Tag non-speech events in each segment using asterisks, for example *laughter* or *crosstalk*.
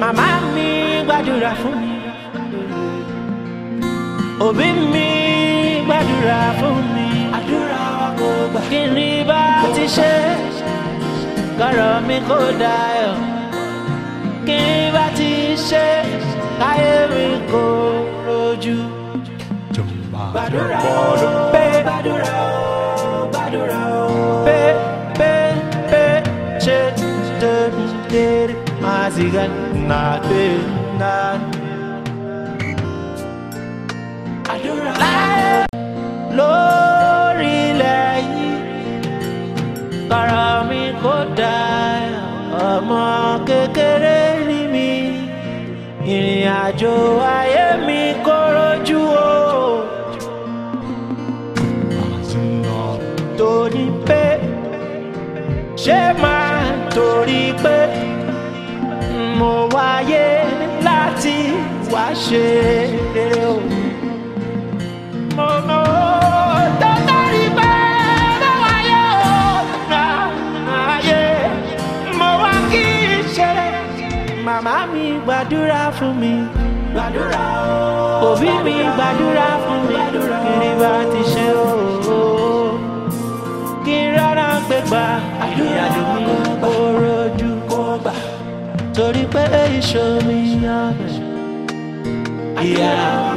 màmá mi gbàdúrà fún mi òbí mi gbàdúrà fún mi àdúrà wa kò gbà kí ni bá ti ṣe kọ̀rọ̀ mi kò dayọ̀ kí ni bá ti ṣe káyé mi kò rojú gbàdúrà ó gbàdúrà ó gbàdúrà ó pé pé pé ṣe tèmi máa sì gánà na day na àdúrà lórí ilẹ̀ yìí kọ́rọ̀ mi kò dá ọmọ kékeré ni mi ìrìn àjò ayé mi kò rojú o. torí pé ṣé máa torí pé wáyé láti wá ṣe rere o. mo mọ tó tẹ́rí mo wá kí n màmá mi gbàdúrà fún mi gbàdúrà o òbí mi gbàdúrà fún mi kiri bá ti ṣe o kí rárá gbégbá àdúrà mi kó rojú kó gbà torí pé ìṣomi ọbẹ̀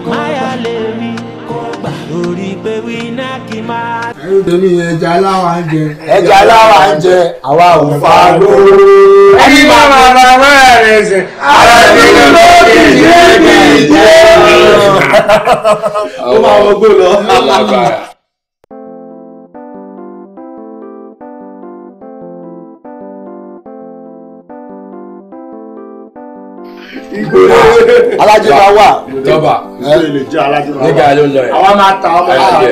máyà lè mi kó gbà lórí pé wíná kì í máa. ẹ̀rù tèmi ẹja aláwa ń jẹ. ẹja aláwa ń jẹ àwa ò fa lóró. ẹni máa ma ma wẹ́rẹ̀ rẹ̀ sẹ̀. àbí ló kì í ṣe é kì í ṣe é. ó máa wọgbó lọ. alájẹ bá wà. tọ́ba nígbà ló lọ yẹn. àwa máa ta ọmọ alájẹ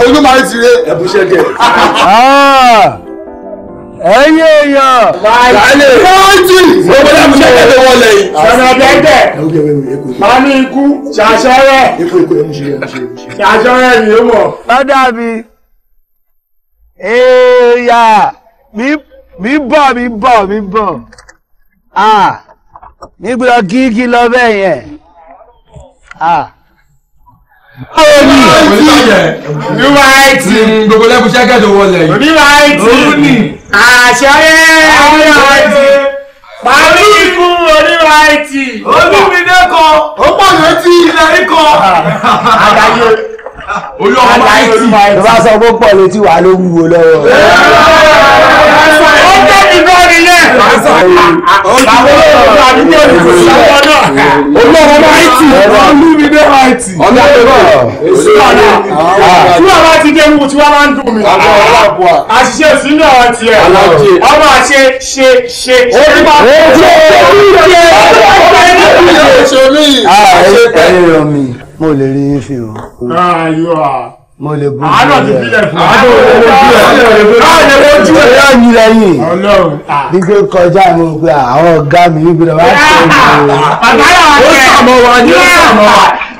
olú máa ń tiré. ẹ̀bùsẹ̀ jẹ. Ah! ẹ̀yin èèyàn. wáyé fọ́ọ̀tì. gbogbo ẹ̀bùsẹ̀ jẹ ló wọlé yìí. sọ̀nà dẹ́dẹ̀. máa ní ikú ṣàṣọrẹ́. ṣàṣọrẹ́ ni ó mọ̀. lọ́dà mi èèyàn mi bọ̀ mi bọ̀ mi bọ̀. Ah! nígbà gígí lọ bẹ́ẹ̀ yẹn. Omi ní wáìtì gbogbo lẹ́kùn ṣẹ́gẹ̀ tó wọlé yìí. Omi wáìtì òní àṣẹ orí wáìtì parí ikú orí wáìtì. Omi mi lẹ́kọ̀ọ́ ó pọ̀ létí ilẹ̀ ikọ̀. Àdáyé olú ọmọ ayé tí tó bá wà ló wúwo lọ́wọ́. ó tẹ̀lé náà ni olówó haiti olúmídé haiti ọ̀nà ìṣúwàlà ìṣúwàlà ti dé mú tí wọ́n máa ń dùn mí àṣìṣe sínú ọ̀rọ̀ tiẹ̀ ọmọ àṣe ṣe ṣe ṣe máa ń jẹ́ ìṣe ìṣe ìṣe ìṣe mi. mo lè rí yín fi o mo lè bu àádọ́ ti bílẹ̀ fún àádọ́ lè bojú ẹ̀ yóò ní lẹ́yìn gbígbé kọjá mo gbé ah, àwọn ọ̀gá mi níbi lọ wá sí ìlú ah, ó sàmọ́ wa ni ó sàmọ́ wa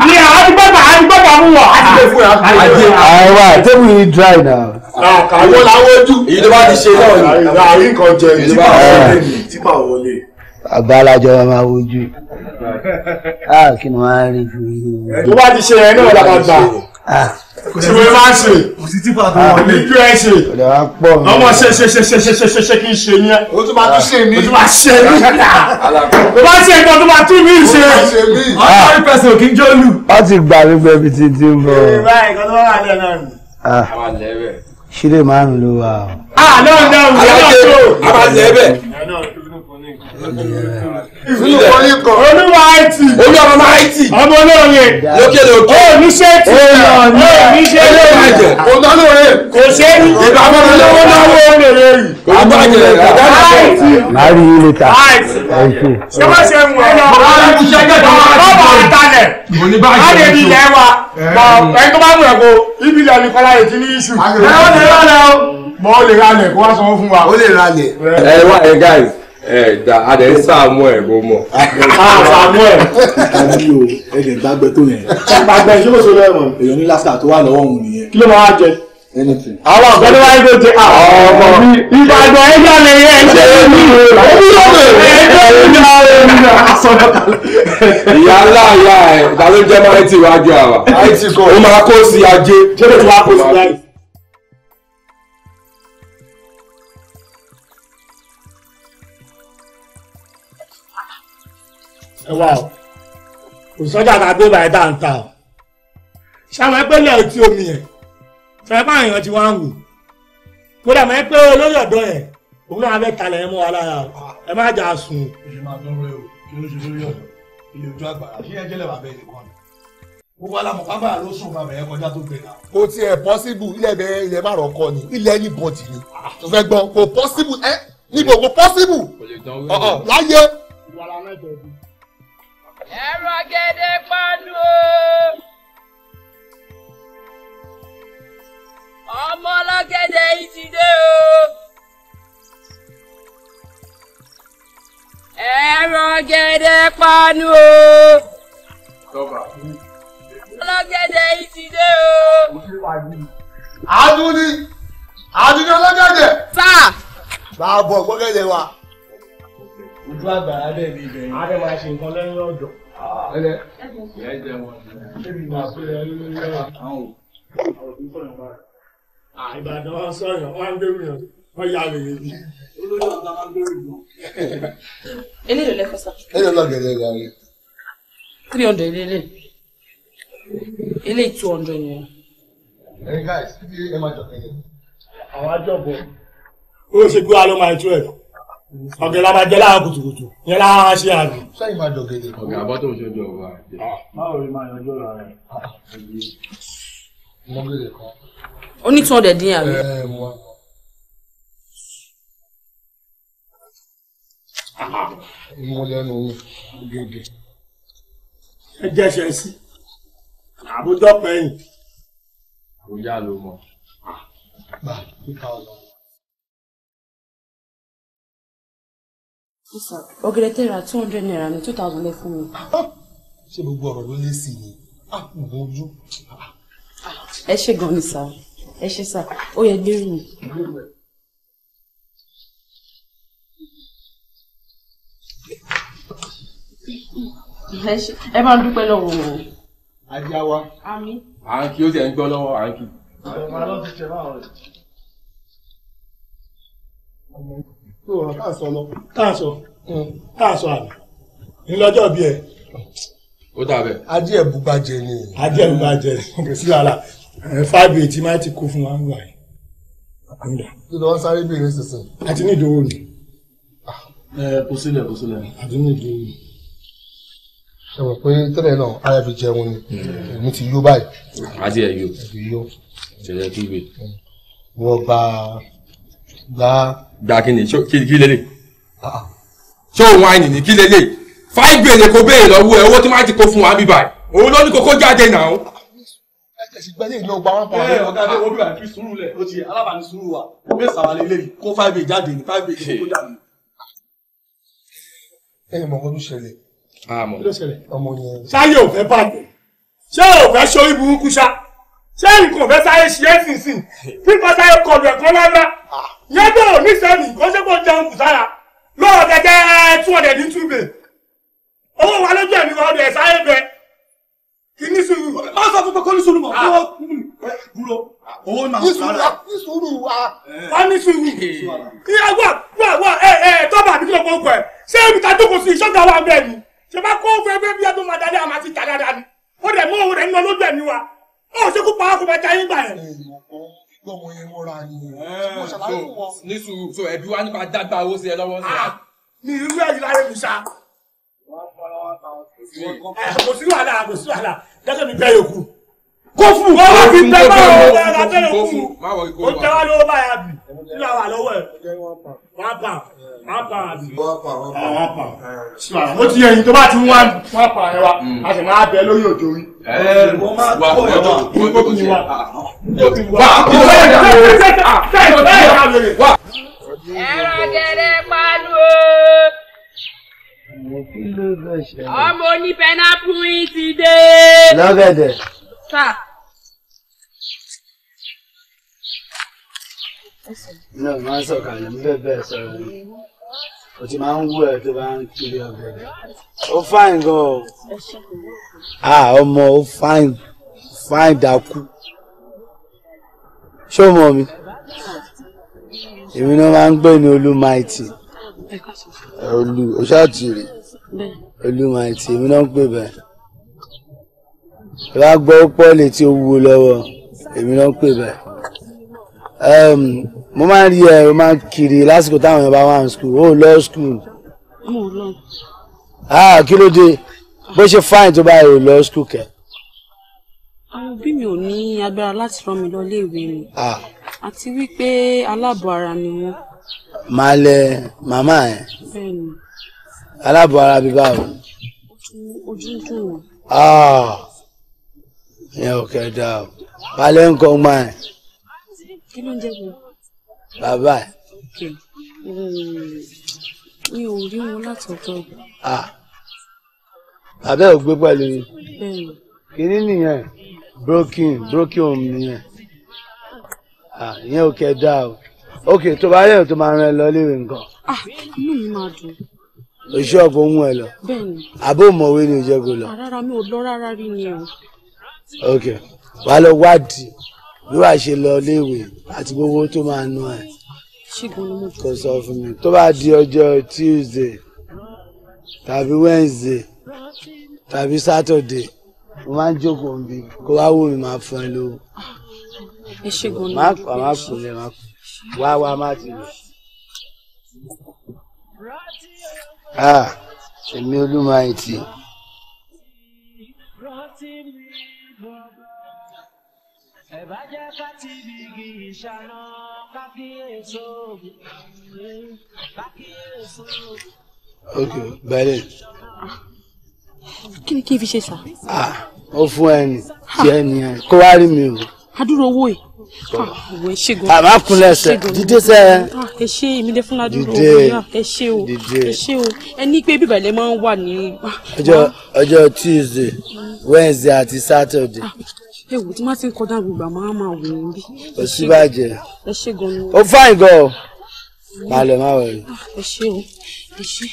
ni àwọn ti gbọ́dọ̀ àwọn ti gbọ́dọ̀ mú wọ̀ á ti lè fún ẹ̀ àwa tébù yìí dry now. Ah, àwọn làwọn ojú èyí tó bá ti ṣe náà ni àárín kan jẹ èyí tó bá wọlé tí bá wọlé. àgbàlajọ máa wojú kí ni wọn á rí ju yìí. tó bá ti ṣe yẹn náà làwọn gbà kò sí wẹ́ẹ́ máa ṣe kò sí tipa tó ah, wọlé ní ju ẹ ṣe ọmọ ṣe ṣe ṣe ṣe ṣe ṣe ṣe ṣe kí n ṣe ní ẹ o tún máa tún ṣe mí o tún máa ṣe mí o bá ṣe nǹkan tó máa tún mí ṣe ọ̀sán pẹ̀sẹ̀ òkè jọ́lù. wọ́n ti gbà wípé ibi tí tí ń bọ̀. ìrora ìkan tó wà wà lẹ́ẹ̀ náà nì. ṣílè márùn-ún ló wà. àlọ́ ah, náà wù ú. àlọ́ náà wù sínú orí kan. olúwa àìtì. olúwa ọmọ àìtì. ọmọ olóore. lókèlè òkè. ó ní ṣe tí. ó ní ṣe tí. ó ní ṣe tí. kò ṣe é. ìgbà àwọn olówó náwó olóore yìí. àgbàjẹ ọ̀dọ́ rí i later. àìtì. ṣé wọ́n ṣe mú ẹ bàbá mi ti ṣe jẹ́ bàbá mi. bàbá àtàlẹ̀. oníbàjẹ́ ló ti lẹ́ wa. ẹni tó bá mú ko ibi ìlànà ìkọlá yìí ti ní iṣu. ẹ ó lè rálẹ̀ kó wá sanwó fún wa. ó lè rálẹ̀. ẹ wá ẹ guys ẹ̀dá adẹ̀ ń sàmú ẹ̀ mo mọ̀. sàmú *laughs* ah, ẹ̀. àbí o ẹ̀dẹ̀ gbàgbẹ́ tó yẹn. gbàgbẹ́ ṣé kò sọ lọ́wọ́ mọ̀. èèyàn ní láfíà tó wà lọ́wọ́ òun nìyẹn. kí ló máa jẹ. àwọn ọ̀gbẹ́ni wáyé tó jẹ ah, ọmọ ìbàdàn ẹja lè yẹ ẹsẹ mi òbí lọ́dọ̀ ẹja lè yẹ ẹja asọ̀rọ̀ kalẹ̀. ìyá ńlá ìyá ẹ̀ ta ló jẹ́ máa ń tì wájú àwa. ó máa kó sí ajé. ṣé kò tún wá kó sí ajé. ẹ wá o kò sọ́jà tá a dé báyìí tá à ń ta o ṣàmọ́ ẹgbẹ́ ilé ọtí omi yẹn ṣàmọ́ ẹgbẹ́ àyàn ti wá ń wò kódà mọ́ ẹgbẹ́ olórí ọ̀dọ́ yẹn òun náà fẹ́ talẹ̀ ẹ mọ́ wa lára o ẹ má jà sùn. ìṣe máa dán rẹ o kí ló ṣe lórí ọ̀dọ́ ilé ojú àgbàrá ṣé ẹjẹ́ lẹ́wà bẹ́ẹ̀ nìkan ni gbogbo alamọ bàbá ló sùn bàbá yẹn kọjá tó gbé náà. kò tiẹ̀ possible ilẹ̀ bẹ́ẹ̀ ilẹ̀ má rọ̀ kọ́ ni ilẹ̀ ní bọ̀dì ni ah, tó fẹ́ gbọ́n kò possible ẹ níbo kò possible ọ̀ọ́ láyé. ìwà làwọn ẹ̀jẹ̀ bí ẹ̀rọ gẹ́dẹ́ pánú o. ọmọ ọlọ́gẹ̀dẹ̀ yìí ti dé o. ẹ̀rọ gẹ́dẹ́ pánú o. ọlọ́gẹ̀dẹ̀ yìí ti dé o. àdúni àdúni ọlọ́gẹ̀dẹ̀. sáà. máa bọ̀ gbọ́gẹ̀dẹ̀ wa. ojú àgbàlá dẹ̀ ní ibẹ̀ yìí. máa ṣe nǹkan lẹ́yìn ọ̀dọ̀ ẹlẹ ìyá jẹ wọn. Ìbàdàn wa sọ̀rọ̀ wá ń bẹ̀rù yàn wọ́n yà wèrè bí. Olóyè ọ̀gá máa ń bẹ̀rù gan. Eléyìí ló lẹ́kọ̀ọ́ sá. Eléyìí ló gẹ̀dẹ̀ gàrí. Three hundred eléyìí. Eléyìí two hundred yẹn. Ẹ̀yin guys, kí ni ẹ máa jọ kẹ̀kẹ́? Àwọn àjọ̀bọ̀. Ó ṣe gbé wa ló máa tú ẹ̀ ọ̀gẹ̀ la máa jẹ láàárọ̀ kùtùkùtù yẹn láwọn máa ṣe àgbẹ̀. sẹ́yìn máa dọ̀gẹ̀dẹ̀. ọ̀gẹ̀ àbọ̀ tó ń ṣojú ọba. báwo ni máa yanjú ọ̀rọ̀ rẹ̀. mọ́gẹ́lẹ̀ kan. ó ní tún ọ̀dẹ̀ dín àmì. mo lẹ́nu gèdè. ẹ jẹ́sẹ̀ sí àbújọ pẹ̀yìn. àbújá ló mọ̀. bá ah, a two thousand. ọ̀gẹ̀dẹ̀ tẹ́ ra two hundred naira ní two thousand lẹ́ fún mi. Ah! ṣé gbogbo ọ̀rọ̀ ló lé sí i ni a ah, kò mọ ojú. ẹ ṣe gan ni sá ẹ ṣe sá ó yẹ gbé mi. ẹ máa dúpẹ́ lọ́wọ́ wọn. ajá wa ń kí ó sì ń gbọ́ lọ́wọ́ à ń kí. ọmọ ọlọ́run ti ṣe báwọn rẹ̀ tó ràn tá à tá à tá à ń sọ àná ńlọ́jọ́ bí ẹ. ó dà bẹ́ẹ̀. ajé ẹ̀ bùgbàjẹ́ ni. ajé ẹ̀ bùgbàjẹ́ kò sí wàhálà five eight máa ti kú fún wa ń wà yìí. tó lọ wọn sáré bèrè sísìn. a ti ní ìdówó ni. kò sílẹ̀ kò sílẹ̀. a ti ní ìdówó ni ṣe mọ̀ pé tẹ́lẹ̀ náà ara fi jẹun ni hmm. èmi ti yó báyìí. àti ẹ̀ yó. ẹ̀ yó. jẹjẹ tó gbé. wọ́n gba gba gba kí ni kí lélẹ̀ ah, ṣé òun àìní ni kí lélẹ̀ five gbèrè kó béèrè lọ́wọ́ ẹ owó tí máa ti kó fún wa bíbá ẹ òun ló ní kókó jáde náà. ẹsẹ̀ gbẹ́lẹ̀ ìlú ọgbà wọn pa ọ̀rẹ́ ọ̀gá dé wọ́n bí wà fi sùúrù lẹ̀ ó ti alábàání sùúrù wa mẹ́sàn-án wa lélẹ̀ kó five gbèrè jáde ní five gbèrè kó jáde. ẹ mọ̀ ọdún ṣẹlẹ̀ àmọ́ ah, ọmọ yẹn. sáyé ò fẹ́ bàjẹ́ ṣé ò fẹ́ ṣorí burúkú ṣá ṣé nǹkan ò fẹ́ sáyé ṣiẹ́ sínsìn pípa sáyé kọlu ẹ̀kọ́ lára yẹ́dọ̀ oníṣẹ́mi kó ṣe kó jẹun kù sára lọ́wọ́ kẹ̀kẹ́ two hundred ní two bay owó wa lójú ẹ̀mí ọdún ẹ̀ sáyé bẹ kí ní sùúrù. má sọ fún kókó ní sùúrù mọ́ owó ah. dúró owó náà ń sára. ní sùúrù wa. Ah. Eh. wá ní sùúrù. ìyá wa wa wa ẹ ẹ tọ́ba àbí kílọ̀ kọ́kọ́ ẹ̀ ṣé èmi ta jókòó sí ìṣọ́gà wa bẹ́ẹ̀ ni ṣe bá kó fẹ́ fẹ́ bí ẹgbẹ́ máa dalẹ́ àmà ti tà dáadáa ni ó dẹ̀ mú òun rẹ̀ ń lọ lójú ẹ̀mí wa ó ṣekú pa á kó gbà yẹn pé yẹn wọ́n ni eh, mo ṣàlàyé fún wọn. ní sùúrù so ẹbí wa nípa dágbà owó sí ẹ lọ́wọ́ sí ah, mi irú ẹ̀yìn láyé mi sá. Eh, kò sí wàhálà kò sí wàhálà gẹ́gẹ́ mi bẹ́ẹ̀ yòókù kófù owó ti tẹ báwo ló ra bẹ́ẹ̀ kófù ó tẹ wá lọ́wọ́ báyà bì nílò àwọn àlọ́wọ́ ẹ̀ wọ́n pa wọ́n pa àbí. wọ́n pa wọ́n pa ó ah, ti yẹ ẹyin tó bá ti wá wọ́n pa ẹwà mm. a sì máa bẹ lórí òjò yìí. wọ́n máa kó ẹwà kó kí ni wá. wà á kó ẹwà kó kí ni wá. ẹ̀rọ gẹ̀rẹ́ pálọ̀ ọmọ onífẹ́ náà fún yín ti dé. lọ́gẹ̀dẹ̀. sáà. iná máa ń sọ̀kalẹ̀ ń bẹ̀bẹ̀ sọ̀rọ̀ o ti máa ń wú ẹ tó bá ń kiri ọ̀gẹ̀dẹ̀ ó fáìn gan o ah ọmọ ó fáìn fáìn dákú ṣé o mọ̀ mi èmi náà máa ń gbé ní olúmaìtì olú oṣáàtìrì olúmaìtì èmi náà ń pè bẹ́ẹ̀ ìwà gbọ́ pọ́ọ̀lì tí ó lọ́wọ́ èmi náà pè bẹ́ẹ̀. Um, mo máa ń rí ẹ o máa ń kiri lásìkò táwọn èèyàn bá wà ní skul o lọ skul. ah kí ló dé bó ṣe fáìn tó báyìí o lọ skul kẹ. àwọn òbí mi ò ní agbára láti rán mi lọ iléèwé mi ah. àti wípé aláàbọ̀ ara ni wọ́n. máa lẹ màmá ẹ. bẹ́ẹ̀ni. aláàbọ̀ ara bíi báwo. ojú ń wọn. ah ìyẹn ò kẹ́ dáa o balẹ̀ ń kọ́ máa kí ló ń jẹ́ gbogbo. bàbá ẹ. Hmm, mi ò rí wọn látọ̀tọ̀. bàbá ò gbé pẹ̀lú yín. kínní nìyẹn broken broken home nìyẹn ìyẹn ò kẹ dáa o ok tó bá yẹ tó máa rán ẹ lọ léwe nǹkan. inú mi máa dùn oṣù ọ̀pọ̀ ohun ẹ̀ lọ. àbó mọ̀wé ni ò jẹ́ kó lọ. rárá mi ò lọ rárá rí ni o. ok wàá lọ wádìí bí wàá ṣe lọ léèwé àti gbogbo tó máa ná ẹ kò sọ fún mi tó bá di ọjọ́ tuesday tàbí wednesday tàbí saturday mo máa ń jókòó nbí kó wá wù mí máa fún ẹ lówó má kú má kú lẹ má kú wá wá má ti lò. Ah, èmi olúmọ àìtì. bá jẹ́ ká ti bìgì ìṣáná kákíyèsó. kákíyèsó. ok bẹ́ẹ̀ kí ni kí n fi ṣe sà. ó fún ẹ ní tí ní ẹ kó wá rí mi o. adúrò owó yìí òwe ṣègùn àmà kúnlẹ̀ sẹ dídé sẹ. ẹ ṣe ìmídé fún ládùúgbò òwúyà ẹ ṣe o ẹ ṣe o ẹ ní pé bíbẹ̀ lẹ máa ń wà ní. ọjọ́ ọjọ́ tuesday wednesday àti saturday ẹ wò tí má ti ń kọjá gbogbo àmọ́ á máa wò ó bí. kò sí bàjẹ́ ẹ ṣe gan ni. ó fáìn gan o máa lọ máa wọ̀ ẹ ṣe o ẹ ṣe.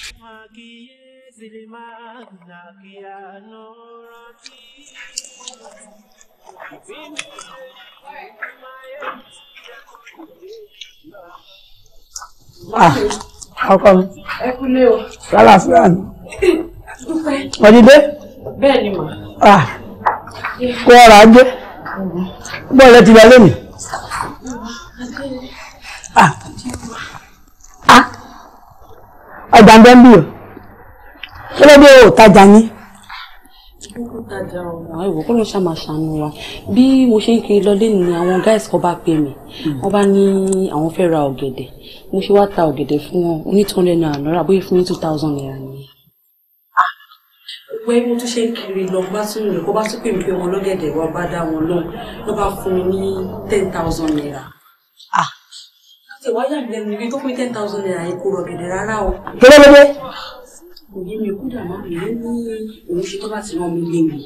Ah, how come? Ẹ kúlé o. Lálàáfíà ni. *coughs* Dúpẹ́. Wọ́n ti dé? Bẹ́ẹ̀ ni mà. Ah kó ara jẹ́ bọ́ọ̀lù ti wà lónìí. Ah. Ah. ọjà ń bẹ́ ń bì ọ́ kí ló dé o tajà ní. Ìwò kó ló ṣàmà ṣàánú wa. Bí mo ṣe ń kiri lọlé ni àwọn guys kan bá pè mí. Wọ́n bá ní àwọn fẹ́ ra ọ̀gẹ̀dẹ̀. Mo ṣe wá ta ọ̀gẹ̀dẹ̀ fún wọn. Oní two lọ́ra bóyá fún mi two thousand naira nìyẹn pé mo tún ṣe ń kiri lọ bá tún rìn kó bá tún pè mí pé wọn lọ́gẹ̀dẹ̀ wa bá dá wọn lóhùn ló bá fún mi ní ten thousand naira. Ah. láti wá yà mí lẹ́nu ibi tó pín ten thousand naira yìí kò rọ̀gẹ̀dẹ̀ rárá o. kérébébé. kò yé mi kúndà má mi ló ní òun ṣe tó bá ti rán mi lé mi.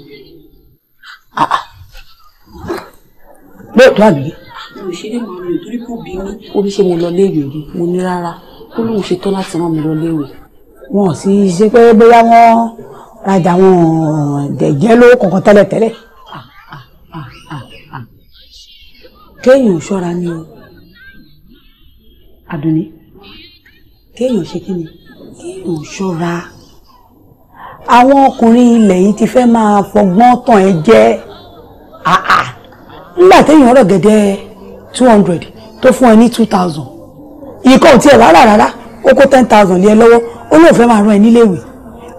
lóòótọ́ àbí. mo ṣe lè máa mi ò torí kò bí mi. ó ní ṣe mo lọ léèwé rí mo ní rárá ó lóun ṣe tán láti rán mi lọ léèwé wọn ò sì ṣe pé bóyá wọn rajà wọn dẹ̀jẹ́ lówó kankan tẹ́lẹ̀tẹ́lẹ̀ kéèyàn ṣọ́ra ni o Àdùnní kéèyàn ṣe kí ni kéèyàn ṣọ́ra àwọn ọkùnrin ilẹ̀ yìí ti fẹ́ máa fọgbọ́n tàn ẹ́ jẹ àà nígbà téèyàn rọ̀ gẹ́dẹ́ two hundred tó fún ẹ ní two thousand ìkọ́ ò tiẹ̀ rárá rárá ó kó ten thousand lé ẹ lọ́wọ́ ó lóun fẹ́ máa rán ẹ níléèwé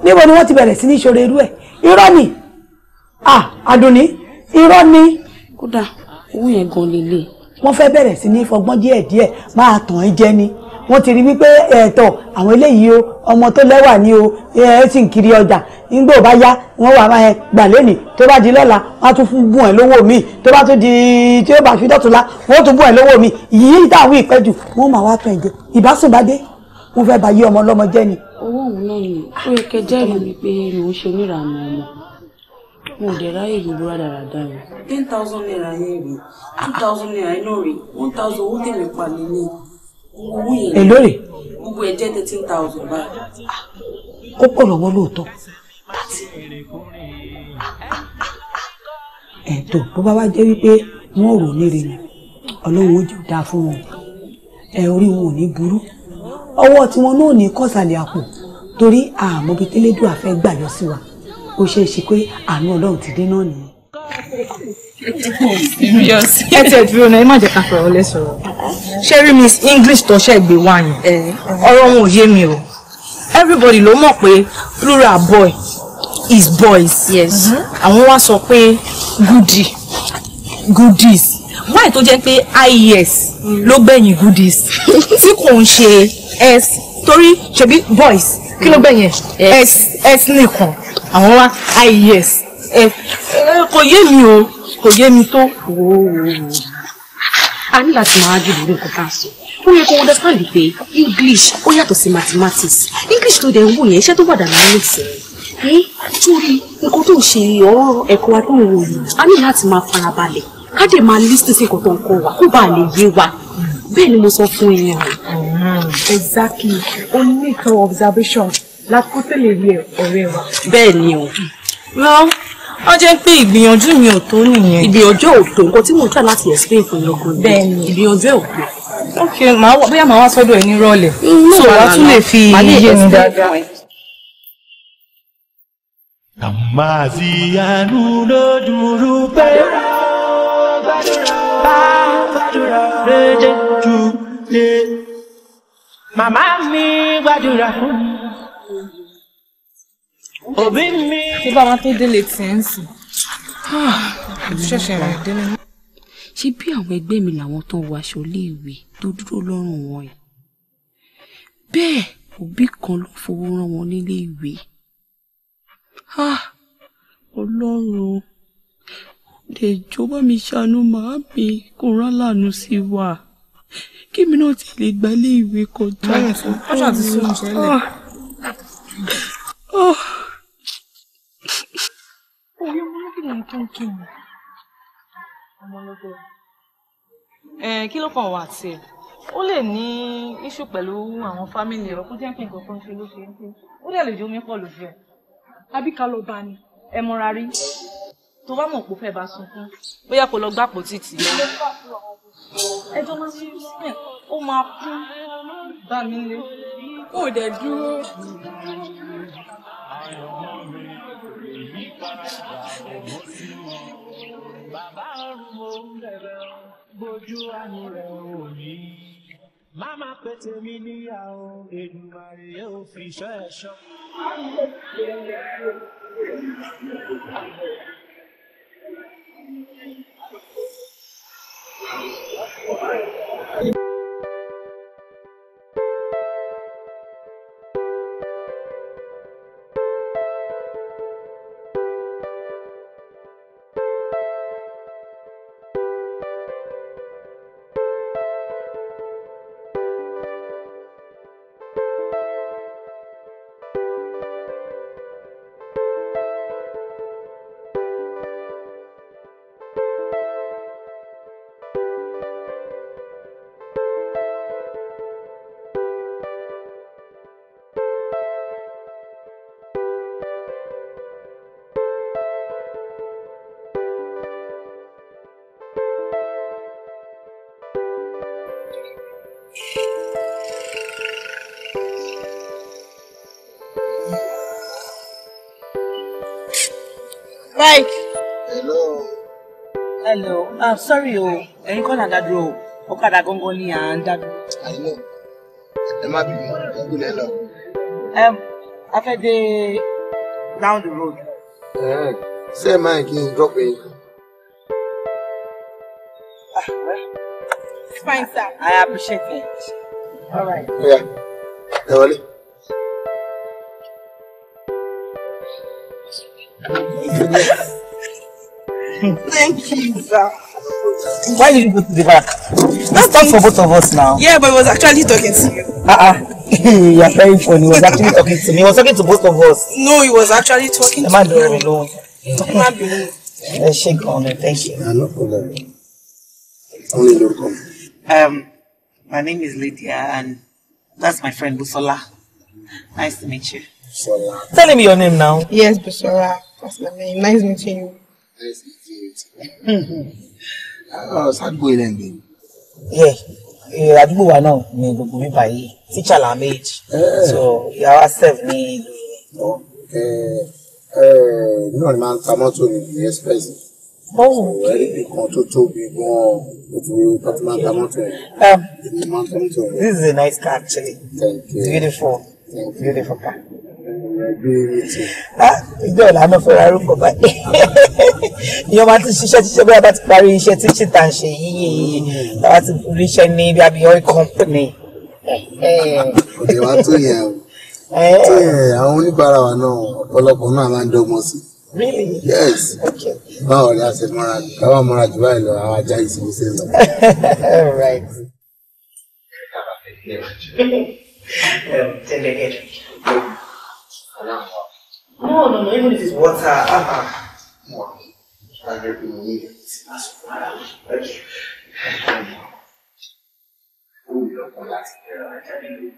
níbo ni wọ́n ti bẹ̀rẹ̀ sí ní ìṣòro irú ẹ̀ irọ́ ni ah Àdùnní irọ́ ni. kódà owó yẹn gan lélẹ̀. wọ́n fẹ́ bẹ̀rẹ̀ sí ní fọgbọ́n díẹ̀ díẹ̀ máa tàn án jẹ ni wọ́n ti rí wípé ẹ̀tọ́ àwọn eléyìí o ọmọ tó lẹ́wà ni o ẹ sì ń kiri ọjà nígbà ò bá yá wọ́n wà máa gbà lónìí tó bá di lọ́la wọ́n á tún fún bùn ẹ̀ lówó mi tó bá tún di tí ó bá fi dọ̀túnla wọ́n tún bùn ẹ̀ lówó mi yìí táwọn ìpẹ́jù wọ́n máa wá tún ẹ̀jẹ̀ ìbásùn bá dé wọ́n fẹ́ bá yí ọmọ ọlọ́mọ jẹ́ ni owó òun náà ni ó yẹ kẹ́ jẹ́rìí mi pé mò ń ṣe oníranú ọmọ mo dẹ̀ ráyè gbogbo rádaràda rẹ̀. ten thousand naira yẹn rè two thousand naira iná rè one thousand owó tèmi pa mí ní owó yẹn. èló rè. gbogbo ẹ jẹ́ thirteen thousand báyìí. ó pọ̀ lọ́wọ́ lóòótọ́ tàti. ẹ̀tọ́ bó bá wá jẹ́ wípé wọ́n rò ní rè ni ọlọ́run ó jù dáa fún wọn ẹ̀ orí wọn ò ní burú ọwọ́ tiwọn náà ní kọ́sàlẹ̀ àpò torí àmọ́ bíi tẹ́lẹ́dùn àfẹ́ gbàyọ sí wa ó ṣe é ṣe pé àánú ọlọ́run ti dé náà nìyẹn. ẹ tẹ̀ dúró náà ẹ má jẹ́ ká fọ̀rọ̀ lẹ́ sọ̀rọ̀ ṣé rí miss english tó ṣe gbé wá yẹn ọ̀rọ̀ wọn ò yé mi o everybody ló mọ̀ pé plural boy is boys yes mhm. àwọn wá sọ pé goody goodies why tó jẹ́ pé ies mm. ló gbẹ̀yìn goodies *laughs* tí kò ń ṣe s torí ṣebí boys kí ló gbẹ̀yẹn s s nìkan àwọn wa ies kò yé mi o kò yé mi tó. a ní láti máa jù lórí nǹkan tá a sọ ó yẹ kó understand pé english ó yàtọ̀ sí mathematics english tó dẹ̀ ń wò yẹn iṣẹ́ tó wà dànù ní ìsìn torí nǹkan tó ń ṣe ọ̀rọ̀ ẹ̀kọ́ wa tó ń wò yìí a ní láti máa farabalẹ̀ ká dẹ̀ máa lísìn sí nǹkan tó ń kọ́ wa kó bàa lè yé wa bẹ́ẹ̀ ni mo sọ fún yín o. Mm-hmm. exactly o ní kan observation lákòó tó lè rí ọ̀rẹ́ wa. bẹ́ẹ̀ ni o. lọ ọ jẹ́ pé ìgbìyànjú mi ò tó nìyẹn. ìgbìyànjú ò tó nǹkan tí mo ń tà láti explain fún yín ọkùnrin. bẹ́ẹ̀ ni ìgbìyànjú ẹ̀ ò tó. ok màá wá bóyá màá wá sọ́dọ̀ ẹ ní rọ̀lẹ́. Mm, so wàá tún lè fi iye mi dáadáa. Tàmásí àánú ló dúró gbàdúrà gbàdúrà gbàdúrà lédè dé màmá mi gbàdúrà fún mi òbí mi. tí bá wọn tó délé tí ń sìn ah, ṣẹ̀ṣẹ̀ rẹ̀ délé. ṣé bí àwọn ẹgbẹ́ mi làwọn tó ń wọ aṣọ iléèwé tó dúró lọ́rùn wọn yìí bẹ́ẹ̀ òbí kan ló fowó rán wọn nílé ìwé ah, ọlọ́run lè jọ̀ọ́ bá mi ṣàánú màámi kó rán láàánú sí wa kémi náà ti lè gba ilé ìwé kọjá. ọjọ́ àti sóhun ṣẹlẹ̀. orí ọmọ lókè lòun tó ń kí mi. ọmọ lọ́gbọ́. ẹ kí ló kàn wá tiẹ̀ ó lè ní iṣu pẹ̀lú àwọn fámìlì rẹ̀ kó jẹ́ pé nǹkan kan ṣe ló ṣe é ó dẹ̀ lè jó mi pọ̀ lójú ẹ̀. àbí ká ló bá ní ẹ mọra rí tó bá mọ̀ pé ó fẹ́ bá sunkún bóyá kó lọ gbàpò títì. ẹjọ́ máa fi sílẹ̀ ó máa kú bá mi lé. ó dẹ̀ dúró. bàbá arúgbó ń bẹ̀rẹ̀ bójú àánú rẹ̀ ò ní. Mama pète mi níyàwó, Èdùmàrè yóò fi ṣọ́ ẹ̀ṣọ́. Thank you. Right. Hello. Hello. Uh, sorry Oh, ẹ̀yin call là ń dádúró o, ọ̀kadà gangan ni à ń dádúró. Àyìnbó, ẹ má bìbí, ẹ gbọ́dọ̀ lọ. A fẹ́ dé round the road. Eh. ẹ máa kí drop me. Ah, it's fine, sir. I appreciate it. All right. Yeah. Ẹ wọlé. Thank you, sir. Why did you go to the back? It's time for both of us now. Yeah, but I was actually talking to you. Uh-uh. *laughs* you are very funny. He was actually talking to me. He was talking to both of us. No, he was actually talking the man to me. Let's shake on it. Thank you. Yeah, no problem. Only Um, my name is Lydia, and that's my friend Busola. Nice to meet you. Busola. Tell him your name now. Yes, Busola. That's nice meeting you. Nice meeting you. Oh, sad boy then, baby. Yeah. Eh, àdúgbò wa náà ni gbogbo mi báyìí teacher la méjì eh. so yàrá serve ní ìlú yìí. Eh, náà ni máa ń ta mọ́tò ní ìlú express ẹ̀rí oh, eh, kan tó tóbi gan-an òfurufú pátí um, máa ń ta mọ́tò yẹn. this is a nice car actually. thank you. beautiful beautiful car. Ah, ìjọ ìlànà fẹ́ra rúkọ báyìí *laughs* ìyẹn máa ti ṣiṣẹ́ ṣiṣẹ́ bí a bá ti parí iṣẹ́ tí ṣìtà ń ṣe yìí a bá ti rí iṣẹ́ ní bí a bí oil company. òde wa tó yẹn o tó yẹn àwọn oníbàárà wa náà ọ̀pọ̀lọpọ̀ náà máa ń dọ́gbọ́n sí. Really? Yes. Okay. báwo ni a ṣe mọ́ra káwọn mọ́ra jù báyìí lọ àwọn ajá yìí ṣubú sí lọ. *laughs* right. *laughs* No, no, no, even if it's water, ah, ah. I get you need it. That's what I like. Who you don't like to tell you?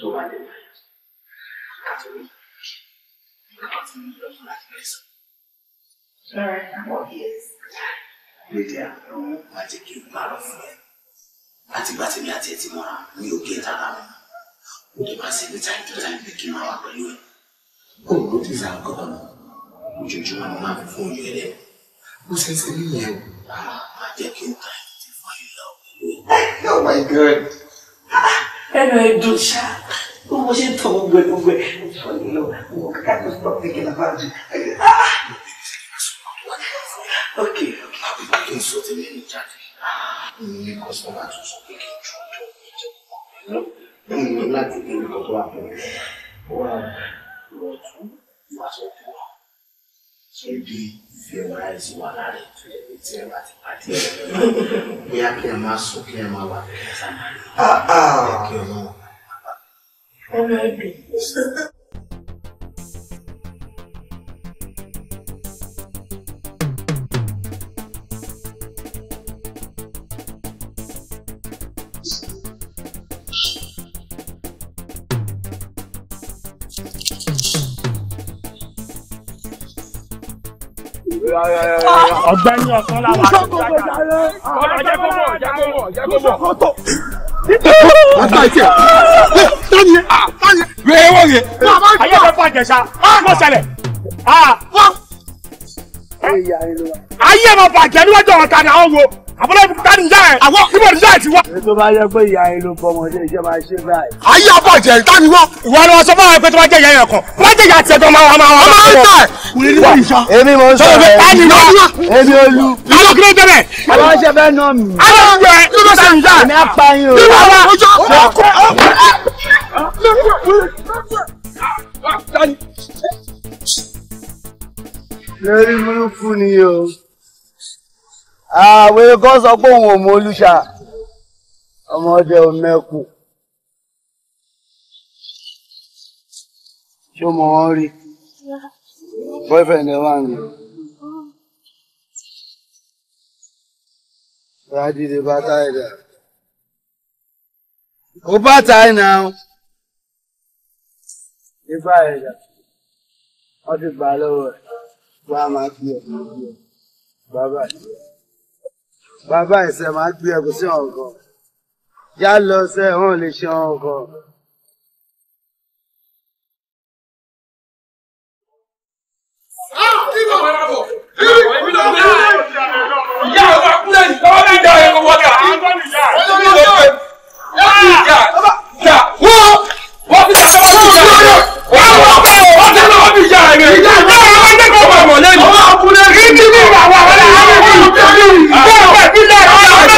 To my name. That's what you don't like this. Sorry. What is? Lady, I don't magic you out of me. Àtìgbà tí mi àti ẹ ti mọ́ra mi ò gé tara mi ó lè máa ṣe time to time pé kí n máa wà pẹ̀lú ẹ̀ òun ló ti sàn kọ́kọ́ náà ojoojúmọ́ ni máa fi fún oyún ẹ̀rẹ́ bó ṣe ṣe nìyẹn o máa jẹ́ kí n ta oh my god ẹnu ẹ dùn ṣá bó mo ṣe ń tọ gbogbo ẹ gbogbo ẹ fọ́ stop thinking about you. okay àbíkú kí n sọ tẹ́lẹ̀ ní jáde ní kọ́sọ́mà tó sọ pé kí n tún tó ìjọba ọ̀hún mo ní láti fi nǹkan tó wà fún lọ tún ìwàsọ tó wà ṣé bí ìfẹ́ wà láì sí wà lára ètò ẹ̀mí tí ẹ bá ti pàdé ẹ̀ bóyá kí ẹ kí ẹ máa wà ah, ah. kí ẹ máa ní ọ̀gbẹ́ni ọsán làwọn àti ìtajà ọlọ jẹ kó mọ jẹ kó mọ jẹ kó mọ. Bàbá ìtì ah, ah. ẹ̀ tani yẹ tani wẹ́ẹ́ wọ́n yẹ. Ayé bẹ fà jẹ̀sà, mọ̀ sẹlẹ̀. Ayé bẹ fà jẹ̀ níwájú ọ̀tá ni àbúrò ìbùkún ta ni ìyá ẹ. àwọ ibo ni ẹ ti wá. ètò bá yẹ pé ìyá ẹ ló fọmọdé ìjọ máa ṣe báyìí. ayé abọ́jẹ̀ ìta ni wọ́n. ìwọ ni wọ́n sọ fún àwọn ẹgbẹ́ tó bá jẹ́ ìyá yẹn wọ́n jẹ́ ìyá tiẹ̀ tó máa wà máa wà. ọmọ yóò tẹ̀. èmi mò ń sọ ẹ̀ ẹ̀ ní wọ́n. ni o àwèrè kan sọ pé òun ò mọ olùṣà ọmọdé ọmẹkù ṣó mọ wọn rí boyfriend ẹ wà ní. Radi the battle there. Go battle now. The battle. What is Balo? Why am I here? Bye bye bàbá ìṣẹ̀ máa gbé ẹ̀kú sí ọ̀gàn yá lọ ṣe hàn lè ṣe ọ̀gàn. Ah!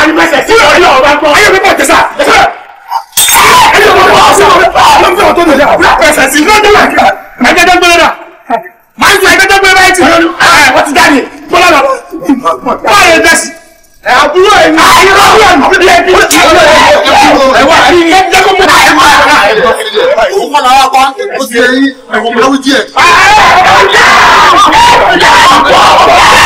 alimẹsẹ sí ọyọ ọba gbọ. ayé mi bọ̀ jẹsà jẹsà. ẹjọ mi bọ̀ ọsẹ mi bọ̀ ọlọ́run fún ọtọ́ nìyẹn ọ̀bùrà pẹ̀sẹ̀ sí lọ́dọ̀ wa ẹgbẹ́jọ́ gbélé rà máa ń tún ẹgbẹ́jọ́ gbélé báyìí tì wọ́n ti dáre gbọ́dọ̀ lọ. báyìí bẹ́sì. àbúrò ẹ̀ ní. àbúrò ẹ̀ ní. àbúrò ẹ̀ ní. àbúrò ẹ̀ ní. ẹ̀wọ̀n àbí ẹ̀jẹ̀ kó mú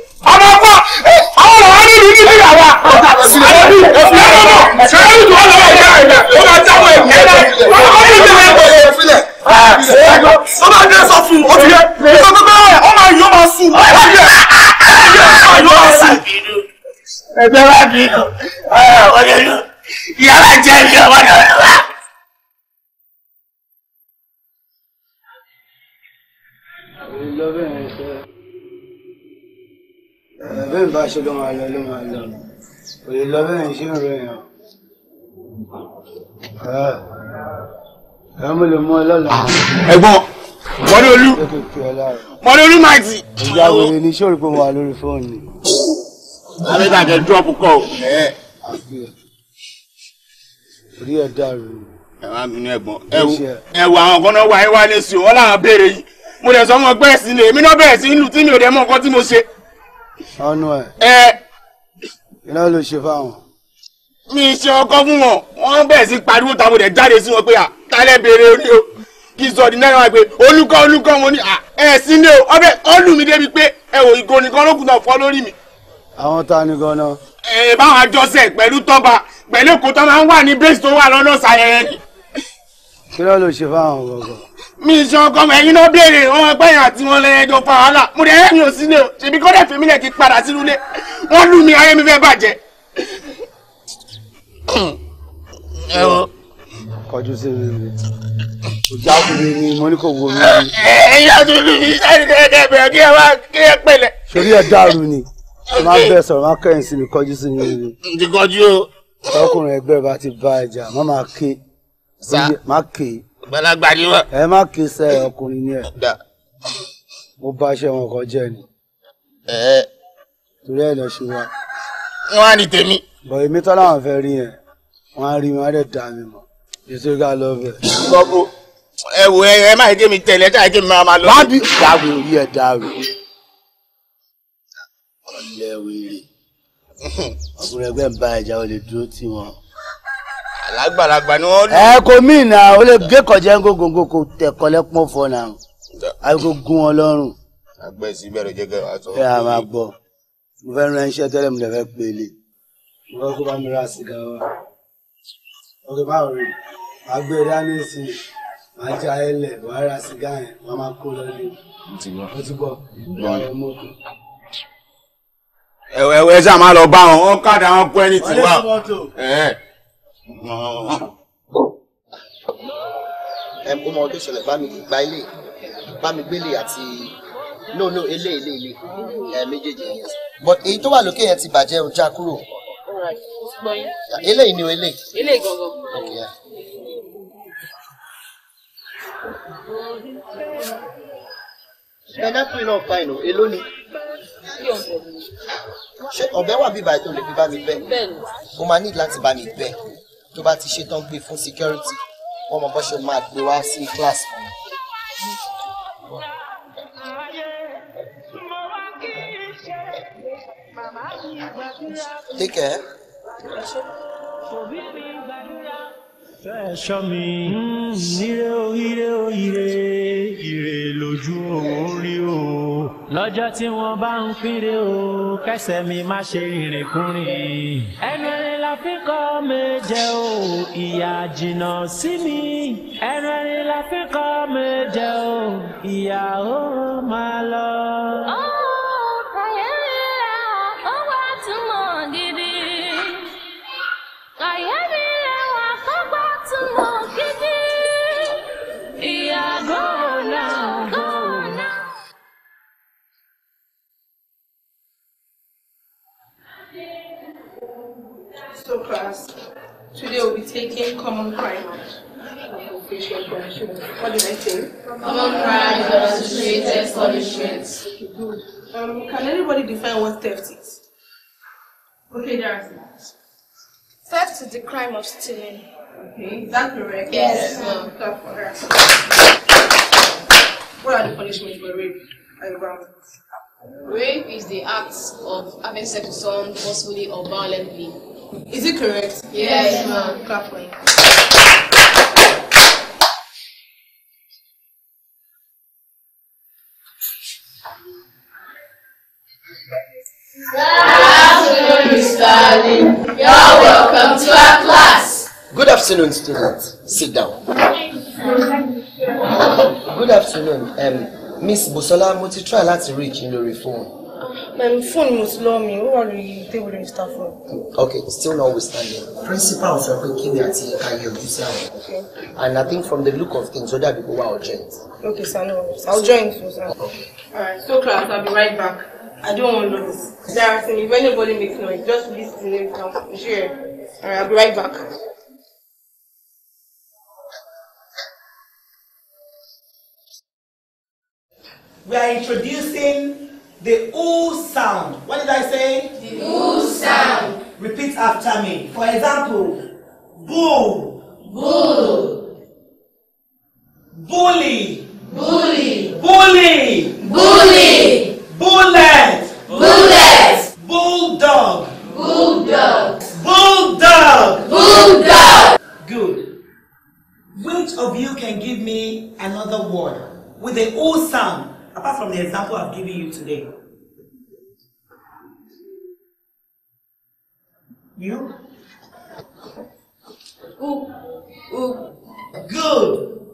ọmọ ọkọ àwọn ọmọ wa nínú ní nígbà wa àdàbí ẹgbẹ́ mọ̀ sẹ́yìn tó wà lọ́wọ́ ìyá rẹ̀ ó máa jáwọ́ ẹ̀mí ẹ̀ ọmọ ọmọ ìyá rẹ̀ kò yẹ filẹ̀ ó máa dé sọ fún o ti yẹ ìsọtọ́ bẹ́ẹ̀ rẹ̀ ó máa yọ máa sùn ó ti yẹ ó máa yọ máa sùn. ẹgbẹ́ wa bí ọ̀rẹ́ ìyá wa jẹ́ ìyá wa náà wá. love it bẹ́ẹ̀ bá ṣe ló máa lọ ló máa lọ kò lè lọ bẹ́ẹ̀ ṣe ń rẹ yàn ẹ̀rọ mi lè mú ọ lọ́la. ẹ̀gbọ́n mọ́dọ́lú mọ́dọ́lú máìtì. ìyá wèrè ni pé wà lórí fóònù ni. àbẹ́tà jẹ́ dúrọ́pù kọ́ ò. orí ẹ̀ dàrú. ẹ wá mi ní ẹ̀gbọ́n ẹ wo àwọn kan náà wà ẹ wá ní sùn wọn làwọn béèrè yìí mo lè sọ ọmọ gbẹ́sì lè mí náà bẹ̀rẹ̀ sí ìlú tí mi ò dẹ́ mọ̀ nǹkan tí mo ṣe ọnu ẹ. ẹ. iná ló ṣe fáwọn. mi ṣe ọkọ fún wọn wọn bẹ̀rẹ̀ sí pariwo tàbí rẹ̀ jáde sí wọn pé à tálẹ̀ béèrè orí o kí n sọ ọdún náírà pé olùkọ́ olùkọ́ mo ní à ẹ sí ní o ọbẹ̀ ọlù mi débi pé ẹ wò ìgò nìkan lókun náà fọ́ lórí mi. àwọn ta ni gan-an. ẹ báwọn àjọṣe pẹ̀lú tọ́ba pẹ̀lú èkó tó máa ń wà ní bẹ́ẹ̀sì tó wà lọ́nà ṣàyẹ̀yẹ ni kí ló ló ṣe fáwọn gbọ̀ngàn. mi ì sọ ọkọ ẹyin náà béèrè wọn ẹgbẹ́ yẹn àti wọn lẹ́yẹjọ fa wàhálà mo dẹ̀ ẹ̀mí ò sílé o ṣèbí kọ́dẹ̀ fèmí lẹ̀ kí padà sínú ilé wọ́n lù mí ayé mi fẹ́ bàjẹ́. kọjú sí mi ìjà òkùnrin ni mo ní kò wo mi. ẹyà tó ní iṣẹ́ ìdẹ́gẹ́ bẹ̀rẹ̀ kí ẹ wá kí ẹ pẹ̀lẹ́. sórí ẹ̀ dàrú ni máa bẹ sọ̀rọ̀ máa kẹ́yìn sí mi kọjú sí mi. ti kọjú o. ọkùnrin ẹgbẹ́ sa má ké gbàlagbà ni wọn. ẹ má ké sẹ ọkùnrin ni ẹ mo bá aṣẹ wọn kọ ni torí ẹ lọ ṣe wa. wọn á ní tèmi. bọ̀ èmi tọ́ làwọn fẹ́ rí yẹn wọn á rí mi wọn á dẹ̀ dá mi mọ̀ ètò ìka lọ bẹ̀. gbọ́dọ̀ ẹ wò ẹ má yẹ kí mi tẹ̀lé ẹ ká yẹ kí mi máa ma lọ. má bí dàrú orí ẹ dàrú. ọ̀lẹ́ ọkùnrin ẹgbẹ́ ń bá ẹja ó dúró tì wọ́n lágbàlagbà ni wọ́n lù. ẹ kò mí ìnà o lè gé kọjá gógóńgó kò tẹ̀kọ́ lẹ́pọ̀n fọ náà àgbo gun wọn lọ́rùn. àgbẹ̀ sí bẹ̀rẹ̀ jẹ́ kẹwàá sọ. ẹ àmà gbọ́ mo fẹ́ ran iṣẹ́ tẹ́lẹ̀ mi lè fẹ́ pè é lé. mo fẹ́ kó bá mi ra sìgá wa. ọkẹ báwo rè máa gbé e dání sí i máa já ẹ lẹ̀ wàá ra sìgá yẹn wàá máa kó lọ lé. mo ti gbọ́ mo ti gbọ́ ẹwẹ ẹwẹ ṣáà máa lọ bá wọn wọn káàdà wọn kú ẹni tì wá ẹ kó mọ ọdún ṣẹlẹ̀ bá mi gba ilé bá mi gbélé àti no no ilé ilé ilé ẹ méjèèjì yẹn but èyí tó wà lókè yẹn ti bàjẹ́ o já kúrò eléyìí ni o eléyìí. eléyìí gangan. okay yeah. Dada pin náà fa ìnù, èló ni? Ṣé ọ̀bẹ wà bíbá tó lè fi bá mi bẹ́? Bẹ́ẹ̀ni. máa ní láti bá mi bẹ́ tó bá ti ṣe tán gbé fún security wọ́n mọ bó ṣe máa gbé wá sí class fún Fẹ́ ṣọ́ mi, hmm, ire o, ire o, ire, ire lójú òun rí o lọ́jọ́ tí wọ́n bá ń pínre o kẹsẹ̀ mi má ṣe rìnrìn kúrìn. ẹnu ẹni la fi kọ́ méje o ìyà jìnnà sí mi. ẹnu ẹni la fi kọ́ méje o ìyà ó máa lọ. Oh! So class, today we'll be taking common crime. What did I say? Common crime are the punishments. Good. Um, can anybody define what theft is? Okay, that. Theft is the crime of stealing. Okay, is that correct? Yes. yes. Clap What are the punishments for rape and Rape is the act of having sex with someone forcefully or violently. Is it correct? Yes, ma'am. Clap for him. Darling, you're welcome to our class. Good afternoon, students. Sit down. Good afternoon, um, Miss Busola, mo ti try láti reach in lórí phone. My phone must lọ me. Who are you? table in staff phone. Okay, still not notwithstanding. Principal sọ pé kí ni àti ẹ̀ka yọjú sí àwọn. And I think from the look of things, other people were urgent. Okay, sir, no worries. I'll join soon, sir. Alright, so class, I'll be right back. I don't want noise. Darren, if anybody makes noise, just listen and come. Sure. Alright, I'll be right back. We are introducing The oo sound. What did I say? The oo sound. Repeat after me. For example, boo, boo, Bully. Bully. Bully. Bully. Bullet. Bullet. Bulldog. Bulldog. Bulldog. Bulldog. Good. Which of you can give me another word with the oo sound? apart from the example I've given you today. You? Ooh, ooh, good.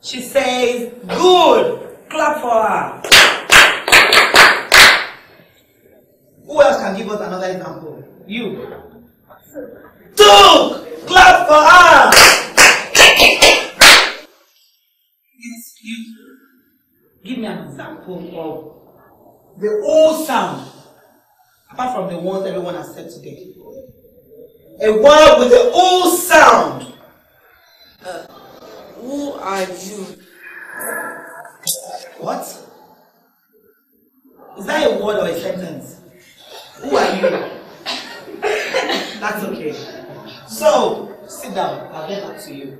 She says, good. Clap for her. Who else can give us another example? You. Two. Clap for her. Yes, you. Give me an example of the old sound, apart from the ones everyone has said today. A word with the old sound. Uh, who are you? What? Is that a word or a sentence? Who are you? *laughs* That's okay. So, sit down. I'll get back to you.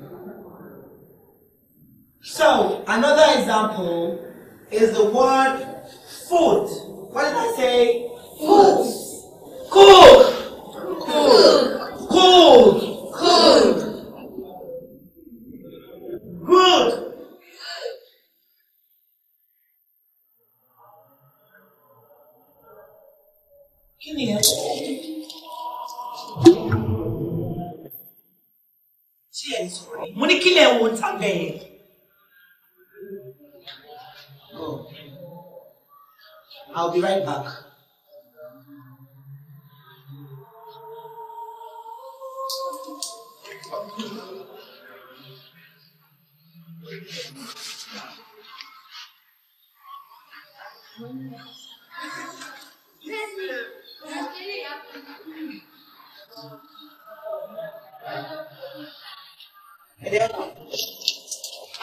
So, another example is the word food. What did I say? Food. Cook. Cook. Cook. Cook. I'll be right back.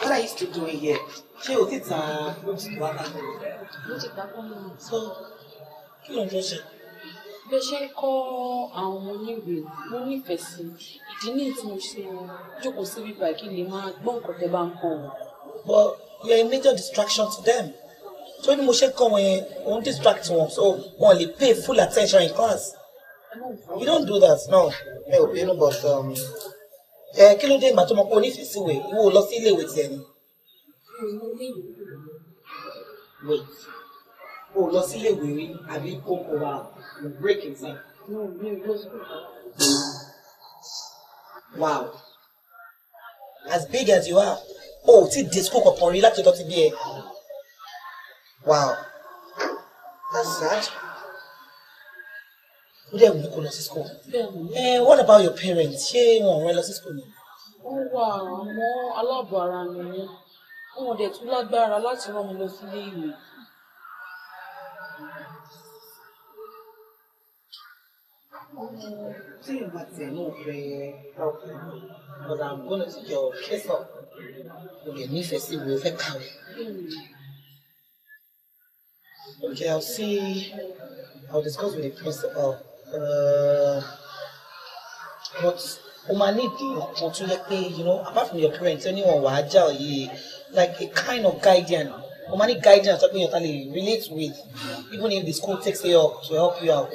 What are you still doing here? She will sit down ló ti gbàgbọ́ mi sọ kí ló ń fẹ́ ṣe. bí ẹ ṣe ń kọ́ àwọn oníwèé mo nífẹ̀ẹ́ sí ìdí ní tí ṣe jókòó sí bíbá kí lè máa gbọ́ nǹkan tẹ́ bá ń kọ́ wọn. but you a major distraction to them so ni mo ṣe kọ́ wọn yẹn òun distract wọn so wọn lè pay full attention in class you don't do that no ẹ ò bínú but um, ẹ kí ló dé ìgbà tó mọ pé onífẹ̀ẹ́ sí ìwé ìwọ lọ sí ilé ìwé tiẹ̀ ni. wait o oh, lọ sílé ìwé rí àbí kó o wà break exam. No, mi Wow, as big as you are, o ò tí di school kankan rí láti ọjọ́ ti bí ẹ. Wow, that's sad. Ó dẹ̀ wù ú kó lọ sí school. Ẹ eh, what about your parents? Ṣé wọn ò rán ẹ lọ sí school ni? Ó wà àmọ́ aláàbọ̀ ara mi ni. Wọn ò dẹ̀ tún lágbára láti rán mi lọ sílé ìwé. tí Okay, I'll see. I'll discuss with the principal. Uh, but o ma need nǹkan tó yẹ pé you know apart from your parents anyone who á jà like a kind of guidance o ma need guidance tó pé yọta relate with even if the school takes care of to help you out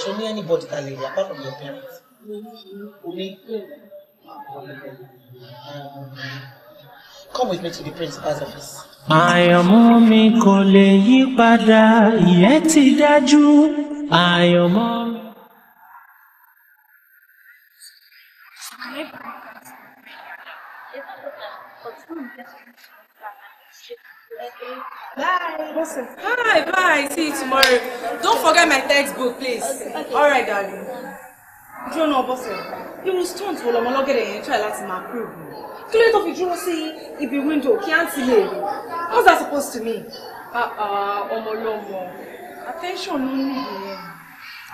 ṣe ní anybody ta lè apart from your parents o Come with me to the principal's office. Àyànmọ́ mi kò lè yí padà, ìyẹn ti dájú. Àyànmọ́ mi. Bye. Bye. Bye. See you tomorrow. Don't forget my textbook, please. Okay. All right, darling. Dúró náà bọ́sẹ̀. Irú stones wo lọmọlọ́gẹ̀dẹ̀ yẹn try láti máa prove mi? Kí ló tó fi dúró sí ibi window can't see. lè What's that supposed to mean? Uh uh-uh, lọ́mọ. Attention ló ń nìyí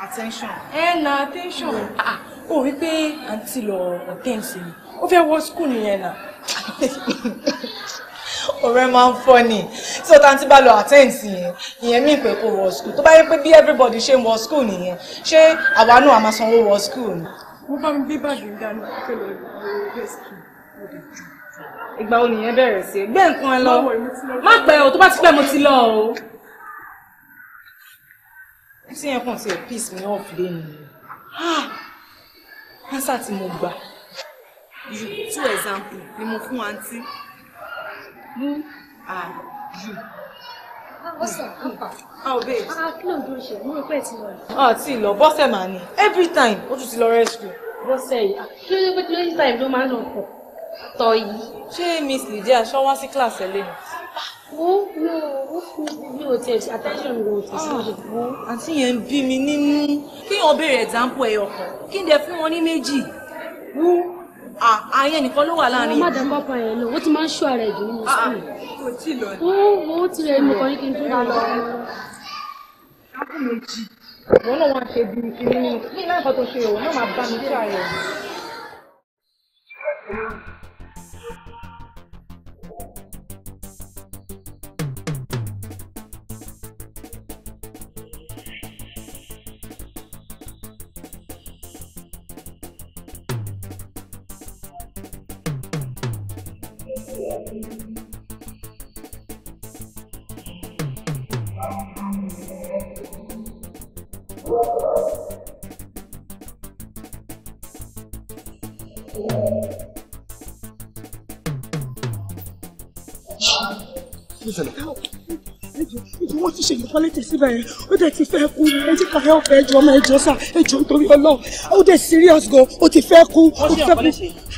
Attention. Ẹ na attention. Ah, oh ah. we pay until attention. ni. Ó fẹ́ wọ school nìyẹn *laughs* ọ̀rẹ́ máa ń fọ́ ni tí o tàǹtí bá lọ attend yẹn ìyẹn mí pé kó wọ school tó bá yẹ pé bí everybody ṣe ń wọ school nìyẹn ṣé àwa náà a máa sanwó wọ school ni. wọ́n bá mi gbé báàgì dání pé lọ rẹ̀ school mo lè jù. ìgbà wo nìyẹn bẹ̀rẹ̀ sí gbé nǹkan ẹ lọ má pẹ́ o tó bá ti pẹ́ mo ti lọ o. tí yẹn kàn ti ẹ̀ peace mi off dé nìyẹn ah! answer tí mo gbà. you two example ni mo fún àǹtí Who are you? Bọ́sẹ̀ ọkọ̀. Oh babe. Ah kí ló ń dúró ṣe? Mo rò pé ẹ ti lọ rí. Ọ̀ ni. Every time ó tún ti lọ rescue. Bọ́sẹ̀ yìí, kí ló dé pé twenty times time. Do ń lọ pọ̀? Tọ̀ yìí. Ṣé Miss Lydia ṣọ́ wá sí class ẹ lẹ́nu? Wo mi ò wo mi ò tiẹ̀ attention mi ò tẹ̀ sí mi. Àǹtí yẹn ń bí mi nínú. Kí wọ́n béèrè example ẹyọ kan, kí n dẹ̀ fún wọn ní méjì àyẹn nìkan ló wà láàrin. má dàgbà pa ẹ̀ lọ ó ti máa ń ṣọ ara ẹ̀ jù nínú sùkúl. kò tí ì lọ. ó ó ti rẹ̀ mí kan ní kí n tó lọ. ṣáàbù méjì òun náà wá ṣe bí kíní ní láìpẹ́ tó ṣe òun náà máa bá mi ṣe àyẹ̀wò. síbẹ̀ yẹn ó dẹ̀ ti fẹ́ kú etí kàrẹ́ ọ̀fẹ́ ẹjọ́ ọmọ ẹjọ́ sà ẹjọ́ nítorí ọlọ́run ó dẹ̀ serious gan ó ti fẹ́ kú ó ti fẹ́ kú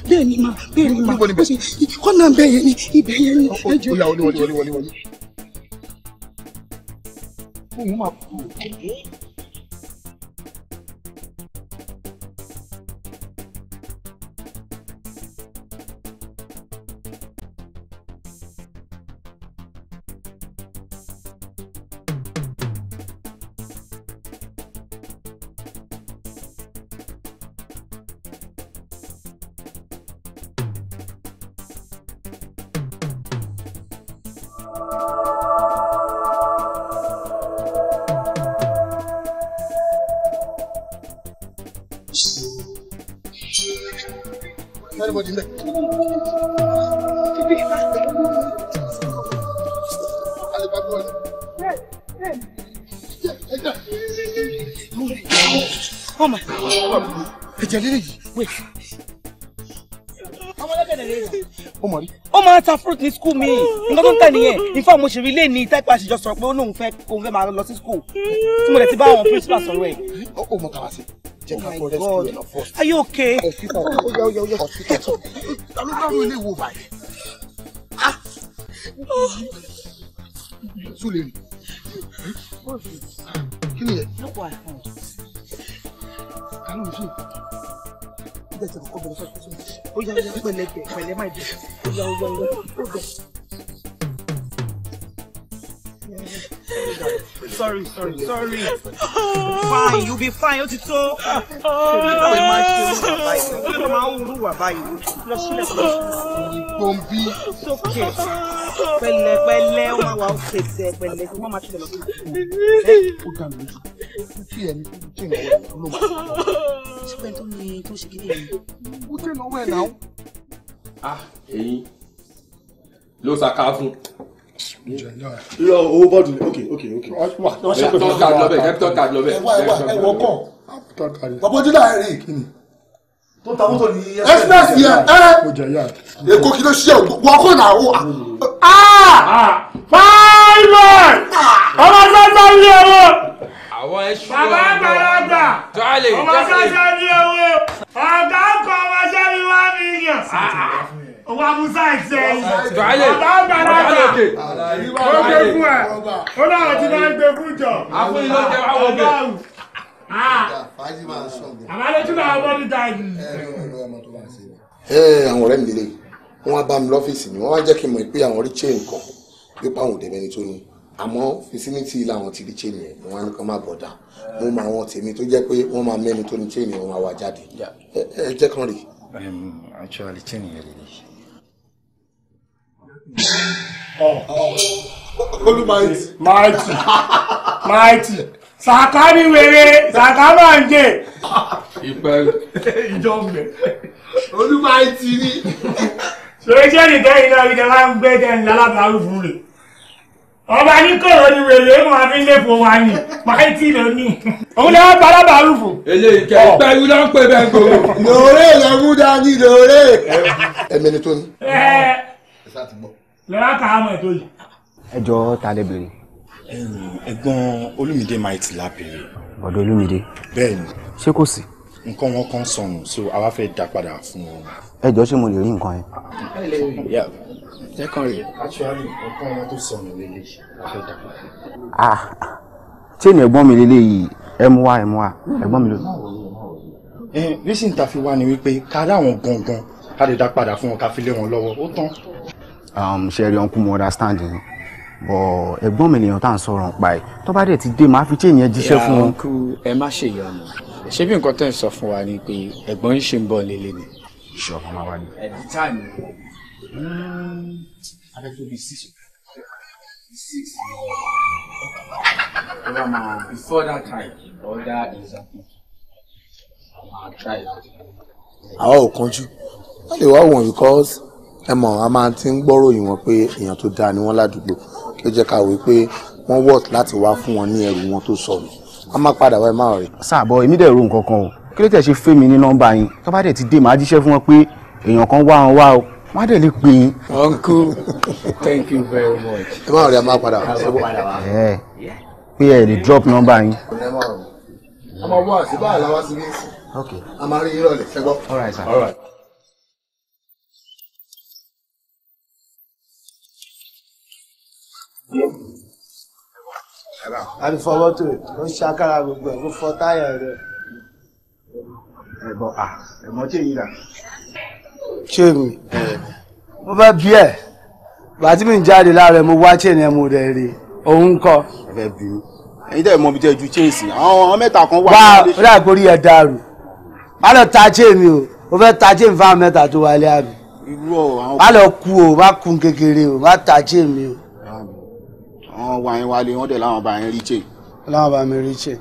bẹ́ẹ̀ ni ma bẹ́ẹ̀ ni ma ó ti kọ́nà bẹ́ẹ̀ yẹn ni ibẹ̀ yẹn ni ẹjọ́ ẹjọ́. ta fruit ní school mi nǹkan tó ń tẹ̀ nìyẹn ifá mo ṣe rí lé ní tẹ́pẹ́ sọ pé ó lóun fẹ́ òun fẹ́ máa lọ sí school tí mo lè ti bá àwọn principal sọ̀rọ̀ ẹ̀. ó mọ kàwá sí jẹ ká fọ rẹ school lọ fọ. are you okay. ọ̀sítọ̀ ọ̀yọ̀ ọ̀yọ̀ ọ̀yọ̀ ọ̀sítọ̀ ta ló dáhùn ìwò báyìí. súlè rí kí ni yẹ bẹ́ẹ̀ kọ́kọ́ bẹ̀rẹ̀ fún mi ó yá ó pẹ̀lẹ́ bẹ̀ pẹ̀lẹ́ má dé ó yá ó yá bẹ̀ sorry sorry sorry *laughs* fine you be fine ó ti tó báwo ni máa ṣe wúwà báyìí kí ló máa ń wúwà báyìí lọ sílẹ̀ gbòǹbì sókè pẹ̀lẹ́pẹ̀lẹ́ wà wà òkè tẹ pẹ̀lẹ́ kí wọn máa ṣe lọ sí ìkú ó ga mi lójú fífi ẹni tó ń jẹ ìwọ ló máa ṣe pé tó ní tó ṣe kí ni èyí. ó jẹ́ náwó ẹ̀ náà. ah èyí ló ṣàkà fún irọ́ owó bọ́ọ̀dù ni ok ok ok. wọ́n ṣàtọ́ ká lọ bẹ́ẹ̀ kẹ́pítọ́ ká lọ bẹ́ẹ̀. ẹ̀wọ́ ẹ̀wọ́ ẹ̀wọ́ kàn. bàbá ojú láàrin rè kí ni. tó ta mọ́tò ní ẹsẹ̀ ẹsẹ̀ yẹn ẹ èkó kí ló ṣe wọ́n kò náà wò. Ah! fáìlọ̀ ah! ọmọ sọ́sọ́ ní owó. àwọn ẹṣu ọmọ àgbàlagbà ọmọ sọ́sọ́ ní owó. ọ̀gá ọkọ̀ ọmọ sẹ́ni wá mílíọ̀nù owó amúsá ẹsẹ yìí bàbá àgbàlagbà ó gbé fún ẹ ó náà ti máa ń gbé fún jọ àfún ilé oúnjẹ wà wọgbẹ. àbálẹ́jú náà wọ́n ní dáìgì. ẹ àwọn ọ̀rẹ́ mi lè wọ́n wá bá mi lọ́fíìsì ni wọ́n wá jẹ́ kí n mọ̀ pé àwọn rí chain kan bí páwọn òde mẹ́ni tó ní àmọ́ fisiniti làwọn ti di chain yẹn mo máa ní kán máa bọ̀dà mo máa wọn tèmi tó jẹ́ pé wọ́n máa mẹ́ni tó ní chain yẹn wọ́n máa wá jáde ẹ jẹ́ kán rí. Um, actually chain yẹn lè rí. Almighty. Mighty. ma Sàkáni ni. Ṣèṣẹ́ nìkẹ́ iná ìjọ máa ń gbé jẹ́ ìlálábàárù fún rẹ̀. Ọba ni wèrè máa fi lé wa ni. Máìtì ló Òun ni wọ́n pa lábàárù fún. Èlé ìkẹ́ ìpẹ́lú ló ń pè bẹ́ẹ̀ gbòòrò. Lòrè lọ́mú Ẹ lẹ́rà káhámọ́ ètò yìí. ẹ jọ ta lè béèrè. ẹ̀gbọ́n olúmídé might la béèrè. bọ̀dọ̀ olúmídé. bẹ́ẹ̀ni. ṣé kò sí. nǹkan wọn kan sọnù so àwa fẹ́ dá padà fún wọn. ẹ jọ ṣé mo lè rí nǹkan yẹn. ẹ lè rí ẹ kàn rí. actually nǹkan wọn tó sọnù lélẹ̀ àfẹ́ dá padà. ah ṣé ni ẹ̀gbọ́n mi lélẹ̀ yìí ẹ mú wa ẹ mú wa ẹ̀gbọ́n mi ló. ẹ rísìn ta fi wá ni wípé ká dá àwọn gangan ká lè dá padà fún wọn ká fi lé wọn lọ́wọ́ ó tán. Um, rí ọkùnrin mo understand yín bọ ẹ̀gbọ́n mi nìyẹn tá à ń sọ̀rọ̀ nípa ẹ tó bá dẹ ti dé màá fi tí ìyẹn jíṣẹ́ fún un. ọkù ẹ má ṣe ìyọnu ṣé bí nǹkan tẹ́ ń sọ fún wa ni pé ẹ̀gbọ́n ń ṣe ń bọ̀ lélẹ̀ ni. ìṣọ̀kan máa wá ní. ẹ̀dí táìmù abẹ́ tó bíi six six ọba máa um, before that time order is happen máa try. àwọn ò kánjú wọ́n lè wá wọ̀n because ẹ mọ̀ a máa ti ń gbọ́ròyìn wọn pé èèyàn tó dáa ni wọ́n ládùúgbò kí ó jẹ́ ká wí pé wọ́n wọ̀ láti wá fún wọn ní ẹrù wọn tó sọnù a máa padà wá ẹ máa rí. sáàbọ̀ èmi dẹ̀ ro nǹkan kan o kí ló tẹ̀ ṣe fẹ́ mi ní nọ́mbà yín tó bá dẹ̀ ti dé màá jíṣẹ́ fún wọn pé èèyàn kan wá wọn wá o wọ́n á dẹ̀ lè pè yín. uncle thank you very much. ẹ máa rí a máa padà wá. ẹ pé ẹ lè drop nọ́mbà yín. ọmọ bọ́ àṣìbá àlàwá sí bí. a máa rí irọ́ lè fẹ́ gbọ́. àti fọwọ́ tó ó ń ṣàkàrà gbogbo ẹ̀ kó fọ táyà rẹ̀. ẹ̀bọ̀ à ẹ̀mọ́ tí èyí rà. ṣé mi mo bá bí ẹ̀ bàtí mi ń jáde láàárọ̀ mo wá chain ẹ̀ mo rẹ̀ rí òun kọ́. ẹ fẹ́ bí mi ẹ̀yin tẹ́ mọ̀ bí tẹ́ ju chain sí àwọn mẹ́ta kan wà. wá ó dà kórí ẹ̀ dàrú má lọ ta chain mi o mo fẹ́ ta chain fáwọn mẹ́ta tó wálé àbí. irú ọ̀ àwọn. má lọ ku o má kun kékeré o má ta chain mi o wọ́n wá yín wálé wọ́n dẹ̀ láwọn bá yín rí chain. láwọn bá mi rí chain.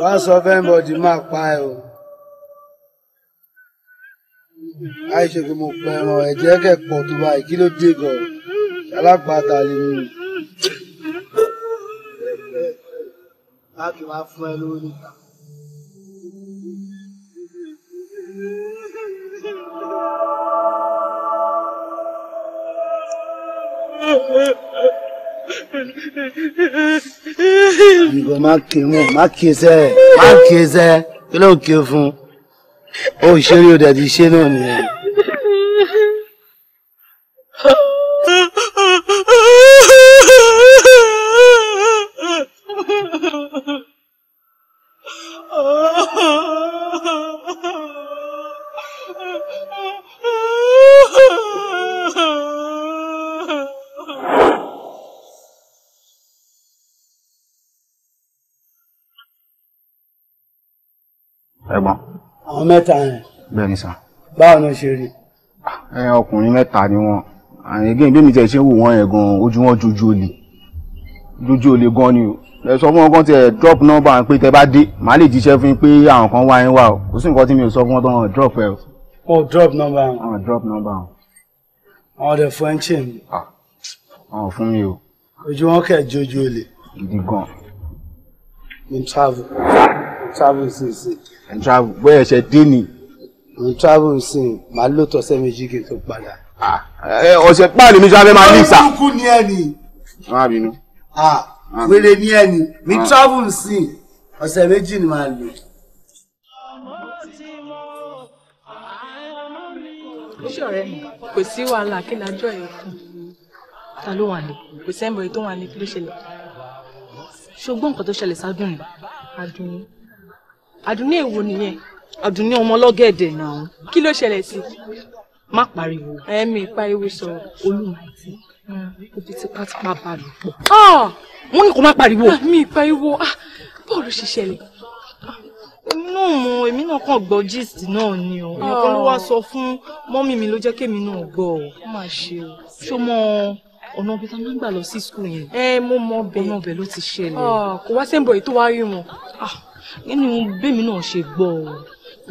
wọ́n sọ fẹ́ńbọ̀dì máa pa ẹ̀ o àìṣe pé mo pẹ́ ẹran ẹ̀jẹ̀ kẹ̀ pọ̀ tó báyìí kí ló dé gan alágbàtà lè mú un. láti wá fún ẹ lórí níta. Yeah. *laughs* Àníkò má kí mú, má kí ẹsẹ̀, má kí ẹsẹ̀, kí ló ń kí o fún? Ó ṣeré o dẹ̀ ti ṣe náà nìyẹn. *laughs* àwọn mẹ́ta yẹn. bẹ́ẹ̀ni sà. báwo ló ṣe rí. ẹ ọkùnrin mẹ́ta ni wọ́n àyẹ̀gẹ́ bí mi tẹ̀ ṣe wò wọ́n yẹn gan ojú wọn jojú olè jojú olè gan ni o ẹ sọ fún wọn kan tẹ drop number pé tẹ bá dé màá lè jíṣẹ́ fún yín pé àwọn kan wá yín wá o kò sí nǹkan tí mi ò sọ fún wọn tó drop ẹ o. drop number. àwọn drop number. àwọn ọ̀dẹ̀ fún ẹ ń ṣe mi. àwọn fún mi o. ojú wọn kẹ̀ jojú olè. gidi gan. mi travel travel sin sin. n travel bóyá ẹsẹ dé ni. n travel sin màá lò tọ́sẹ̀ méjì kí n tó padà. ọ̀sẹ̀ ah, páàlì mi sáfẹ́ máa ní sà. Ah. ó ń kú ní ẹni. má bínú. Ah, wèrè ní ẹni mi travel sin ọ̀sẹ̀ méjì ni màá lò. ṣọ̀rẹ́ mi kò sí wàhálà kí ni àjọ ẹ̀ fún ta ló wà ní kò sẹ́ńbọ̀rì tó wà ní kí ló ṣẹlẹ̀ ṣùgbọ́n nǹkan tó ṣẹlẹ̀ sádùn ni adùn ni àdùnní èwo nìyẹn. àdùnní ọmọ ọlọ́gẹ̀dẹ̀ náà. kí ló ṣẹlẹ̀ sí. má pariwo. ẹ̀mí pariwo sọ̀rọ̀ olùmọ̀tì ó fi tipátipá bá lò pọ̀. Ah! wọ́n ní kó má pariwo. Ah, mi pariwo ah, bọ́ọ̀lù ṣe ṣẹlẹ̀ inú mu èmi náà kàn gbọ́ gist náà ni o èèyàn kan ló wá sọ fún mọ́mì mi ló jẹ́ kémi náà gbọ́ ọ. ó ṣe o. ṣó mọ ọ̀nà ọbẹ̀ tá a máa ń gbà lọ sí skul yẹn. ẹ eh, mo mọ ọbẹ̀. ọ̀nà ọbẹ̀ ló ti ṣẹlẹ̀. kò wá sẹ́ńbọ̀ yìí tó wá rí wọn nínú bẹ́mi náà ṣe gbọ́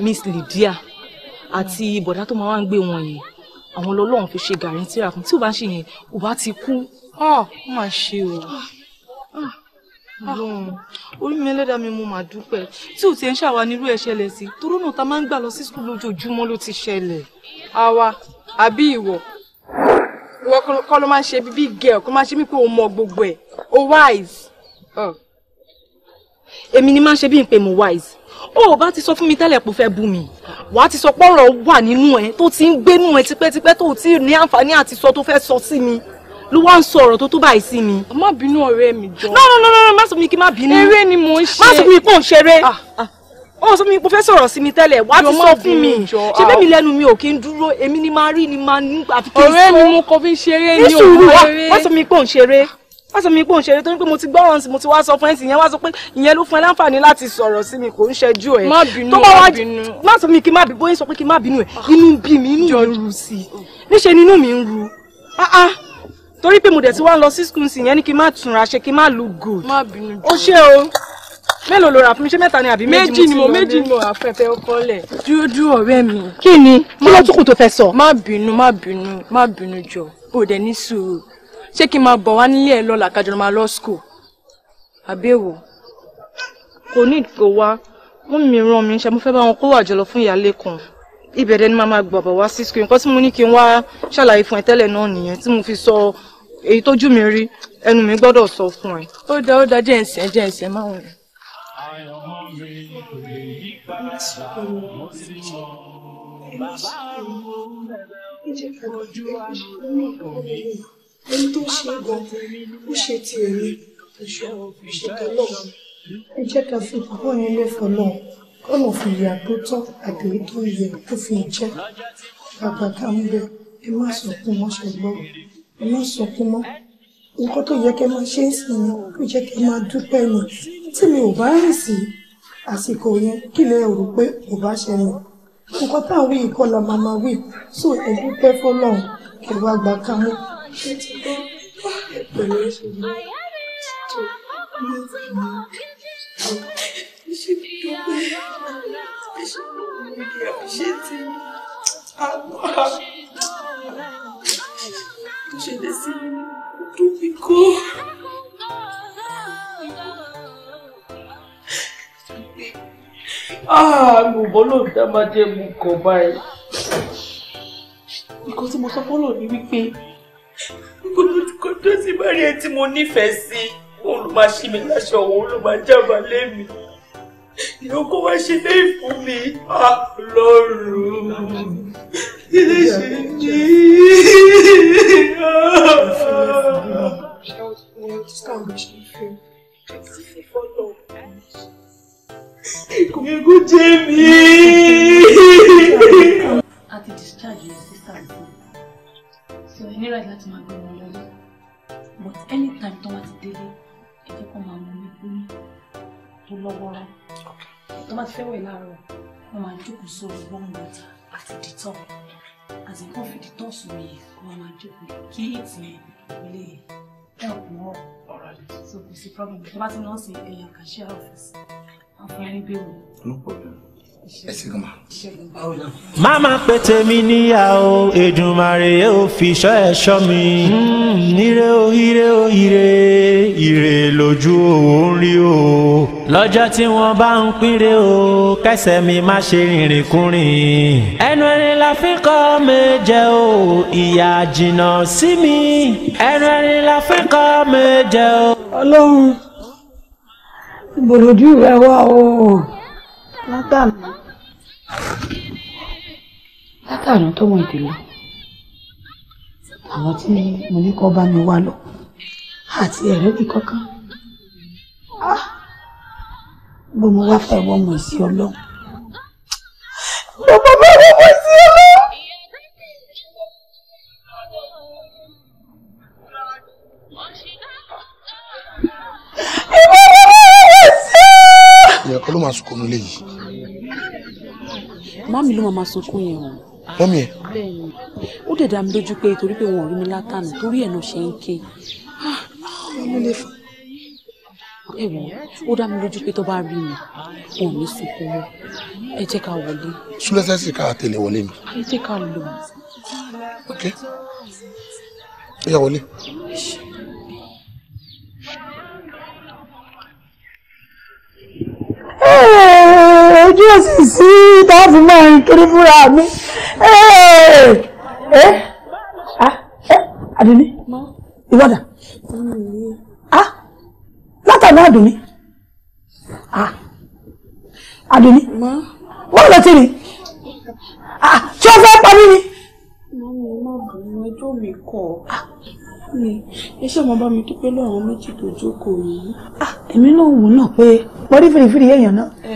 miss lydia àti bọ̀dá tó máa ń gbé wọn yẹn àwọn lọ́lọ́run fi ṣe gàrí tíra fún tí ò bá ṣe yẹn ò bá ti kú. ọ ah, má ṣe o ah, ah, lóhun orí mi ẹlẹ́dàá mi mo mà dúpẹ́ tí ò ti ń ṣàwa nírú ẹ̀ ṣẹlẹ̀ sí toró náà ta máa ń gbà lọ sí skul lójoojúmọ́ ló ti ṣẹlẹ̀. àwa àbí ìwọ ìwọ kọ́ ló máa ń ṣe bíbí gẹ̀ ọ́ kó máa ṣe mí pé o mọ gbogbo ẹ̀ o wise èmi ni máa ń ṣe bí n pé mo wise o ò bá ti sọ fún mi tẹ́lẹ̀ pé o fẹ́ bú mi wàá ti sọ pọ́nrọ̀ wà nínú ẹ tó ti ń gbénú ẹ tipẹ́tipẹ́ tó ti ní àǹfààní àti sọ tó fẹ́ sọ sí mi ló wá ń sọ ọ̀rọ̀ tó tó báyìí sí mi. má bínú ọ̀rẹ́ mi jọ. no no no no má sọ mi kí má bínú. eré ni mò ń ṣe. má sọ mi pò ń ṣeré. ó ah, ah. sọ mi pò fẹ́ sọ̀rọ̀ sí mi tẹ́lẹ̀ wá ti sọ fún mi. ṣé bẹ́ẹ̀ mi ah. lẹ́nu mi ò kí ń dúró èmi ni máa rí ni máa ní àfikún. ọ̀rẹ́ mi mo kọ fi ń ṣeré ní sùúrù wá wá sọ mi pé òun ṣeré torí pé mo ti gbọ́ràn mo ti wá sọ fún ẹ̀ sí wá sọ pé ìyẹn ló fún ẹ láǹfààní láti sọ̀rọ̀ sí mi kò ń ṣẹjú ẹ̀. má bínú má bínú. má sọ mi kí má bínú bóyá sọ pé kí má bínú ẹ̀ ah. inú bí mi inú mi ń ru sí i níṣẹ́ ni inú mi ń ru ah, ah. torí pé mo dẹ̀ ti wá lọ sí school sí ìyẹn ni kí má túnra ṣe kí má lu good. má bínú jù. ó ṣe o mélòó lo rà fún mi ṣé mẹ́ta ni àbí méjì ni mo méjì ni mo àfẹ́fẹ́ ọkọlẹ̀. dúdú ọ̀rẹ́ mi. kí ni kí ló tó fẹ́ sọ. má bínú má bínú má bínú jọ bó dẹ̀ ní sùúrù ṣé kí n máa bọ̀ wá nílé ẹ̀ lọ́la kájọ máa lọ school àbẹ̀wò kò ní kó wá wọ́n mi ràn mí ṣe mo fẹ́ bá wọn kó wà jọlọ fún ìyáálé kan ìbẹ̀rẹ̀ ni màá máa gbọ̀ bọ̀ wá sí school nǹkan tí mo ní kí n wá ṣàlàyé fún ẹ tẹ́lẹ̀ náà nìyẹn tí mo fi sọ èyí tójú mi rí ẹnu mi gbọ́dọ̀ sọ fún ẹ. ó dá ó dá jẹ́ ẹ̀sìn jẹ́ wọ̀. Bàbá àrùn ojú àrùn omi ẹni tó ṣe gan ó ṣe ti èmi ìṣètọ́lọ́ ẹ jẹ́ ká fi bàbá yẹn lẹ́fọ̀ọ́ náà kọ́nà fi ìyà tó tọ́ àtẹ̀yí tó yẹ kó fi jẹ́ bàbá ká ń bẹ ẹ má sọkún mọ́ ṣùgbọ́n ẹ má sọkún mọ́ nǹkan tó yẹ kẹ́ máa ṣe ń sìn ni tó yẹ kẹ́ máa dúpẹ́ ni tí mi ò bá rìn sí àsìkò yẹn kí lẹ rò pé kò bá ṣẹlẹ̀ nǹkan tá à ń wí ìkọlà màmá wí so ẹ dúpẹ́ fọlọ́run kẹwàá gbà ká mú ṣe ti gbọ́ pẹ̀lú ẹ̀sùn yìí tó ní ìgbà ṣe dúpẹ́ ṣe lóhùn ní àbíṣe ti àgbà ṣẹlẹ̀ sí dúpẹ́ kó. àlùbọ́ ló dá máa jẹ́ mu kọ̀ báyìí. nǹkan tí mo sọ fọ́lọ̀ ni wípé kò tó sí bẹ́ẹ̀ ẹ tí mo nífẹ̀ẹ́ sí òun ló máa ṣí mi láṣọ òun ló máa jábà lé mi ìyóò kó wá ṣe lé ìfún mi ah, lọ́rùn kí lè ṣe ní. Ìkùnkùn jẹ́ mi. A ti discharge your sister. So, I need right láti máa gbé wọn lọ́dún but anytime tó bá ti délé ẹ jẹ́ kó máa mú mi gbóná tó lọ́wọ́rọ́ tó bá ti fẹ́ wẹ̀ láàárọ̀ wọ́n máa jókòó sórí warm water àti dìtọ́ àti nǹkan fi dìtọ́ sórí ẹ̀ wọ́n máa jókòó kí ètì ẹ̀ lè help wọ́n so kò sí problem tó bá ti lọ́ọ́ sí ẹ̀yà cashier office àǹfààní bẹ́ẹ̀ wò. no problem. Mama pe tèmi níyà o, Èdùmàrè yóò fi ṣọ́ ẹ̀ṣọ́ mi. Hmm, ire o, ire o, ire, ire lójú òwò ń rí o. Lọ́jọ́ tí wọ́n bá ń pínre o, kẹsẹ̀ mi má ṣe rìnrìn kúrìn. Ẹnu ẹni la fi kọ́ méje o, ìyà jìnnà sí mi. Ẹnu ẹni la fi kọ́ méje o. Ọlọ́run, ìbòròjú rẹ wá o látàná látàná tọmọ ìdìlọ àwọn tí mo ní kọ́ bá mi wá lọ àti ẹ̀rẹ́ bì kankan ah! bó mo wá fẹ́ wọ́n mọ̀ sí ọlọ́run bàbá bá wọ́n mọ̀ sí ọlọ́run. ìyẹn kọ́ ló máa sùn kọ́nu léyìí mami ló máa sunkún yẹn o. mọ́mí ẹ̀. ó dẹ̀ dá mi lójú pé torí pé wọn ò rí mi látànà torí ẹ̀ náà ṣe ń ké. ẹ wò ó dá mi lójú pé tó bá rí mi wọn ò ní sunkún wọn ẹ jẹ́ ká wọlé. súlẹ́sẹ̀ sì ká tẹ̀lé wọlé mi. ẹ jẹ́ ká lọ. ok ó yá wọlé. Eh, ojú òsì sí táàfù máa ń kiri fúnra mi eh, eh, ah, àdùnní ìwọ́dà ah, látàná àdùnní ah, àdùnní wọ́n lọ ti rí tí ó fẹ́ pa mí ni. mọ́mí má bùnú ẹjọ́ mi kọ̀ mi ẹ ṣe ọmọ bá mi dúpẹ́ lọ́wọ́ àwọn méjì tó jókòó yìí. Ah, èmi náà wù náà pé wọ́n rí fìrìfìrì èèyàn náà. ẹ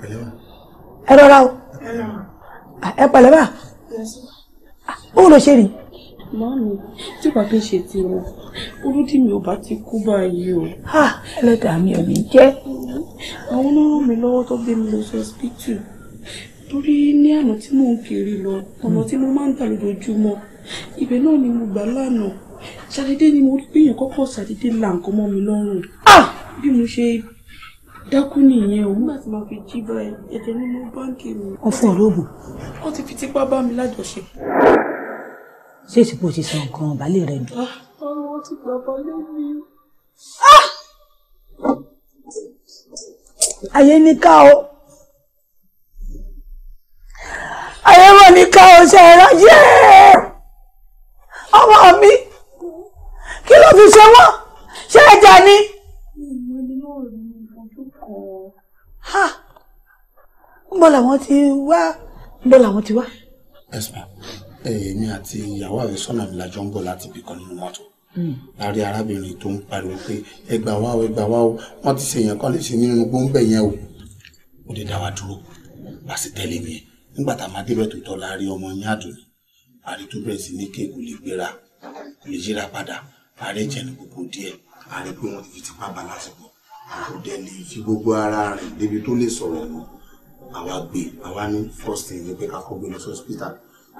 pẹ̀lẹ́ wà. ẹ rọra o ẹ ah, pẹ̀lẹ́ bá. Ah, ó lọ ṣe rí. Màámi, tí bá kí n ṣe ti wọn, olúdí mi ò bá ti kú báyìí o. Ha! Ẹlẹ́dàá mi ò ní jẹ́. Àwọn ló ràn mí lọ́wọ́ tó gbé mi lọ sí ọsibítù. Torí ní àná tí mò ń kiri lọ, ọ̀nà tí mo máa ń gbà ibẹ̀ náà ni mo gbà lánàá ṣàdédé ni mo rí pé èèyàn kọ́kọ́ ṣàdédé la nǹkan mọ́ mi lọ́rùn ah! bí mo ṣe dákú nìyẹn o nígbà tí mo fi jí bá ẹ̀jẹ̀ nínú báńkì mi. wọ́n fún ọ̀rọ̀ òògùn. wọ́n ti fi tipá bá mi lájọṣepọ̀. ṣé ìsìnkú ti sọ nǹkan balẹ̀ rẹ dùn. Ah! ọ̀rọ̀ wọn ti gbàgbọ́ lẹ́nu. Ah! ayé ní ká o ayé wọn ní ká o ṣe é rájẹ́ ọmọ mi kí ló fi ṣe wọ́n ṣé ẹja ni. ha ń bọ̀ làwọn ti wá ń bọ̀ làwọn ti wá. yes ma'am èmi àti ìyàwó àfẹ́sọ́nà mi la jọ ń bọ̀ láti ibì kan nínú mọ́tò láàrin hmm. arábìnrin tó ń pariwo pé ẹgbà wá o ẹgbà wá o wọ́n ti ṣèyàn kan lè ṣe nínú gbóńbẹ̀ yẹn o ó lè dá wa dúró bá sì tẹ̀lé mi yẹn nígbà tá a máa débẹ̀ tó tọ́ la rí ọmọ yín àdùn àrí tó bẹ̀rẹ̀ sí ní kéèkù lè gbéra kò lè yíra padà ààrẹ jẹnu gbogbo díẹ̀ ààrẹ pé wọ́n ti fi tipá bá lásìkò kò dẹ̀ lè fi gbogbo ara rìn débi tó lè sọ̀rọ̀ mọ́ àwa gbé àwa ní first thing ni pé ká kó gbé lọ sí hospital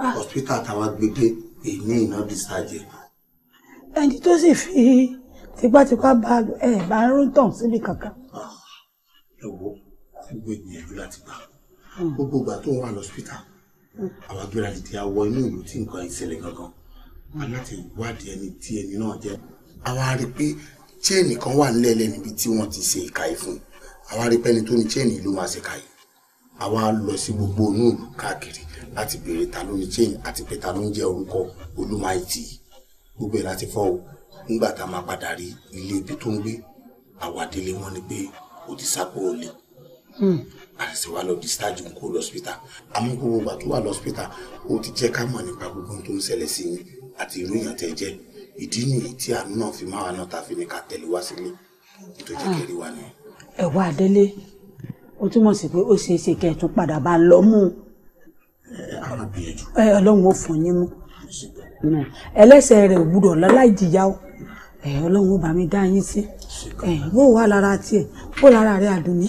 ah. hospital táwa gbé dé èyí iná discharge. ẹni tó sì fi tipátipá bá a lò ẹ bá ń rún tàn síbi kankan. Ah, ẹ wo gbogbo ìgbìyànjú láti gbà hmm. gbogbo ìgbà tó wà lọ́sítà hmm. àwa gbéra dìde àwọ inú ìlú tí nǹkan ìṣẹ̀lẹ̀ gangan wà láti wádìí ẹni tí ẹni náà jẹ́ àwa rí i pé chain kan wà nílẹ̀ lẹ́nu ibi tí wọ́n ti ṣe ìka yìí fún àwa rí i pé ẹni tó ní chain ló máa ṣe ìka yìí àwa lọ sí gbogbo inú ìlú káàkiri láti béèrè ta ló ní chain àti pé ta ló ń jẹ́ orúkọ olúmáìtì gbogbo ẹ̀ láti fọ́ o nígbà tá a máa padà rí ilé ibi tó ń gbé àwa wọn ni pé ó ti sápò olè àṣìṣe hmm. wa lọ discharge ń kó lọ hospital àmọ́ gbogbo ìgbà tó wà lọ hospital ó ti jẹ́ ká mọ̀ nípa gbogbo ohun tó ń ṣẹlẹ̀ sí yín àti irú èèyàn tẹ́ jẹ́ ìdí nìyí tí àánú náà fi máa wà náà ta fi ní ká tẹ̀lé wá sílé tó jẹ́ kẹ́rí wa nù. ẹ wá délé ó túmọ̀ sí pé ó ṣeé ṣe kẹ́ ẹ tún padà bá lọ mú un. ẹ ọlọ́run ó fún yín mú ẹlẹ́sẹ̀ rẹ̀ ò gbúdọ̀ láláì jìyà o ẹ ọlọ́run ó bá mi dá yín sí ẹ bó wà lára tiẹ̀ bó lára rẹ̀ àdùnní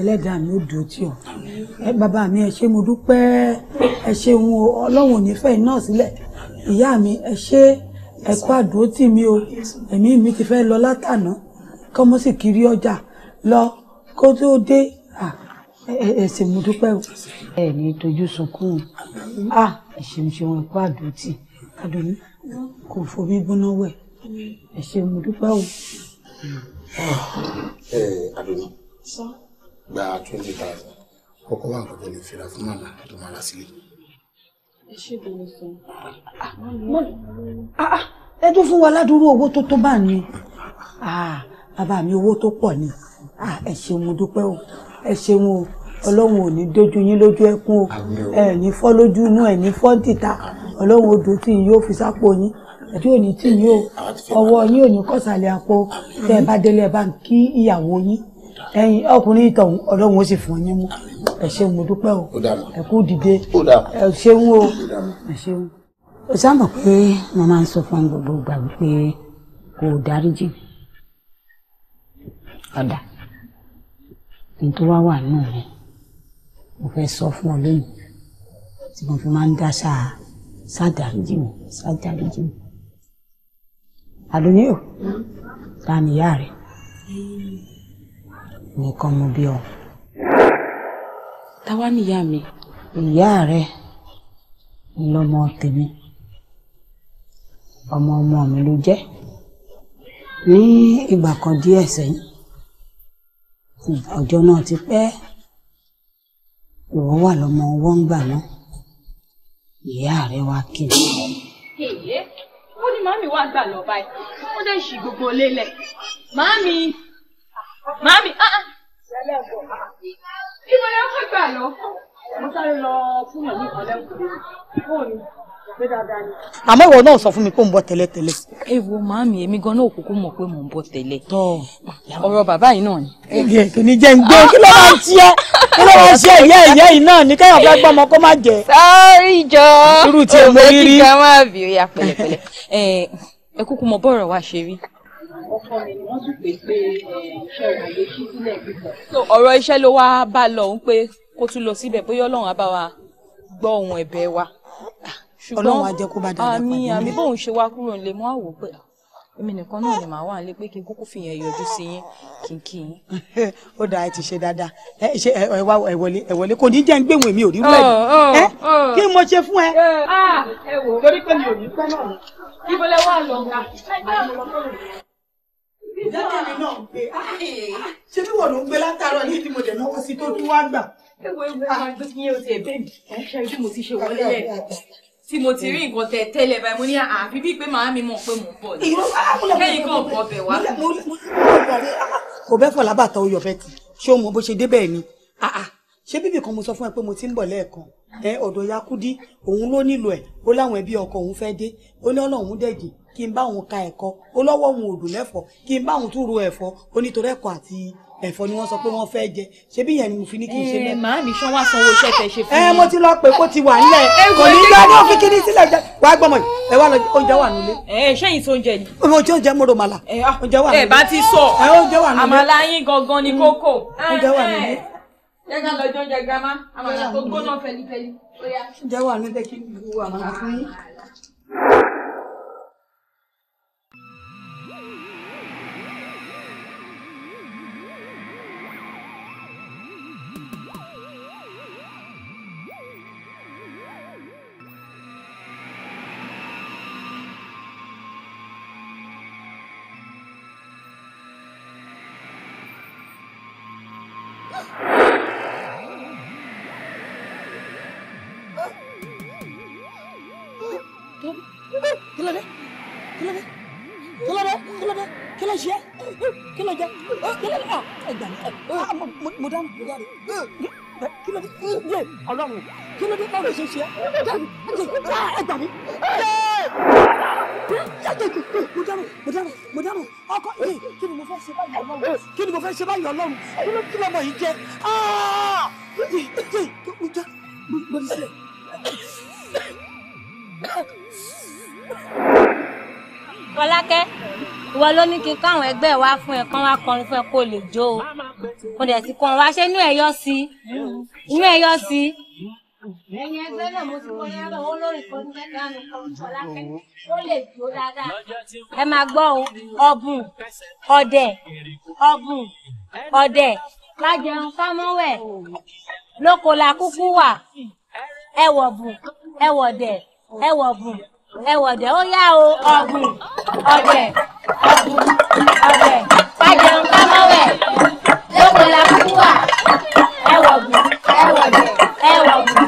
ẹlẹ́dàá mi ó dùn tí o ẹ bàbá mi ẹ ṣé mo dúpẹ́ ẹ ṣeun ọlọ́run ò ní fẹ́ iná sílẹ̀ ìyá mi ẹ ṣé ẹ kú àdúró tì mí o ẹ̀mí mi ti fẹ́ lọ látàná kọ́mọ́ sì kiri ọjà lọ kó tó dé ẹ ṣé mo dúpẹ́ o. ẹ ní tójú sunkún a ìṣèǹṣeun ẹ kú àdúró tì adùnú kò fomi gbóná wẹ̀ ẹ ṣé mo dúpẹ́ o. Ah, ẹ adùnú. sọ gba twenty thousand kọ́kọ́ wà nǹkan tó lè fira fún màmá tó máa ra sílé. ẹ ṣe ìbéèrè sọ ẹ tún fún wa ládùúrú owó tó tó bá ní bàbá mi owó tó pọ̀ ni ẹ ṣeun mo dúpẹ́ o ẹ ṣeun o ọlọ́run ò ní dojú yín lójú ẹkún o ẹ ní fọ́ lójú inú ẹ ní fọ́ dìta ọlọ́run odò tí yín yóò fi sápò yín ẹ̀dí ò ní tì yín o ọwọ́ yín ò ní kọ̀sàlẹ̀ àpò tẹ́ ẹ bá délé ẹ bá ń kí ìyàwó yín ẹ̀yin ọkùnrin ìtọ̀hún ọ̀dọ́ wọn sì fún yín mú ẹ ṣeun mo dúpẹ́ o ẹ kú dìde ẹ ṣeun o ẹ ṣeun. o sábà pé wọn máa ń sọ fún gbogbo ìgbà wípé kò dáríjì ọ̀dà nítorí wá wà nù mí mo fẹ́ sọ fún ọ lónìí tí mo fi máa ń dáṣà sádáríjì mi sádáríjì mi àlùyé o hmm? ta nìyá rẹ. Hmm nìkan mo bí ọ. táwa nìyá mi. ìyá rẹ ńlọmọ tèmi ọmọ ọmọ mi ló jẹ́ ní ìgbà kan díẹ̀ sẹ́yìn ọjọ́ náà ti pẹ́ ìwọ wà lọ́mọ ọwọ́ ń gbà náà ìyá rẹ wá kí mi. ó ní màmí wá gbà lọ báyìí ó dẹ̀ ṣì gbogbo lélẹ̀ màmí. Mami, ah ah. Ibo lẹ kọ́ gbà lọ. Mo sáré lọ fún ìyàn ní ìkọ́lẹ̀ fóònù pé dáadáa ni. Àmọ́ ìwọ náà sọ fún mi pé ń bọ̀ tẹ́lẹ̀tẹ́lẹ̀. Ẹ wo màámi èmi gan náà òkúkú mọ̀ pé mò ń bọ̀ tẹ́lẹ̀. Tọ́ ọ̀rọ̀ bàbá yìí náà ni. Ẹ̀gẹ̀ kò ní jẹ́ ń gbé kí ló máa ń tiẹ́ kí ló máa ń ṣe ìyá ìyá yìí náà ni kẹ́yàn fẹ́ gbọ́mọ kó má jẹ. Sọ́ọ́rì jọ òwe kíkà máa bì ó yà pẹ̀lẹ́pẹ̀lẹ́. Ẹ kúkú mọ bọ́ọ̀rọ̀ wa ṣe rí ọkọ mi ni wọ́n sì pè pé eh, iṣẹ́ àyè ṣí sílẹ̀ kíkan. ọ̀rọ̀ iṣẹ́ ló wá bá lọ ń pé kó tún lọ síbẹ̀ bóyá ọlọ́run bá wa gbọ́ ohun ẹ̀bẹ̀ wa. ọlọ́run á jẹ́ kó bá dáadáa pàdé mi. àmì bóun ṣe wá kúrò nílé mo á pé ah, èmi nìkan náà ni màá wà nílé pé kí n kúkú fìyẹn yọjú sí yín kí *laughs* ó dáa ẹ ti ṣe dáadáa ẹ ṣe ẹ wá ẹ wọlé kò ní jẹ́ ń gbé ìwé ò rí rẹ̀ ẹ oh, oh, oh. kí mo ṣe fún ẹ. Eh, ah, ẹ wò ó torí pé mi ò ní pẹ́ náà. ibo lẹ wá lọ ìyá kẹ́mi náà ń gbé ṣé bí wọ́n ló ń gbé látàárọ̀ yìí tí mo dẹ̀ náwó sí tó tún wá gbà. ewu ewu ẹ máa gbé kí yẹn o ti ẹ bẹ́ẹ̀ mi ẹ ṣe ojú mo ti ṣe wọlé lẹ tí mo ti rí nǹkan tẹ tẹ́lẹ̀ báyìí mo ní àfi bíi pé màá mi mọ̀ pé mò ń bọ̀ ni kẹ́yìn kan kọ ọbẹ̀ wá. kò bẹ́ẹ̀ fọ̀ lábàtà oyọ̀ bẹ́ẹ̀ tì ṣé o mọ bó ṣe dé bẹ́ẹ̀ ni ṣé bíbì kan mo sọ fún ẹ pé mo ti ń bọ̀ lẹ́ẹ̀kan ẹ ọ̀dọ̀ yakudi òun ló nílò ẹ̀ ó láwọn ẹbí ọkọ òun fẹ́ dé ó ní ọlọ́run dẹ̀gì kí n bá òun ka ẹ̀kọ́ olówó òun ò dùn lẹ́fọ̀ọ́ kí n bá òun tún ro ẹ̀fọ́ onítorí ẹ̀kọ́ àti ẹ̀fọ́ ni wọ́n sọ pé wọ́n fẹ́ jẹ ṣé bí yẹn ni mo fi ní kí n ṣe mẹ́ta. Eh, màá mi sanwó sanwó iṣẹ́ tẹ ṣe fún mi. Eh, ẹ mo ti lọ pé kó ti wà nílẹ̀ eh, kò ní lọ ní òfin kíní sílẹ̀ jẹ wàá gbọ́mọ ẹ wá lọ oúnjẹ wà nílé. ẹ ṣẹ́yìn tó ń jẹ ni. mo ti oúnjẹ mo rò màlà ah, oúnjẹ wà nílé. ẹ bá ti sọ àmàlà yín gangan ni mm. kókó. oúnjẹ wà nílé. ẹ ká lọ jọ oúnjẹ gama àmàlà tó gbóná fẹlifẹli. ẹgbẹ́ wa fún ẹ kán wá kọrin fún ẹ kó lè jó o mo dẹ̀ ti kọ́ wá ṣe inú ẹ yọ sí inú ẹ yọ sí. ẹ̀yin ẹgbẹ́ náà mo ti kọ́ yàrá owó lórí kan ní ẹ̀ka mi kan ṣọlá kẹ́kẹ́ lè jó dáadáa. ẹ máa gbọ́ o ọ̀bùn ọ̀dẹ̀ ọ̀bùn ọ̀dẹ̀ lájẹun kámọ́wẹ̀ lóko la wà ẹ̀wọ̀bùn ẹ̀wọ̀dẹ̀ ẹ̀wọ̀bùn ẹwọ̀dẹ̀ ó yá o ọ̀gbìn ọ̀dẹ̀ ọ̀gbìn ọ̀dẹ̀ pàjẹun kámọ́wẹ̀ lóko la kú wà ẹwọ̀gbìn ẹwọ̀dẹ̀ ẹwọ̀gbìn.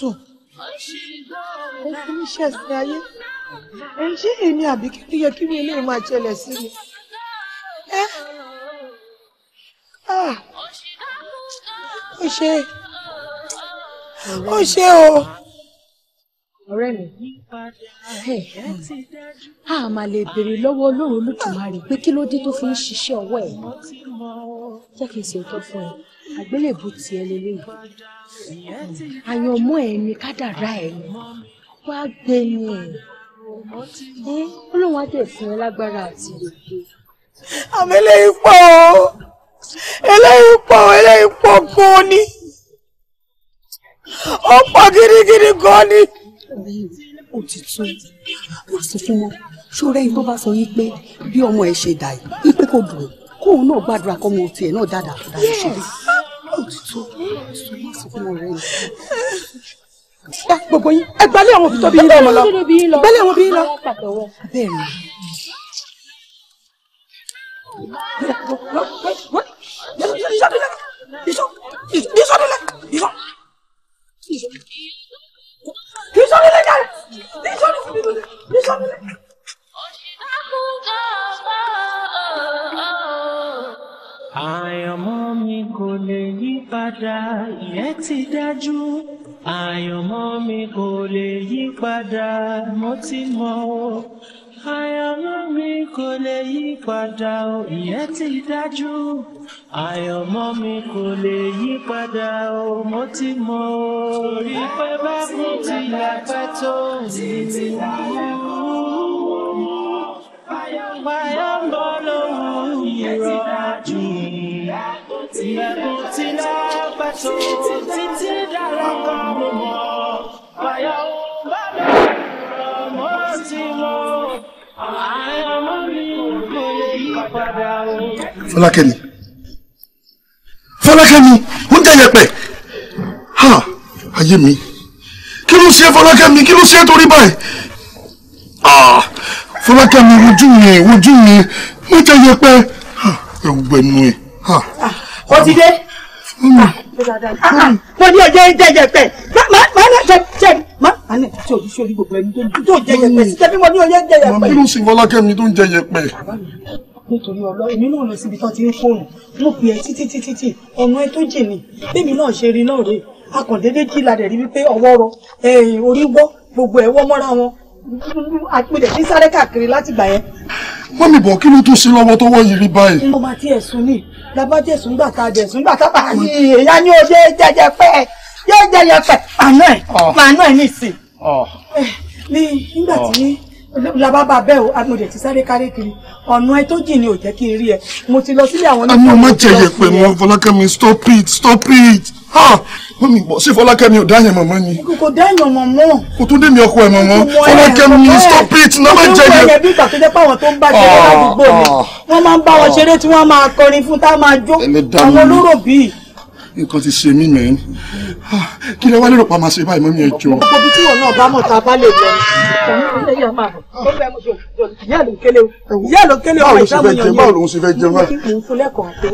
sùn ẹ fi mí ṣẹ̀sìn ayé ẹ ṣé èmi àbí kí ló yẹ kí mi eléyìí máa ṣẹlẹ̀ sí mi ẹ ó ṣe ó ṣe o. ọ̀rẹ́ mi a máa lè béèrè lọ́wọ́ Ọlọ́run Olódùmarè pé kí ló dé tó fi ń ṣiṣẹ́ ọwọ́ ẹ̀ jẹ́ kí n ṣe òótọ́ fún ẹ àgbélébù tiẹ̀ lélẹ́yìí àyànmọ́ ẹ̀ ni kádàrá ẹ̀ ni wá gbé e ni ẹ̀ ọlọ́run á dẹ̀ fún ẹ lágbára àti òkè. àmì eléyìí pọ̀ eléyìí pọ̀ eléyìí pọ̀ gan ni ó pọ̀ gidigidi gan ni. òtítọ́ wàá sọ fún wọn ṣọrẹ́ yìí tó bá sọ yìí pé bí ọmọ ẹ̀ ṣe dà yìí pé kò dùn kóun náà gbàdúrà kọ́mọ tiẹ̀ náà dáadáa dáadáa ṣe bí gbogbo yín ẹ gbálẹ̀ àwọn òbí tó bí lọ gbálẹ̀ àwọn òbí yín lọ. bẹ́ẹ̀ I am mi kò lè yí padà ìyẹn ti dájú àyànmọ́ mi kò lè yí padà mo ti mọ̀ o àyànmọ́ mi kò lè yí padà o ìyẹn ti dájú àyànmọ́ mi kò lè yí padà o mo ti mọ̀ o torí pé bákùn ti yàgbẹ́ tó títí láyé kọ́ ọ́ lọ. ilẹ̀kùn ti lápẹ̀tò títí dára kan mo mọ̀ báyọ̀ bá mi rọ̀ mọ́ ti mọ̀ àyàmọ́ mi kò lè yí padà o. Fọlákẹ́mi Fọlákẹ́mi oúnjẹ yẹpẹ̀ ha ayé mi kí ló ṣe Fọlákẹ́mi kí ló ṣe torí báyìí Fọlákẹ́mi ojú mi ojú mi oúnjẹ yẹpẹ̀ ẹ gbẹnu ẹ ó ti dé. Hmm. mo ní ọjọ́ jẹjẹ pẹ̀ má má ní ọjọ́ jẹ má má ní ọjọ́ òbí sórí gbogbo ẹni tó ń jẹjẹ pẹ̀ sí tẹ́bí mo ní ọjọ́ jẹjẹ pẹ̀. nínú sì fọlákẹ́ mi tó ń jẹjẹ pẹ̀. nítorí ọlọ́run èmi náà lọ síbi tán ti ń fóònù mo pè é títí títí títí ọ̀nà ẹ tó jìn ní bẹ́ẹ̀mi náà ṣe rí náà rèé akọ̀dédé jí la dẹ̀ rí wípé ọwọ́ rọ orí gbọ́ gbogbo ẹ̀ wọ́ mọ́ra wọn àpilẹ̀ ní sáré káàkiri láti gbà yẹn mọ́mí bọ̀ kí ló tún ṣe lọ́wọ́ tọ́wọ́ yìí rí báyìí. ọmọ àti ẹ̀sùn ni bàbá jẹ̀sùn gbà ká jẹ̀sùn gbà ká bá yí èèyàn ni ó ṣe jẹjẹ pẹ́ yóò jẹjẹ pẹ́ màánù ẹ̀ ah. màánù ẹ̀ ní ìsìn. Ah. Eh, ní nígbà tí ah lábá bá bẹ́ẹ̀ o mo dẹ̀ ti sáré káré kiri ọ̀nà ẹ tó jìn ni ò jẹ́ kí n rí ẹ mo ti lọ sílé àwọn. àmọ́ má jẹ yẹpẹ mọ́ fọlákẹ́mi stop it stop it ha wọ́n mi bọ̀ ṣé fọlákẹ́mi ò dáyẹ̀ mọ̀mọ́ ni. kò dáyẹ̀ mọ̀mọ́. kò tún dé mi ọkọ ẹ̀ mọ̀mọ́ fọlákẹ́mi stop it náà má jẹ yẹ. ọdún ìgbà tó jẹ́ pé àwọn tó ń bá jẹ ah. lọ́wọ́ àdúgbò wọ́n máa ń bá nǹkan ti ṣe mí mẹ́rin ah, kí lẹ wá lérò pa máa ṣe báyìí mọ́ mi ẹ jọ. ọkọ bíi tí wọn náà bá mọ ta bá lè lọ ìyá ló kélé ìyá ló kélé ọmọ ìsáwọn yẹn báwo lòun ṣe fẹ́ jẹun báyìí. mo ń fún lẹ́kọ̀ọ́ pé.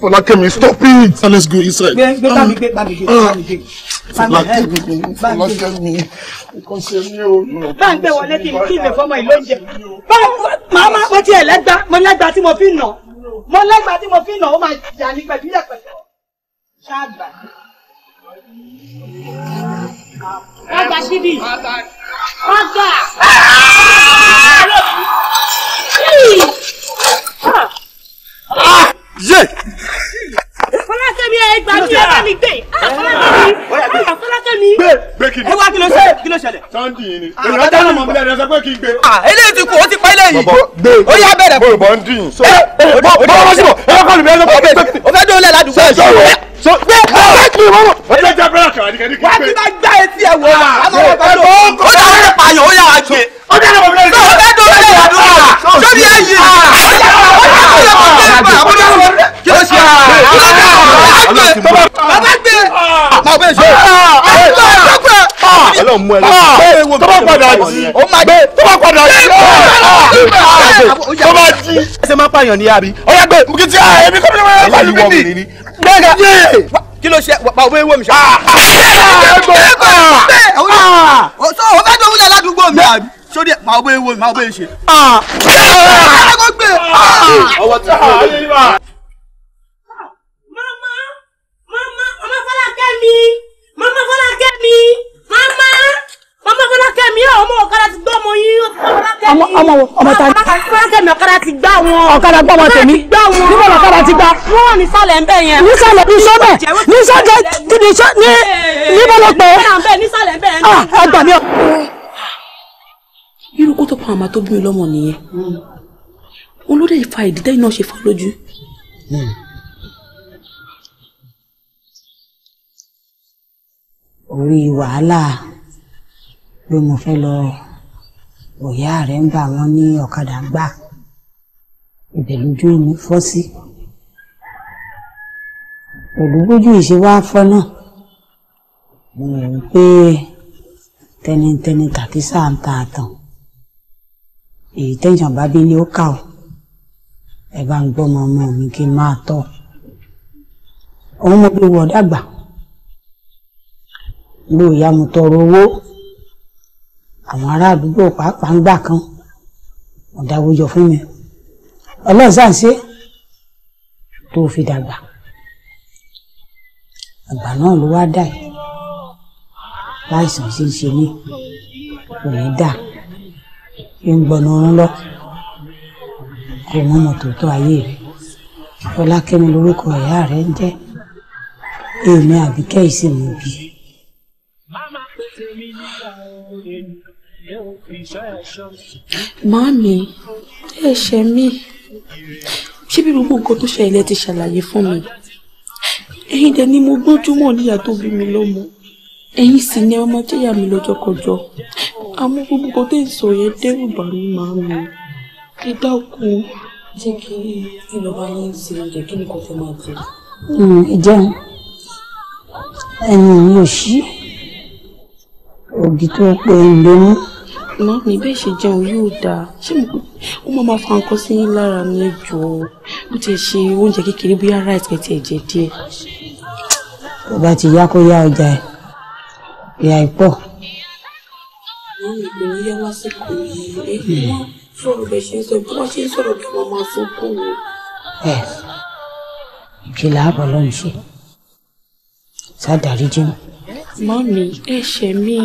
Fọlákẹ́mi stop it and let's go inside. gbé gbé bá mi gbé bá mi gbé bá mi gbé. Fọlákẹ́mi Fọlákẹ́mi nǹkan ṣe mí o. bá ń gbé wọlé kí n lè fọmọ ìlú oúnjẹ. bá màmá mo tiẹ̀ lẹ́gbàá mo lẹ́gbàá tí mo fi nà mo lẹ́gbàá tí mo fi nà ó máa jà ní pẹ̀lú yẹ̀pẹ̀ ṣáàgbà. wọ́n gba síbí. wọ́n Fọlákẹ́mi ẹ gbà mí ẹ bá mi gbé. Fọlákẹ́mi Fọlákẹ́mi. Gbé gbé kí ni. Ẹ wá kí ló ṣe kí ló ṣẹlẹ̀. Sọ́ndì yìí ni. Èèyàn dáná mọ̀ mílíọ̀nù ẹ̀sẹ̀ pé kí n gbé. Eléyìí ti kú ó ti pẹ́ lẹ́yìn. Gbé ó yá bẹ̀rẹ̀. Bọ̀rọ̀ bọ̀ ń dín. Bọ̀rọ̀ bọ̀ sí bọ̀ ẹ kọ́ lùmí ẹ lọ́kọ́ gbé. O fẹ́ dóòlà ládùúgbò. Sọ gbé ọ̀rẹ́ kì í mọ́mọ́. Ó lè jẹ́ bẹ́rẹ̀ kàwá ní kẹ́ni kí n gbé. Wá ti bá gbá etí ẹ̀ wò. Ó dáná pààyàn ó yà wá gbé. Ó dáná pààyàn ó yà wá gbé sórí èyí kí ló ṣe bàbá gbé bàbá gbé bàbá gbé ọlọ́run mú ẹ lọ tó bá padà jí tó bá padà jí tó bá jí. ẹsẹ̀ máa pààyàn ní àbí ọ̀rẹ́ gbé mú kí tí a ẹ̀mí kọ́ mi lọ́wọ́ pẹ̀lú bíbí gbẹ́gà kí ló ṣe bàbá ewé mi ṣe. ọ̀sọ́ ọ̀fẹ́ tó wúlò aládùúgbò mi àbí sórí ẹ máa bẹ wo máa bẹ ṣe. Ah! Ah! Ah! ọwọ́ tí a lè wà. mama mama mama Fọlákẹ́ mi mama Fọlákẹ́ mi mama mama Fọlákẹ́ mi ọmọ ọ̀kadà ti gbọ́ ọmọ yín ọmọ ọmọ ta ni. Fọlákẹ́ mi ọ̀kadà ti gbá wọn. ọ̀kadà gbọ́ ọmọ tèmi níbo lọ́kadà ti gbá. wọ́n ní sálẹ̀ ń bẹ̀ yẹn. nísàlẹ̀ nísọ́bẹ̀ nísọ́jẹ́ níbo lọ pẹ́. nísàlẹ̀ ń bẹ̀ nísàlẹ̀. ẹ gbà mí ọ ó tó pa màmá tó bí mi lọ́mọ nìyẹn òun ló dé fa ìdí tẹ́yìn náà ṣe fọ́ lójú. orí wàhálà pé mo fẹ́ lọ òyà rẹ̀ ń bà wọ́n ní ọ̀kadà gbà ibẹ̀ lójú mi fọ́ sí pẹ̀lú bójú ìṣe wá fọ́ náà mo rò pé tẹnitẹni tàkísà ń ta àtàn èyí tẹ̀yàn bá bí ní ó kà ó ẹ bá ń gbọ́mọ ọmọ mi kí n máa tọ́ òun mo bí wọ̀ dàgbà mo ìyá mo tọrọ owó àwọn ará àdúgbò pàápàá ń gbà kan mo dáwó jọ fún mi ọlọ́run ṣe tó fi dàgbà àgbà náà ló wá dà láìsàn ṣe ń ṣe mí kò dà ń gbọ̀nà ọ̀run lọ kò mọ mọ̀tòótọ́ ayé rẹ̀ ọlákẹ́mi lórúkọ ìyá rẹ̀ ń jẹ́ èmi àbíkẹ́ ìsinmi bí. màámi ẹ ṣe mí ṣé bí gbogbo nǹkan tó ṣẹlẹ̀ ti ṣàlàyé fún mi ẹ̀yin dẹ̀ ni mo gbójúmọ́ níyà tó bí mi lọ́mọ ẹ̀yin sì ni ọmọ tó yà mí lọ́jọ́kọjọ́ àmọ́ gbogbo tó ń sọ yẹn dẹ́rù bà mí mi ẹ dákun. jẹ́ kí kí yín ṣe oúnjẹ kí ni kò fẹ́ máa jẹ. ìjẹun hmm, ẹni mi ò ṣí ògì tó ń pè é lónìí. má mi bẹ́ẹ̀ ṣe jẹun yóò dáa ṣé mo máa fa nǹkan sí yín lára ní ẹjọ́ bó ti ṣe oúnjẹ kékeré bóyá rice kẹtì ẹ̀jẹ̀ díẹ̀. tó ti yá kó yá ọjà ẹ̀ ìyá ìpọ̀. ẹ ìkìlọ̀ ààbọ̀ ló ń ṣe sádàrí jẹun. mọ́mí ẹ ṣẹ̀ mí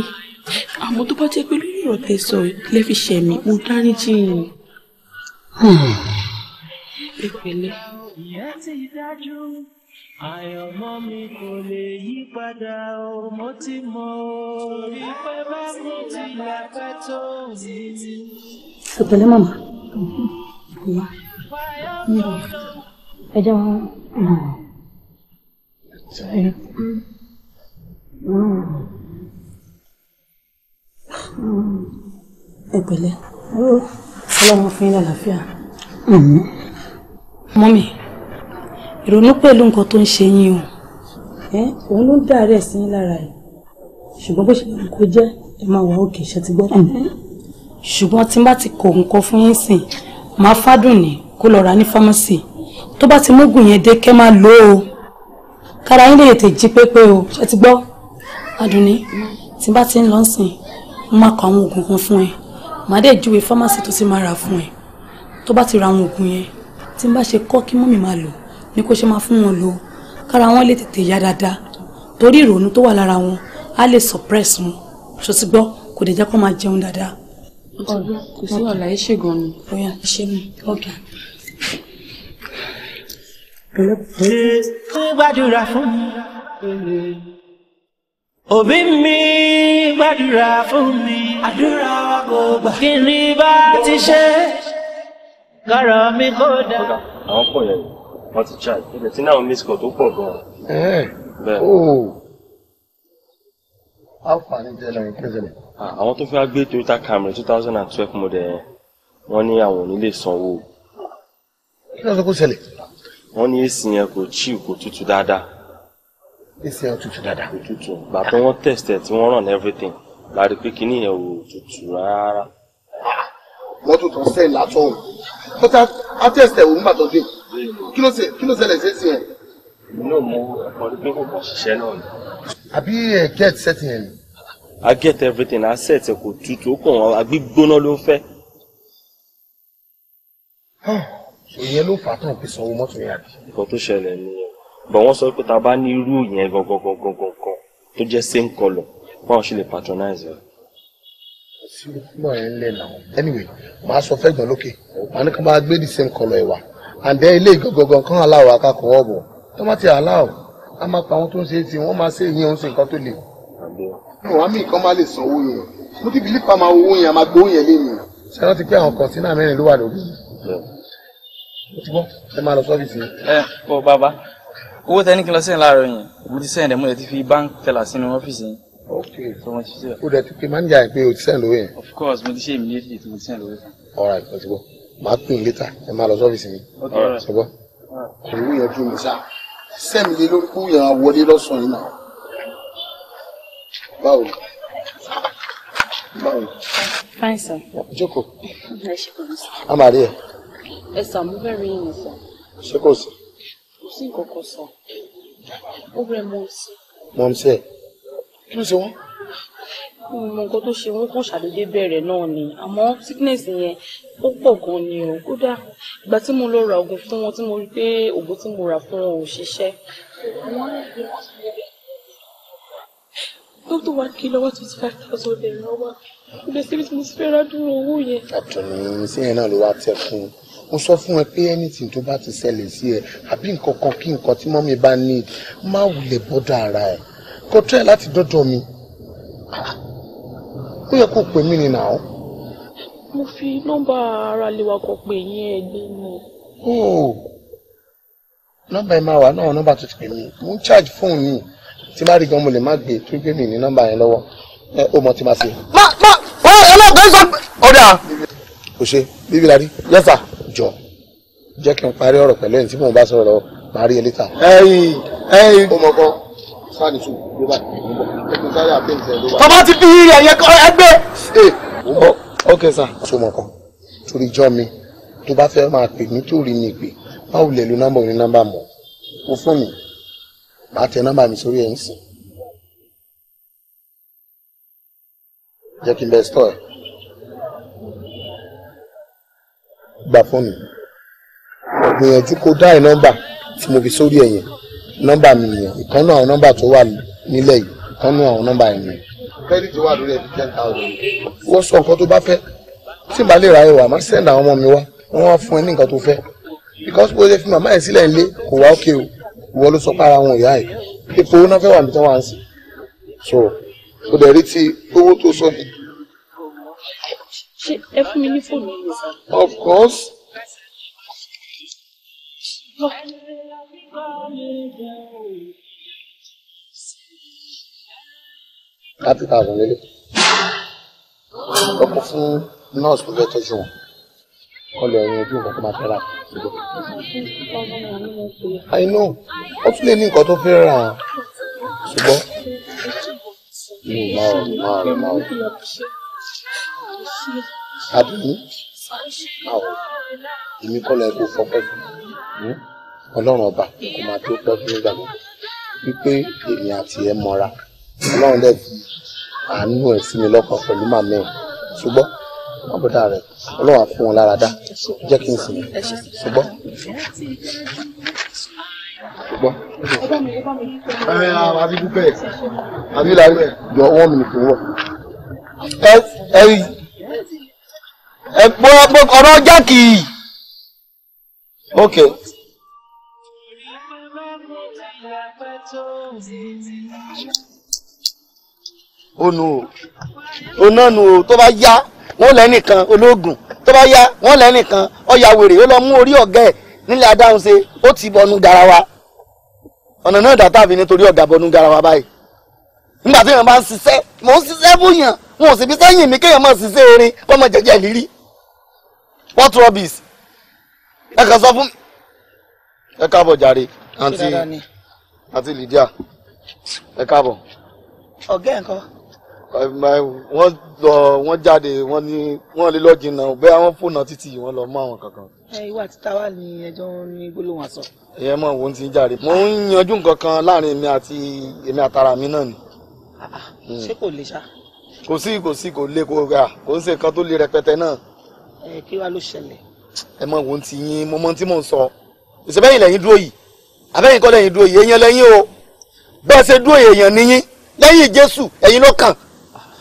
àmọ́ tó bá jẹ́ pé lórí ọ̀rọ̀ tẹ sọ lẹ́ fi ṣẹ̀ mí mo dáríjì yín. Hmm. ẹ pẹ̀lẹ́. ìyá ti dájú àyànmọ́ mi kò lè yí padà o mo ti mọ o rí pé bá mi ti yà pẹ́ tó mi. sọtẹ́lẹ̀ màmá ìyá ẹ jẹ́ wọn nà ọ́. ẹ pẹ̀lẹ́ ọlọ́run fún yín lálàáfíà. Mm-hmm. mọ́mí ìrònú pẹ̀lú nǹkan tó ń ṣe yín o òun ló ń dàárẹ̀ sí yín lára ẹ̀ ṣùgbọ́n bó ṣe lè kó jẹ́ ẹ máa wà òkè ṣe ti gbọ́. ṣùgbọ́n tí n bá ti kọ nǹkan fún yín sìn máa fádùn ní kó lọ rà ní fámásì tó bá ti mógùn yẹn dé kẹ́ máa lò ó kára yín lè tètè jí pépé o ṣe ti gbọ́. Adùnní tí n bá ti ń lọ sìn mo máa kọ àwọn oògùn kan fún ẹ màá dẹ̀ júwe fámásì tó ti máa rà fún ẹ tó bá ti ra àwọn oògùn yẹn tí n bá ṣe kọ́ kí mọ́mì máa lò ó ni kó ṣe máa fún wọn lò kára wọn lè tètè yá dáadáa torí ìrònú tó wà lára wọn á lè suppress wọn ṣó gbọ́ kò dé jẹ́ kó máa jẹun dáadáa. kò sí wàhálà ẹ ṣe gan ni. bóyá ẹ ṣe mú ọgá. ṣe gbàdúrà fún mi òbí mi gbàdúrà fún mi àdúrà wa kò gbà kí ni bá ti ṣe kọ̀rọ̀ mi kò dá. àwọn pọ̀ yẹn wọ́n ti charge ó dẹ̀ tí náà miss call tó pọ̀ gan-an. bẹ́ẹ̀ o àǹfààní jẹ́ lọ́yìn pẹ́sẹ̀lẹ̀. àwọn tó fẹ́ gbé Toyota Camry two thousand and twelve model yẹn wọ́n ní àwọn ò ní lè sanwó. kí ló sọ kó ṣẹlẹ̀. wọ́n ní èsì yẹn kò chill kò tutù dáadáa. èsì yẹn tutù dáadáa. kò tutù gbà tó wọ́n test ẹ̀ tí wọ́n run everything láti pé kíní yẹn ò tutù rárá. Ah, mọ́tò tó ń sẹ́yìn látọ̀ òun. tọ́tà á tẹ̀sẹ̀ òun bàtọ̀ dé kí ló ṣe kí ló ṣẹlẹ̀ ṣe sí ẹ. inú mo ọdún pé kọ ṣiṣẹ́ náà ni. àbí ẹ get setting ẹ. i get everything i set ẹ kò tutù ó kàn wọn gbígbóná ló ń fẹ́. ìyẹn ló fà á tán fi sanwó mọ́tò yẹn àbí. nǹkan tó ṣẹlẹ̀ nìyẹn bọ̀ wọ́n sọ pé tá bá ní irú yẹn gangan gangan gangan tó jẹ́ same colour báwọn ṣe lè patronize rẹ̀ sí ọmọ yẹn lẹ náà anyway màá sọ fẹgbọn lókè màá ní kí n bá gbé the same colour ẹ wá àǹdẹ ilé ìgangan kan aláwọ akákọọ ọbọ tó má ti aláwọ a máa pa àwọn tó ń ṣe é tí wọn máa ṣe ìyẹn òun ṣe nǹkan tó le. wàá mí nǹkan má lè san owó yẹn mo ti bìlí pa máa owó yẹn a máa gbowó yẹn lé mi. ṣé wọ́n ti pé àwọn kọ̀ǹtínà mẹ́rin ló wà lórí mi. o ti gbọ́ ẹ máa lọ sọ́fíìsì. ẹ bọ bàbá owó tẹ ní kí n lọ sẹ́yìn láàárọ̀ yẹn mo ti sẹ́yìn dẹ̀ mo lè ti fi bank tẹ̀lá sínú ọ́fíìsì yẹn. ok o dẹ̀ ti pe manager yẹn pé o ti sẹ́yìn lówó yẹn. of course mo ti ṣe immediately tí mo ti sẹ́yìn lówó yẹn. all right o ti gbọ́ màá pè é létà ẹ máa lọ sọ́fíìsì mi ṣùgbọ́. ìlú yẹn dùn mí sá sẹ́mi lé ló kú yẹn wọlé lọ́sàn-án yìí náà báwo báwo. fine sir. jókòó. a máa rí ẹ. ẹ sà mú bẹ́ẹ̀ rí yín sọ. ṣé kò sí. kò sí nǹkan kan sọ. ó rẹ mọ sí. mọ sí ẹ kí ló ṣe wọn mo mọ nǹkan tó ṣe wọn kàn ṣàdédé bẹ̀rẹ̀ náà ni àmọ́ sickness yẹn ó pọ̀ gan ni o kódà ìgbà tí mo lọ ra oògùn fún wọn tí mo rí pé oògùn tí mo rà fún wọn ò ṣiṣẹ́. dókítà wa kí lọ́wọ́ twenty five thousand naira wá ibẹ̀ tí mo ti fẹ́ rádúró owó yẹn. àtúnú síyẹn náà ló wá tẹ fún un mo sọ fún ẹ pé anything tó bá ti ṣẹlẹ̀ sí ẹ àbí nǹkan kan kí nǹkan tí mọ́mí bá ní má wulẹ̀ bọ́dọ̀ ara ẹ̀ kó tẹ́ láti dọ́dọ̀ mi ó yẹ kó pè mí ni nà ó. mo fi nọ́mbà ara lè wa kọ pé yín ẹ gbé mi. Oh. nọ́mbà ẹ máa wà náà nọ́mbà tó ti pè mí mo ń charge fóònù mi tí má rí gan mo lè má gbé tó gbé mi ní nọ́mbà yẹn lọ́wọ́ ẹ ó mọ tí ma ṣe. má má wọ́n ọlọ́pàá ń sọ ọ̀dà. kò ṣe bíbí la rí. yẹ́sà jọ jẹ́ kí n parí ọ̀rọ̀ pẹ̀lú ẹni tí mò ń bá sọ̀rọ̀ lọ parí ẹ lẹ́tà. ẹyin ẹyin. ó mọ̀ kọ́ sáàdì bá ti fi ìrìn ẹ̀yẹ ẹgbẹ́. ok sir. aṣọ mọ̀ kan torí jọ́ mi tó bá fẹ́ máa pè mí tó rí mi pè báwo lè lo nọ́mbà òní nọ́mbà mọ̀ o fún mi màá tẹ nọ́mbà mi sórí ẹ̀ ń sìn. jẹ́ kí n bẹ stọ̀ ẹ̀ gbà fún mi gbìyànjú kó dá ẹ̀ nọ́mbà tí mo fi sórí ẹ̀ yẹn nọ́mbà mi nìyẹn ìkànnù àwọn nọ́mbà tó wà nílẹ̀ yìí ìkànnù àwọn nọ́mbà yìí nìyẹn. kẹ́rìtì wà lórí ẹbí ten thousand. wọ́n sọ nǹkan tó bá fẹ́ tí n bá lè ra ẹwà má sẹ́ndà àwọn ọmọ mi wá wọ́n wá fún ẹ ní nǹkan tó fẹ́ because bó ṣe fi màmá ẹ̀ sílẹ̀ nílé kò wá òkè o ìwọ ló sọ pé ara wọn ìyá ẹ̀ epo náà fẹ́ wà mí tán ń sìn so kò dẹ̀ rí ti owó tó sọ ni. ṣe ẹ fún mi ní fóònù yìí of course thirty thousand lélẹ̀ ọkọ̀ fún nọ́ọ̀sì tó fẹ́ tọ́jú wọn kọ́ lọ ojú nǹkan tó máa fẹ́ rà. I ó tún lè ní nǹkan tó fẹ́ rà ṣùgbọ́n mi ò máa rọ̀ máa rọ̀ máa rọ̀ àbí mi èmi kọ́ lọ ẹ̀kọ́ fọ́pẹ́ ọlọ́run ọba kò máa tó pẹ́ fún nígbà gbogbo wípé èmi àti ẹ mọ́ra ọlọ́run dẹ̀ fi àánú ẹ̀ sí mi lọ́kàn pẹ̀lú màmí ẹ̀ ṣùgbọ́n àbúdá rẹ̀ ọlọ́run á wọn lára dá jẹ́ kí n sìn ṣùgbọ́n ṣùgbọ́n. ẹ àbí dúpẹ́ àbí làwọn ẹ̀ wọ́n mi nìkan wọ̀. ẹ ẹ ẹ gbọ́ ọ̀rọ̀ jákì. okay. onu o onánu o tó bá yá wọn lẹ́nìkan ológun tó bá yá wọn lẹ́nìkan ọ̀yà wèrè ó lọ mú orí ọ̀gá ẹ̀ nílẹ̀ adáhùn ṣe ó ti bọnu garawa ọ̀nà náà dàtà fi nítorí ọ̀gá bọnu garawa báyìí nígbà tí èèyàn bá ń ṣiṣẹ́ mò ń ṣiṣẹ́ bóyàn wọn ò sì fi sẹ́yìn mi kéèyàn máa ṣiṣẹ́ erin kọ́ máa jẹjẹ lírí what rubbish ẹ kàn sọ fún mi ẹ káàbọ̀ jàre àǹtí àti Lydia ẹ káàbọ̀. ọ̀gá ẹ̀ ńkọ́. wọ́n lọ wọ́n jáde wọ́n ní wọ́n lè lọ́ọ́ jìnnà bẹ́ẹ̀ wọ́n fònà títì wọ́n lọ mú àwọn kankan. ẹ ìwà títa wà ní ẹjọ́ ní gbólóhùn àṣọ. ìyẹn mọ̀ wọ́n ti ń jáde mo ń yanjú nǹkan kan láàrin èmi àti èmi àtàrà mi náà ni. Ah, ah, hmm. ṣé kò le ṣá. kò sí kò sí kò le kò rà kò ń ṣe nǹkan tó le rẹpẹtẹ náà. ẹ kí wàá ló ṣẹlẹ̀. ẹ mọ̀ wọ́n ti yín mo mọ tí mò ń sọ ìṣẹ́bẹ́yìn abẹ́yìn kọ́ lẹ́yìn dúró èèyàn lẹ́yìn o bẹ́ẹ̀ ṣe dúró èèyàn níyìn lẹ́yìn jésù ẹ̀yin ló kàn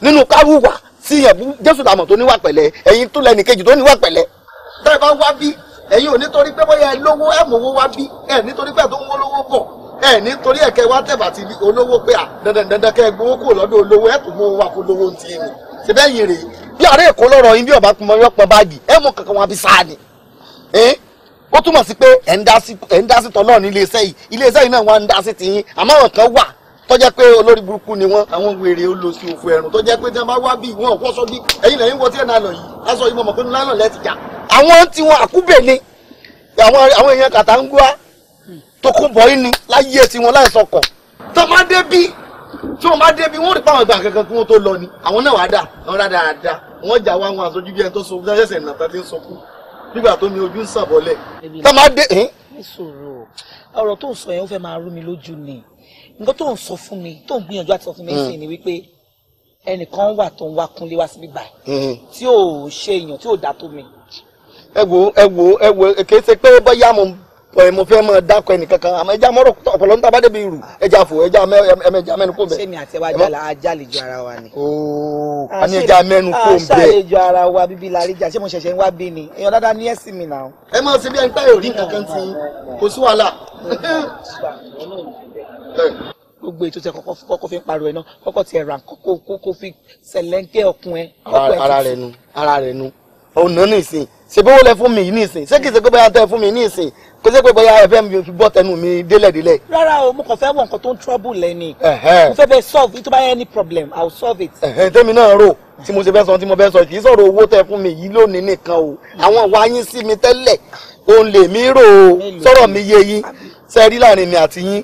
nínú káwùwà sí yàn jésù làmọ̀ tó níwà pẹ̀lẹ́ ẹ̀yin tó lẹ́nì kejì tó níwà pẹ̀lẹ́ tẹ́lẹ̀ bá wá bí ẹ̀yin ò nítorí pé bóyá ẹ lówó ẹ mọ̀ owó wá bí ẹ nítorí pé ẹ tó ń wó lówó bọ̀ ẹ nítorí ẹ̀kẹ́ wá tẹ̀bà ti olówó pé à dandan dandan kẹ́ ẹ gbowó kúrò lọ́dọ̀ olówó ẹ tó mú owó wá fún olówó ó túmọ̀ sí pé ẹ̀ ń dá sí tọ́lọ́ ní iléeṣẹ́ yìí iléeṣẹ́ yìí náà wà ń dá sí tiyín àmọ́ àwọn kan wà tó jẹ́ pé olórí burúkú ni wọ́n àwọn wèrè olóṣì òfò ẹ̀rùn tó jẹ́ pé tí wọ́n bá wá bí wọn ò kọ́sọ́ bí ẹ̀yin lẹ́yìn wọ́n tí ẹ̀ náà lọ yìí aṣọ yìí mọ̀mọ́ pé ńlá náà lẹ́tìjà àwọn tí wọn àkúbè ni àwọn èèyàn kàtàǹgùá tó kún bọ̀ yín ni láyé tí wọn láì sọkọ̀ tó má dé bí tí wọn bá dé bí wọn rí páwọn ìgbà kankan kí wọn tó lọ ni àwọn náà wàá dà wọn rà dáadáa wọn jà wá wọn àsojú bí ẹni tó so nígbà tó mi ojú ń sàn bọ́lẹ̀. tá a máa dé. ní sòrò ọ̀rọ̀ tó ń sọ yẹn ó fẹ́ máa rú mi lójú ni nǹkan tó ń sọ fún mi tó ń gbìyànjú àti sọ fún mi ń hmm. sìn ni wípé ẹnìkan wà tó ń wá kúnlé wá síbí báyìí hmm. tí ò ṣe èèyàn tí ò dá tó mi. ẹ wo ẹ wo ẹ wo kì í ṣe pé bóyá mo ẹ mo fẹ́ mọ dákọ ẹnìkan kan àmọ́ ẹja mọ́rọ̀ ọ̀pọ̀lọ́ níta bá débi irú ẹja fò ẹja ẹja mẹ́nu kò bẹ̀. sẹ́mi àti ẹwà jàlá ajálejò ara wa ni. ooo a ní ẹja mẹ́nu kò bẹ̀. aṣálejò ara wa bíbí larí jà ṣé mo ṣẹ̀ṣẹ̀ ń wá bí ni èèyàn dáadáa ní ẹ̀sìn mi náà. ẹ máa ṣe bí ẹni táyọ̀ rí kankan ti kò sí wàhálà. gbogbo ètò tẹ kọ́kọ́ fi ń pariwo iná kọ́kọ́ ti ẹ̀rà kókó fi sẹ̀lẹ́ńkẹ́ ọkùn ẹ. ara rẹ nu ara rẹ nu ọ̀nà nìsín ṣe bí wọ́n lẹ fún mi nìsín ṣé kìí ṣe pé bóyá tẹ fún mi nìsín kò sí pé bóyá ẹ fẹ́ bọ́ tẹnu mi délẹ̀délẹ̀. rárá o mo kàn fẹ́ wọ nǹkan tó ń trouble lẹ́ni mo fẹ́ fẹ́ solve it tó bá any problem i will solve it. tèmi náà rò tí mo ṣe fẹ́ sọ tí mo fẹ́ sọ kì í sọ̀rọ̀ owó tẹ fún mi yìí lónìí nìkan o àwọn ìwà yín sí mi tẹ́lẹ̀ òun lè mí rò o sọ̀rọ̀ mi yé yín ṣe rí láàrin mi àti yín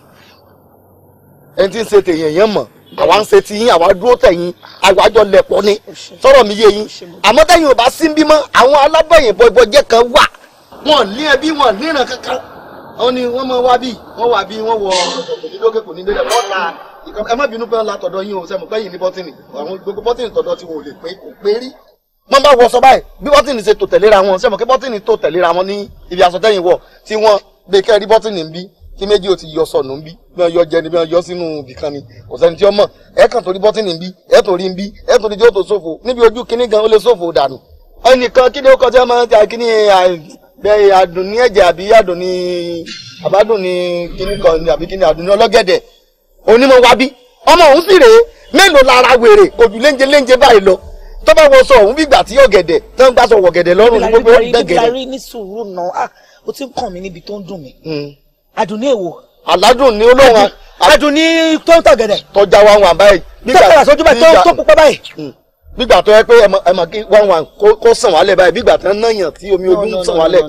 ẹni tí ń ṣe tèèyàn yẹn mọ̀ àwa ń ṣe ti yín àwa dúró tẹ̀yìn àwa jọ lẹ̀pọ̀ ni sọ̀rọ̀ mi yé yín àmọ́ tẹ̀yìn ò bá sí bímọ àwọn alábọ̀yìnbọ̀bọ̀jẹ́ kan wà wọn ní ẹbí wọn níran kankan wọn ni wọn máa wá bí wọn wà bí wọn wọ ìdílókè kò ní délẹ̀ wọn la ẹ má bínú pé wọn la tọ̀dọ̀ yín o sẹ́mu pé yìí ní bọ́tìnì àwọn gbogbo bọ́tìnì tọ̀dọ̀ tí wọn ò lè pé kò pé rí wọ́n bá wọ sọ báyìí bí bọ́tìnì ṣe tò tẹ̀léra wọn sẹ́mu pé bọ́tìnì tò tẹ̀léra wọn ní ibi aṣọ tẹ́yìn wọ̀ tí wọ́n gbé kẹ́rí bọ́tìnì ń bí tí méjì ò ti yọ sọnù ń bí bí wọn yọ jẹ ni bí wọn yọ sínú ibìkan ni kò sẹ́ni tí ó mọ̀ ẹ kàn torí bọ́tìnì ń bí ẹ torí ń bí ẹ torí tí ó tó ṣòfò níbi ojú kínní gan ó lè ṣòfò dànù ẹnìkan kí ni ó kọjá máa ń ta kí bẹ́ẹ̀ adùn ní ẹ̀jẹ̀ àbí adùn ní àbádùn ní kíní kan àbí kíní adùn ní ọlọ́gẹ̀dẹ̀ onímọ̀ wá bí ọmọ òun sì rèé mélòó lára wèrè ojú léńjẹ léńjẹ báyìí lọ tó bá wọ sọ òun bí ìgbà tí ọ̀gẹ̀dẹ̀ sọ lọ́rùn ní sùúrù ah, o ti ń kàn mí níbi tó ń dùn mí. àdùn hmm. ní èwo. ní olóhùn. ní tó ń tọ̀gẹ̀dẹ̀. tọ́jà wa bígbà tó yẹ pé ẹ mọ̀ kí one one kó sàn wálẹ̀ báyìí bígbà tó ń náyàn tí omi ojú sàn wálẹ̀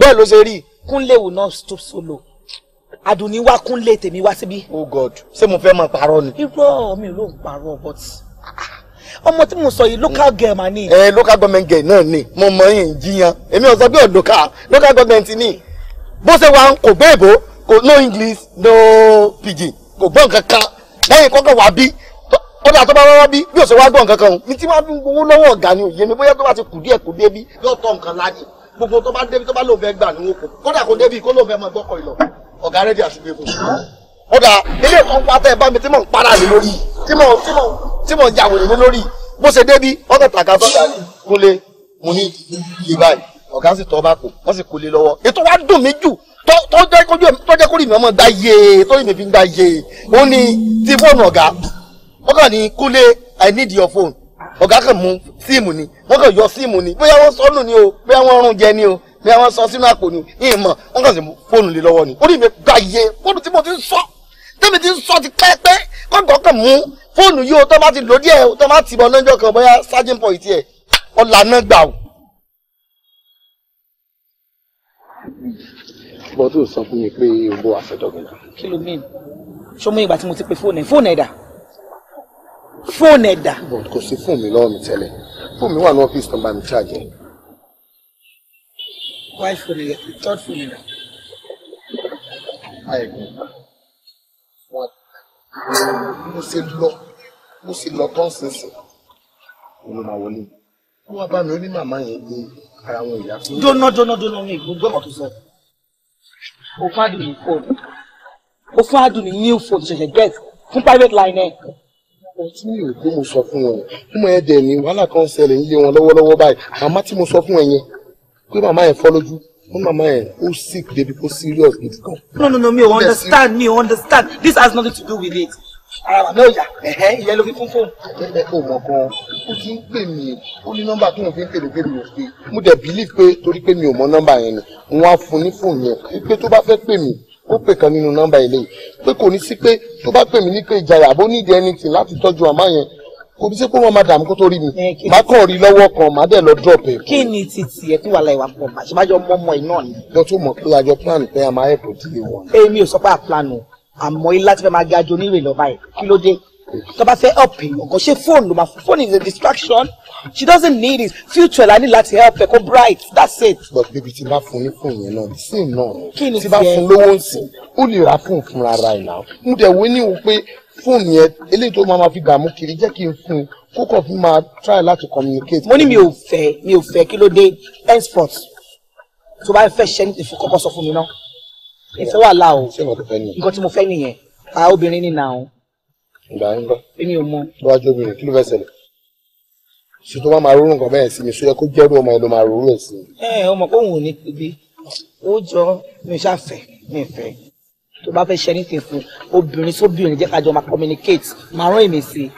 bẹ́ẹ̀ ló ṣe rí. kúnlé náà tó solo àdùnní wá kúnlé tèmi wá síbí. oh god ṣé mo fẹ́ máa parọ́ ni. irọ́ mi ló ń parọ́ but ọmọ tí mo sọ yìí local girl mà ni. ẹ local government girl náà ni mo mọ yín jiyàn èmi ò sọ pé ọ̀dọ́ka local government ni bó ṣe wà kò gbé èbó kò no english no pidgin kò gbọ́ nǹkan kan lẹ́yìn kọ́kọ́ wà bí ọ̀dà tó bá wá wá bí bí òṣèwà gbọ́ nǹkan kan o ní tí wọ́n á fi gbowó lọ́wọ́ ọ̀gá ni òye mi bóyá tó bá ti kù díẹ̀ kù dé bí yóò tọ́ nǹkan láàyè gbogbo tó bá débi tó bá lóun fẹ́ gbà ní wọn kò kódà kó débi kó lóun fẹ́ mọ gbọ́kọ̀ ìlọ ọ̀gá rẹ̀ di àṣùgbé fún un. ọ̀dà ilé kan pa tẹ́ ẹ bá mi tí mò ń para mi lórí tí mò ń jà wèrè mi lórí bó ṣe débi ọ̀gá tàkà tó kúnlé mo ní iye báyìí ọ̀gá sì tọ́ bá kù wọ́n sì kúnlé lọ́wọ́ ètò wa dùn mí jù tó jẹ́ kórìí mi ọmọ gbá yé tó yìí mi fi gbá yé ó ní ti fóònù ọ̀gá wọ́n kàn ní Kúnlé i need your phone ọ̀gá kan mú síìmù ni wọ́n kàn yọ síìmù ni bóyá wọ́n sọ́nù ni o bóyá wọ́n rún jẹ ni o bóyá wọ́n sọ sínú àpò ni ìmọ̀ wọ́n kàn sí fóònù lé lọ́wọ́ ni orí mi gba iye fóònù tí mo ti ń sọ tẹ́mi ti ń sọ ti pẹ́ẹ́pẹ́ kọ́ńtà kan mú fóònù yìí o tó bá ti lò díẹ̀ tó bá ti bọ̀ lọ́jọ́ kan bóyá sergeant point tiẹ̀ ọ̀làna gbà o. bọ́tù sọ fún mi pé ìbò àṣẹ dọ́gbìn náà. kí ló mean ṣó mú ìgbà tí mo ti pe fóònù ẹ̀ fóònù ẹ̀ dà fóònù ẹ̀ but kò sí fóònù mi lọ́wọ́ mi tẹ́lẹ̀ fóònù mi wà ní ọ́fíìsì tó ń bá mi ṣáàjẹ́. wáyé fóònù yẹn third fóònù rẹ̀. àìkún wọn mo ṣe lọ mo ṣe lọ tán sínsìn òun máa wọlé wọn wá bá mi ó ní màmá yẹn gbé ara wọn ìyá fún mi. dóná dóná dóná mi ìgbógbó ọ̀tún sọ òfin àdùn ní fóònù òfin àdùn ní new phone ṣẹ̀ṣẹ̀ get fún private line ẹ̀ ọkọ tí mi ò gbé mo sọ fún wọn ọmọ yẹn dẹ̀ ní wàhálà kan ṣẹlẹ̀ nílé wọn lọ́wọ́lọ́wọ́ báyìí màmá tí mo sọ fún ẹ yẹn pé màmá yẹn fọ́ lójú wọn màmá yẹn ó sick débi kó serious gidi gan. no no no mi ò understand me. ò understand this has nothing to do with it. ara màmá ò yà ìyẹn ló fi fún fóònù. ẹ ẹ mọ̀ gan ó ti ń pè mí ó ní nọ́mbà tó ń fi ń pè mí mi ò fi mo dẹ̀ believe pé torí pé mi ò mọ̀ nọ́mbà yẹn ni wọn á fún ní fóònù yẹn pé tó bá fẹ́ pè mí ó pè kan nínú nọ́mbà ilé pé kò ní sí pé tó bá pè mí ní pé ìjayà àbó nídìí anything láti tọ́jú àmọ́ yẹn kò ní sí pé wọ́n máa dààmú kó tó rí mi má kàn rí lọ́wọ́ kan má dẹ̀ lọ drop ẹ̀. kí ni títì ẹ kí wàá láì wá pọ̀ mà ṣe má jọ mọ́ ọmọ iná ni. lọ tó mọ̀ pé àjọ plan pé a máa ẹ̀pọ̀ tí lè wọ̀. èmi ò sọ pé àplanù àmọ́ ilá ti fẹ́ máa ga onírè lọ báyìí kí ló dé tó bá fẹ́ help yìí ọ̀gọ́ ṣe phone ló máa fún phone is a distraction she doesn't need it future la ní láti help ẹ̀ kó bright that's it. but baby tí bá fún ní fóònù yẹn náà sí náà kí ni tí bá fún lówó ń sìn ó lè ra fóònù fúnra ara ẹ̀ náà mo dẹ̀ wé níwò pé fóònù yẹn eléyìí tó máa ma fi dààmú kiri jẹ́ kí n fún un kó kàn try láti communicate. mo ní mi ò fẹ́ mi ò fẹ́ kí ló dé henceforth tó bá fẹ́ ṣe ní tèfù kọ́kọ́ sọ fún mi náà ìfẹ́ wà láà o nǹkan tí mo fẹ́ nìyẹn obìnrin ni nà ó ìgbà ń gbọ́. máa rúrùn kan bẹ́ẹ̀ sí mi ṣó yẹ kó jẹ́rú ọmọ ẹ máa rúrùn ẹ̀ sí. ẹ ọmọ kó ní ibi ó jọ mi ṣàfẹ́ mi fẹ́ tó bá fẹ́ ṣe anything fún obìnrin sóbìnrin jẹ́ kájọ máa communicate máa rán èmi sí i.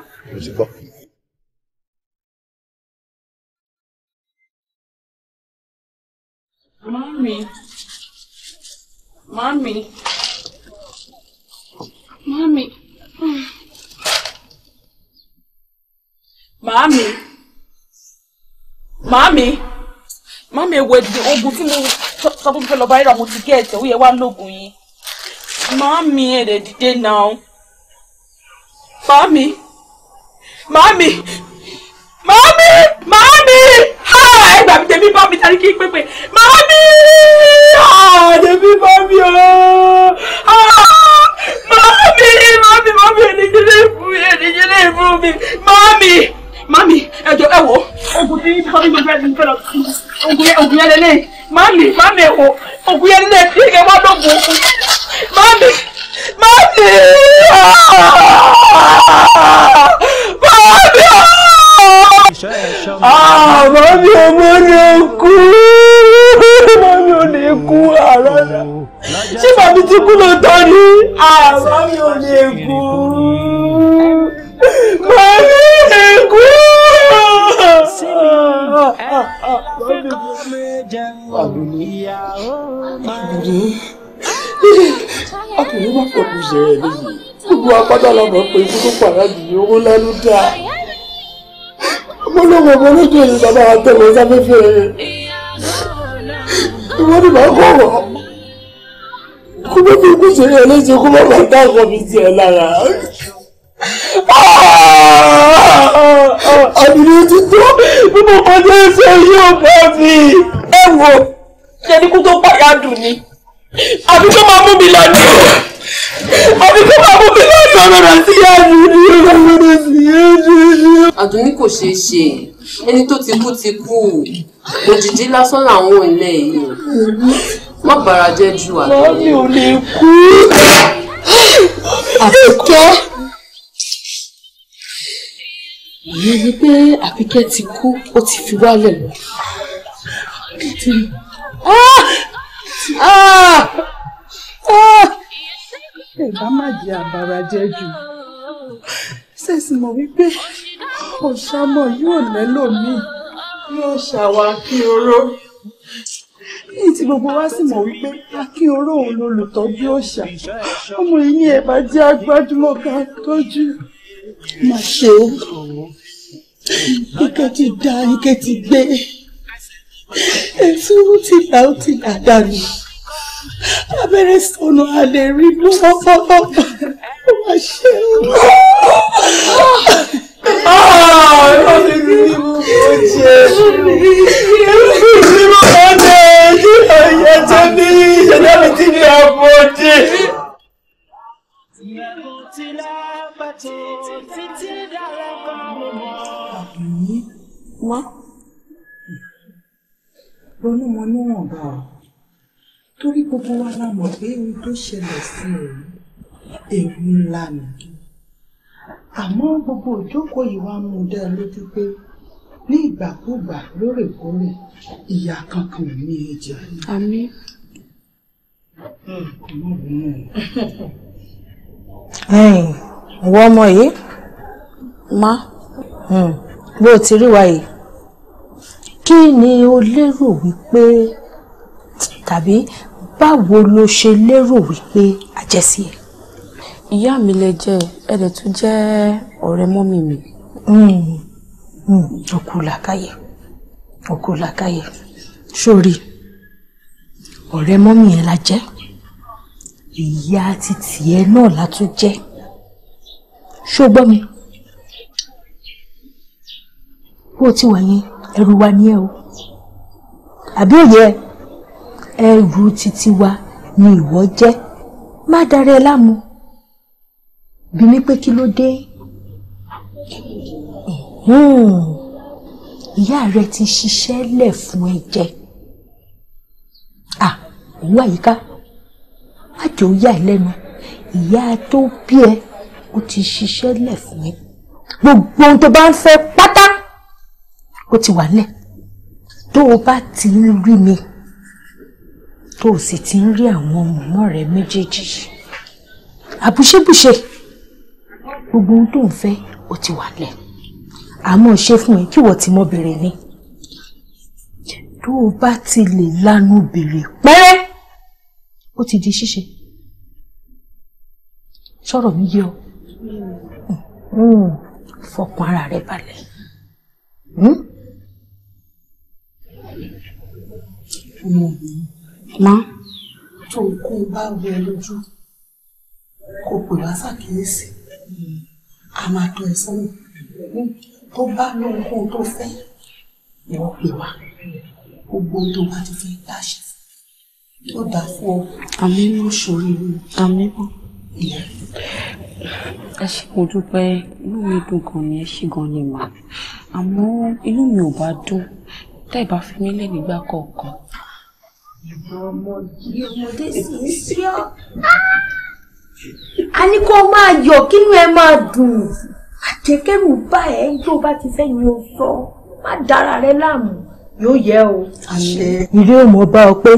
Mami. Mami. Mami. Mami, Mami, Mami, ewu ẹdìdì oògùn tí mo sọ pé mo fẹ́ lọ bá rírà mo ti gé ẹ̀tẹ̀ ó yẹ wá lóògùn yìí màámi ẹ̀rẹ̀ dìde náà Mami, Mami, màámi màámi ha ẹgbà mi tẹ̀mí bá mi tàbí kí n pépè màámi ha tẹ̀mí bá mi o màámi màámi màámi ah! ẹ̀dìjẹ́ ah! ah! lè fún mi ẹ̀dìjẹ́ lè fún mi màámi mami ẹjọ ẹ wo oògùn tí bọ́bí mi fẹ́ fẹ́ lọ oògùn yẹn lélẹ̀ mami mami ẹ wo oògùn yẹn lélẹ̀ tí ìgbẹ́ wọ́n lóògùn oògùn mami mami mami ah, ah mami ọmọ rẹ kú mami ò lè kú àrárá ah, ṣé mami ti kú lóòótọ́ ni ah, mami ò lè kú. Mami Èkó! aku, ọkùnrin má fọ̀kù ṣẹ̀rẹ̀ lẹ́yìn. Gbogbo apátá lọ́mọ pé ikú tó pàdé àdìyẹ owó lẹ́nu dá. Ọmọlọ́mọ ọmọlọ́dún ẹ̀yìn bàbá wa tẹ̀wọ̀ sáfẹ́fẹ́ rẹ̀. Ìwọ́n ni màá kọ̀wọ̀ kó má fi ikú ṣẹ̀rẹ̀ lẹ́yìn kó má bàa dá ọkọ̀ mi tiẹ̀ lára. Ah! àdìrí ti tó bí mo kọjá ẹsẹ̀ yóò bọ́ mi. ẹ wo ṣẹ́nikú tó pàyà dùn ni àbí tó máa mú mi lọ ní o àbí tó máa mú mi lọ ní ọ̀rọ̀ sí àdìrí ọ̀rọ̀ sí àdìrí. àdùnní kò ṣeé ṣe ẹni tó ti kú ti kú òjijì lásán làwọn ilé yìí má bàrà jẹ́ ju àdúgbò. mọ́mí ò lè kú. àfikẹ́. yé ni pé àbíkẹ́ ti kú ó ti fi wálẹ̀ lọ. Ah! Ah! Ah! ẹ̀bá má jẹ àbàrà jẹ jù ṣèṣì mọ̀ wípé ọ̀ṣàmọ̀ yóò lẹ́lòmíì yóò ṣàwà kí oró ní tí gbogbo wa sì mọ̀ wípé akínhóró òun lolùtọ́jú òòṣà ọmọ yìí ní ẹ bá jẹ́ agbájúmọ̀ ká tọ́jú. má ṣe o Ike ti da, Ike ti gbé. Èsúrú ti là ó ti là dànù. Abẹ́rẹ́ sọnù àlè rí mú ọ́pọ́ ọ́pọ́. Ó mà ṣe o. Ẹ̀rọ mi rí mú kó jẹ. Ẹ̀rọ mi rí mú kó jẹ. Ẹ̀jẹ̀ tó ní ìṣẹ̀dá mi ti Má. Ronú mọ níwọ̀nba o. Torí gbogbo wa la mọ̀ pé ohun tó ṣẹlẹ̀ sí òun ewu ńlá ni. Àmọ́ gbogbo ìjókòó yìí wá mú un dá lójú pé ní ìgbàkúgbà lóòrèkóòrè ìyá kankan ní èjì. Àmín. Hmm, *laughs* Ẹ̀yin, ìwọ ọmọ yìí. Má. Hmm, bó o ti rí wa yìí kí ni o lérò wípé tàbí báwo lo ṣe lérò wípé àjẹsí ẹ. ìyá mi lè jẹ ẹ dẹ tún jẹ ọ̀rẹ́ mọ́mì mi. Hmm, hmm, òkú làkàyè òkú làkàyè sórí ọ̀rẹ́ mọ́mì ẹ la jẹ́ ìyá títì ẹ náà la tún jẹ́ ṣó gbọ́ mi bó ti wà yẹn ẹrù wa ni ẹ o àbí òye ẹrù títí wa ni ìwọ jẹ́ má darí ẹ láàmú bí mi pé kí ló dé ìyá rẹ ti ṣiṣẹ́ lẹ̀ fún ẹ jẹ à òun àyíká má jẹ́ ó yà ẹ́ lẹ́nu ìyá tó bí ẹ ó ti ṣiṣẹ́ lẹ̀ fún ẹ gbogbo ohun tó bá ń fẹ́ pátá ó ti wà nílẹ̀ tó o bá ti ń rí mi tó o sì ti ń rí àwọn ọmọ rẹ méjèèjì àbúṣebúṣe gbogbo ohun tó ń fẹ́ ó ti wà nílẹ̀ àmọ́ ṣe fún ẹ kí wọ́n ti mọ́ bèrè ni tó o bá ti lè lanu bèrè pẹ́rẹ́ ó ti di ṣíṣe sọ̀rọ̀ mi yé ọ fọkàn ara rẹ balẹ̀. Hmm? ọmọbìnrin má tó ń kó bá wọ lójú kò pè wá ṣàkíyèsí a máa tọ́ ẹ sọ́nà tó bá lóhun kóhun tó fẹ́ ìwọ pè wá gbogbo tó bá ti fẹ́ dáṣe yóò dá fún ọ àmì ló ṣòro àmì bọ ìyá ẹ ṣe kò dúpẹ́ inú mi dùn gan ni ẹ ṣe gan ni mà àmọ́ inú mi ò bá dùn tẹ́ ẹ bá fi mí lé nígbà kọ̀ọ̀kan ọmọdé ọmọdé sì ń sí ọ. a ní kó máa yọ̀ kínú ẹ máa dùn àjẹkẹ́rù bá ẹ tó bá ti fẹ́ ni o sọ má dára rẹ láàmú yóò yẹ o. ìrí ò mọ bá ọ pé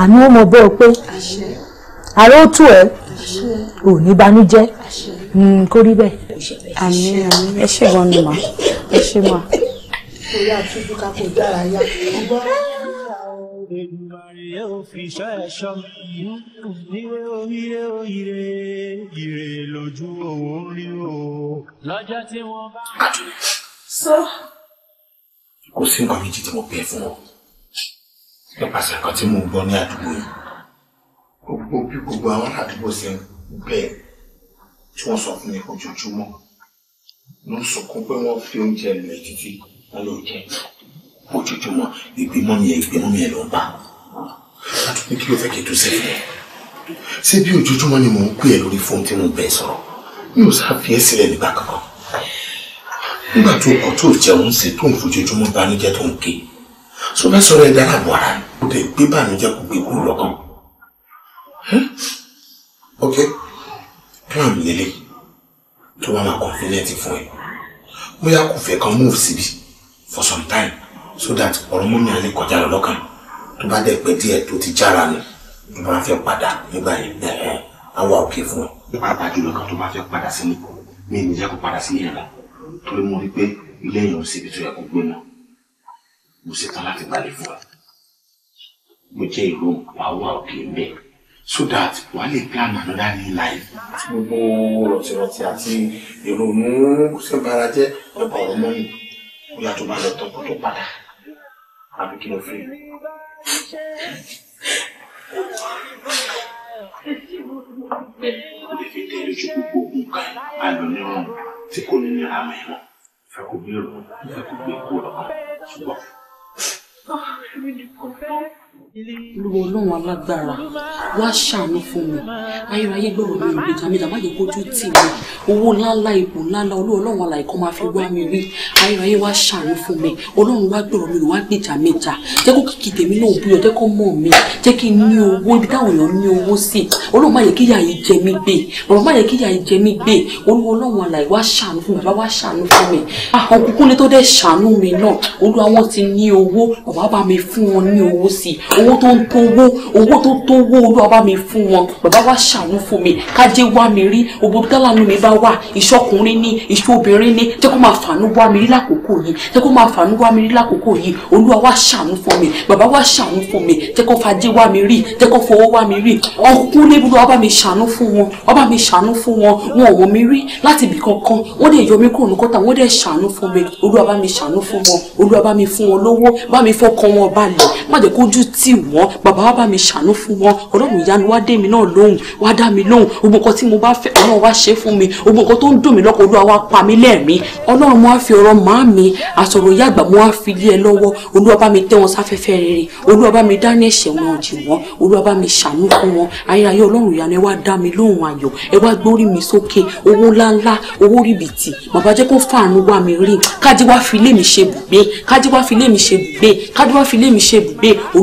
àánú ò mọ bá ọ pé ààrẹ ó tù ẹ ò ní banújẹ́ hmm, kó rí bẹ́ẹ̀. àmín àmín ẹ ṣe ìrànlọ́mọ ẹ ṣe mọ́. orí àtúntò ká kò dára yá. So, ó fi ṣọ́ ẹ̀ṣọ́ ire o ire o ire ire lójú òwò ń rí o lọ́jọ́ tí wọ́n bá. sọ. kò sí nǹkan méjì tí mo pè fún ọ nípasẹ̀ nǹkan tí mo gbọ́ ní àdúgbò yìí gbogbo bí gbogbo àwọn àdúgbò ṣe ń bẹ̀ tí wọ́n sọ fún mi ojoojúmọ́ ló sọkún pé wọ́n fi oúnjẹ lẹ̀ títí wọn ló jẹ́ ojoojúmọ́ ìgbìmọ̀ mi ẹ̀ ìgbìmọ̀ mi ẹ̀ ló ń bá ní kí ló fẹ́ kí n tún sẹ́yìn ẹ̀ ṣé bí ojoojúmọ́ ni mò ń pè ẹ́ lórí fóun tí mo bẹ̀ sọ̀rọ̀ mi ò sáà fi ẹ́ sílẹ̀ nígbà kankan nígbà tó kọ́ tó jẹun sí tó ń fojoojúmọ́ bànújẹ́ tó ń ké sọ fẹ́ dára bọ̀ ara ó dẹ̀ gbé bànújẹ́ kó gbé kúrò lọ́kàn ok plan mi tó bá máa confident fún ẹ bóyá kò fẹ́ kan move síbi for some time so that ọ̀rọ̀ mú mi àlè kọjá lọ lọ́kàn tó bá dẹ̀ pẹ́ díẹ̀ tó ti jára ni tó bá fẹ́ padà nígbà yẹn ẹ̀ẹ́ àwa òkè fún ẹ. pàápàá jùlọ kan tó bá fẹ́ padà sí ni mi ní jẹ́ kó padà sí yẹn la torí mo rí pé ilé yẹn ò síbi tó yẹ kó gbé náà mo ṣetán láti gbalẹ̀ fún ẹ mo jẹ́ ìlú àwa òkè ń bẹ̀ so that wà á lè plan another new life. gbogbo rọ̀tìrọ̀tì àti ìrònú ṣèbára jẹ́ ọ̀rọ̀ mọ́ni ó yàtọ̀ bá lọ tọ́kọ́tọ́ padà àbí kí ló fẹ́. kò lè fi tẹ́ lójú gbogbo ogun kan àlọ́ níwọ̀n tí kò ní ní àmọ́ ẹ̀wọ̀n fẹ́ kó gbé ìrọ̀rùn fẹ́ kó gbé ìkó ọ̀rọ̀ kan ṣùgbọ́n olúwa ọlọ́run alágbára wá ṣàánú fún mi ayérayé gbọ́rọ̀ mi ìlú kàmídà má jẹ́ kójú tì mí owó ńláńlá ìbò ńláńlá olúwa ọlọ́run alàyè kan máa fi wá mi rí ayérayé wá ṣàánú fún mi ọlọ́run wá gbọ́rọ̀ mi wá gbèjà méjà jẹ́ kó kìkì tèmi náà búyọ̀ jẹ́ kó mọ̀ mi jẹ́ kí n ní owó ibi táwọn èèyàn ní owó sí ọlọ́run má jẹ́ kí ìyà yìí jẹ mí gbé ọlọ́run má jẹ́ kí ìyà yìí jẹ mí gbé olúwa ọlọ́run alàyè wá ṣàánú fún mi bàbá wá ṣàánú fún mi ah, owó tó ń tó owó owó tó tó owó olúwa bá mi fún wọn bàbá wa ṣàánú fún mi kájé wá mi rí owó tálánú mi bá wà ìṣọkùnrin ní ìṣọbìnrin ní jẹ́ kó máa fàánú wá mi rí lákòókò yìí jẹ́ kó máa fàánú wá mi rí lákòókò yìí olúwa ṣàánú fún mi bàbá wa ṣàánú fún mi jẹ́ kó fàájé wá mi rí jẹ́ kó fowó wá mi rí ọkùnrin lébi lọ́wọ́ mi ṣàánú fún wọn wọ́n mi ṣàánú fún wọn wọn ò wọ́n mi rí láti ibì kankan wọ́n dẹ̀ yọ mí kúrò nìkọ́ta wọ́n dẹ̀ ṣàánú fún mi olúwa bá mi ṣàánú fún wọn olúwa mi fún wọn lówó bá mi fọkàn wọn balẹ̀ má jẹ́ kójú t tì wọ́n bàbá wa bá mi ṣàánú fún wọn ọlọ́run ìyanu wá dé mi náà lóhùn wá dá mi lóhùn gbogbo nǹkan tí mo bá fẹ́ ọlọ́run wá ṣe fún mi gbogbo nǹkan tó ń dùn mí lọ́kọ̀ olúwa wá pa mí lẹ́ẹ̀mí ọlọ́run mo wá fi ọ̀rọ̀ màá mi àsọ̀rọ̀ ìyá àgbà mo wá fi lé ẹ lọ́wọ́ olúwa bá mi tẹ́ wọn sáfẹ́fẹ́ rere olúwa bá mi dáná ẹ̀ṣẹ̀ wọn jì wọ́n olúwa bá mi ṣàánú fún wọn ayérayé ọlọ́run ìyanu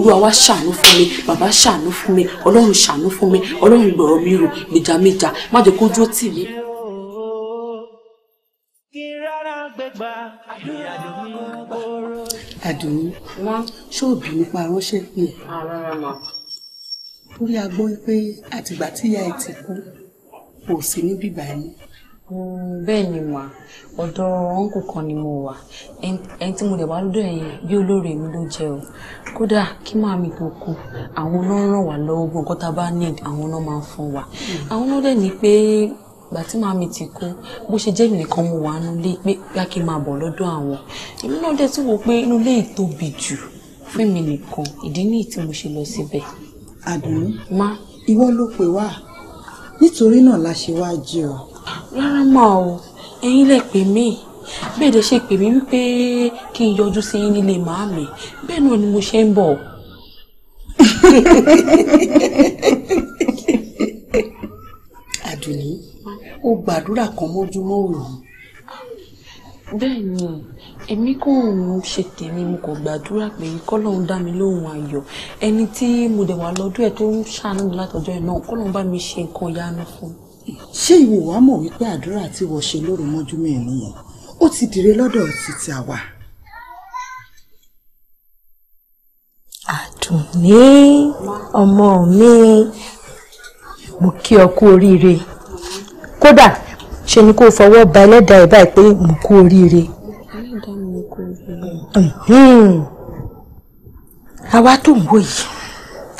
ẹ wá ṣàánú fún mi bàbá ṣàánú fún mi ọlọ́run ṣàánú fún mi ọlọ́run gbọ̀rọ̀ mi rò méjàméjà má jẹ́ kó dúró tì mí. àdùnnú ṣóòbí nípa ránṣẹ́ pé orí agbóyún pé àtìgbà tíyà ẹ̀ ti kú kò sí ní bíbá Mm, bẹ́ẹ̀ ni mà ọ̀dọ̀ ọ̀nkù kan ni mo wà ẹni tí mo dẹ̀ wá lọ́dọ̀ yẹn bí olóore mi ló jẹ́ o kódà kí máa mi tó kú àwọn náà ràn wá lọ́wọ́ gbogbo nǹkan tá a bá need àwọn náà máa ń fún wa àwọn náà dẹ̀ ní pé ìgbà tí màmí ti kú bó ṣe jẹ́ nìkan mo wà nínú ilé pé bá kí n máa bọ̀ lọ́dọ̀ àwọn èmi náà dẹ̀ tún wò pé inú ilé tóbi jù fún mi nìkan ìdí nìyí tí mo ṣe lọ síbẹ̀. àdùnnú má ìwọ ló pè wá nítorí náà la ṣe wá jí ọ rárá mà o ẹ̀yin lẹ pè mí bẹ́ẹ̀ lè ṣe pè mí wípé kí n yọjú sí yín nílé màámi bẹ́ẹ̀ náà ni mo ṣe ń bọ̀. *laughs* àdùnní ó gbàdúrà kan mọ́júmọ́ òru. bẹ́ẹ̀ ni èmi kò ń ṣe tèmi mo kò gbàdúrà pé kọ́lọ́hún dá mi lóhùn ayọ̀ ẹni tí mo dẹ̀ wà lọ́dún ẹ̀ tó ń ṣàánú mi látọjọ́ ẹ̀ náà kọ́lọ́hún bá mi ṣe nǹkan yánu fún un ṣé ìwọ wàá mọ̀ wípé àdúrà tí wọ́n ṣe lóru mọ́jú mẹ́rin nìyẹn ó ti dìre lọ́dọ̀ títí àwa. àdùnní ọmọ mi mo kí ọ kú oríire kódà ṣe ni kó fọwọ́ ba ẹlẹ́dàá ẹ̀ báyìí pé mo kú oríire. àwa tó ń wò yìí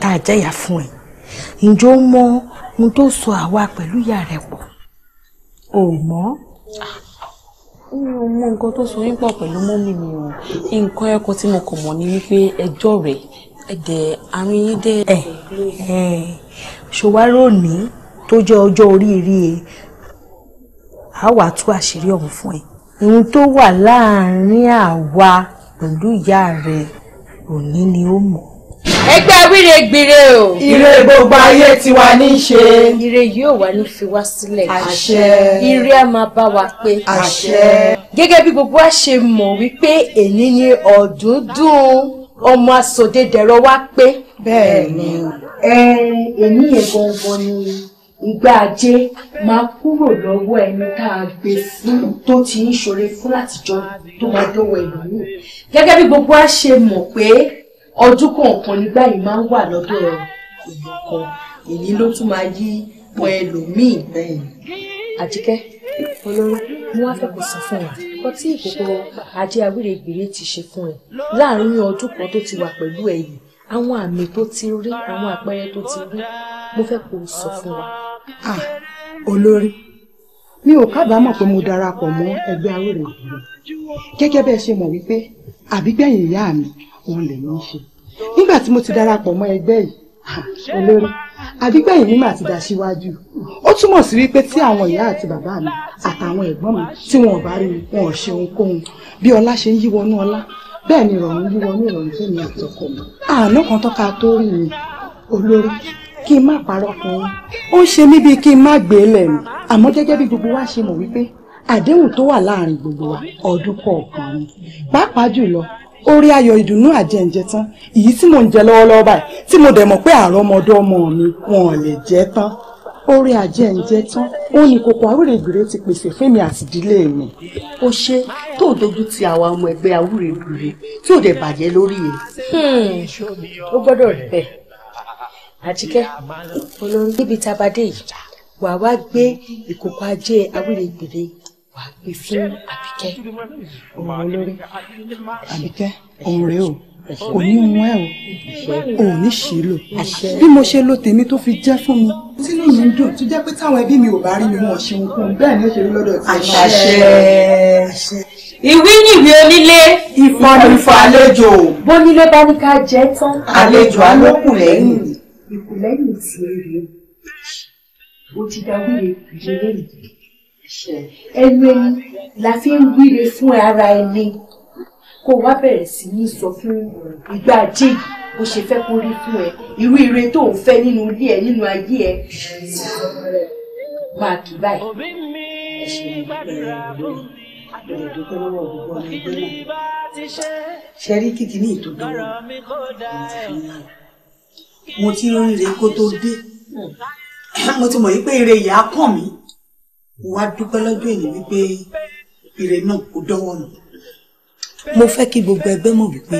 tá a jẹ́yà fún ẹ ǹjọ́ mọ́ ohun tó sọ àwa pẹ̀lú ìyá rẹ̀ pọ̀ ò mọ́ mi ò mọ nǹkan tó so yín pọ̀ pẹ̀lú mọ́mì mi o nǹkan ẹ̀kọ́ tí mo kàn mọ̀ ni wípé ẹjọ́ rẹ̀ ẹ̀dẹ̀ àárín yín dẹ̀. ẹ ẹ ṣòwárò ní tó jẹ́ ọjọ́ oríire a wàá tú àṣírí ọ̀hún fún ẹ ohun tó wà láàárín àwa pẹ̀lú ìyá rẹ̀ òní ni ó mọ̀ ẹgbẹ́ awíre gbére o. ire gbogbo ayé tiwa ní í ṣe. ire yóò wá ní fi wá sílẹ̀. àṣẹ. ire a máa bá wa pé. àṣẹ. gẹ́gẹ́ bí gbogbo wa ṣe mọ̀ wípé èní ni ọ̀dúndún ọmọ asòdedẹ̀rọ wa pé. bẹ́ẹ̀ ni èní yẹn gangan ni ìgbà ajé máa kúrò lọ́wọ́ ẹni tá a gbé fún tó ti ń ṣoore fún látijọ́ tó máa dọ́wọ́ ẹ̀lú. gẹ́gẹ́ bí gbogbo wa ṣe mọ̀ pé ọdún kọ̀ọ̀kan nígbà yìí máa ń wà lọ́dọ̀ èèyàn kan èyí ló tún máa yí pọ ẹlòmíì bẹ́ẹ̀ àjíkẹ́ olórí mo wá fẹ́ kó sọ fún wa nǹkan tí ìkòkò ajé awírègbèrè ti ṣe fún ẹ láàárín ọdún kan tó ti wà pẹ̀lú ẹ àwọn àmì tó ti rí àwọn àpẹẹrẹ tó ti rí mo fẹ́ kó sọ fún wa. ah olórí mi ò kábàámọ̀ pé mo darapọ̀ mọ́ ẹgbẹ́ awírègbèrè gẹ́gẹ́ bẹ́ẹ̀ ṣe mọ̀ wípé àbígbẹ̀yìn ìyá mi òun lèmi ń ṣe nígbà tí mo ti darapọ̀ mọ́ ẹgbẹ́ yìí *laughs* olórí àdígbẹ̀yìn mi mà ti dá síwájú ó túmọ̀ sí wípé tí àwọn ìyá àti bàbá mi àtàwọn ẹ̀gbọ́n mi tí wọn ò bá rí wọn ò ṣe ohunkóhun bí ọlá ṣe ń yíwọnú ọlá bẹ́ẹ̀ ni ìrọ̀rùn yíwọnú ìrọ̀rùn fẹ́mi àtọkọ mi àná kan tọ́ka tó rí mi olórí kí n má parọ́ fún yín ó ń ṣe mí bíi kí n má gbé e lẹ̀ mi àmọ́ gẹ́gẹ́ bí gbogbo wa ṣe mọ̀ wípé àdéhùn tó wà láàrin gbogbo wa ọdún kọ̀ọ̀kan ni pàápàá jùlọ orí ayọ̀ ìdùnnú àjẹǹjẹ tán èyí tí mò ń jẹ lọ́wọ́lọ́wọ́ báyìí tí mo dẹ̀ mọ̀ pé àárọ̀ ọmọdé ọmọ mi wọn ò lè jẹ tán orí àjẹǹjẹ tán ó ní kòkò àwúrègbèrè ti pèsè fẹ́mi àtìdílé mi. ó ṣe tó dojú ti àwa ọmọ ẹgbẹ́ àwúrègbèrè tí ò dẹ̀ bàjẹ́ lórí ẹ̀. Hmm, ó gbọ́dọ̀ rí bẹ́ẹ̀ àtikẹ́ olórí níbi tá a bá dé yìí wàá wá gbé ìkòkò ajé àwúrègbèrè wà á gbé fún Àbíkẹ́ òun olórí Àbíkẹ́ òun rèé o kò ní mú ẹ o ò ní ṣì lò bí mo ṣe lo tèmi tó fi jẹ́ fún mi. sínú mi ń dùn tó jẹ́ pé táwọn ẹbí mi ò bá rí mi wọn ṣe ohunkóhun bẹ́ẹ̀ ni ó ṣe rí lọ́dọ̀ tí wọ́n. àṣẹ ìwí nìwé onílé ìfọnù ìfọ àlejò. bónílé bá ní ká jẹ tán. àlejò alókùn lẹ́yìn. ìkùlẹ́yìn tí ó rí o ti dáwúre yìí ẹnu ẹni la fi ń gbére fún ara ẹni kó wá bẹ̀rẹ̀ sí ní sọ fún ìgbà ajé yìí bó ṣe fẹ́ kó rí fún ẹ irú ire tó ń fẹ́ nínú ilé ẹ nínú ayé ẹ máa kì báyìí. ẹ ṣe ìgbàdúrà fún ṣe mo ti rí ire kó tó dé mo ti mọ̀ yí pé ire ìyá kàn mí wá dúpẹ́ lọ́jọ́ èyí wípé ire náà kò dánwọ́ nù. mo fẹ́ kí gbogbo ẹgbẹ́ mọ̀ wípé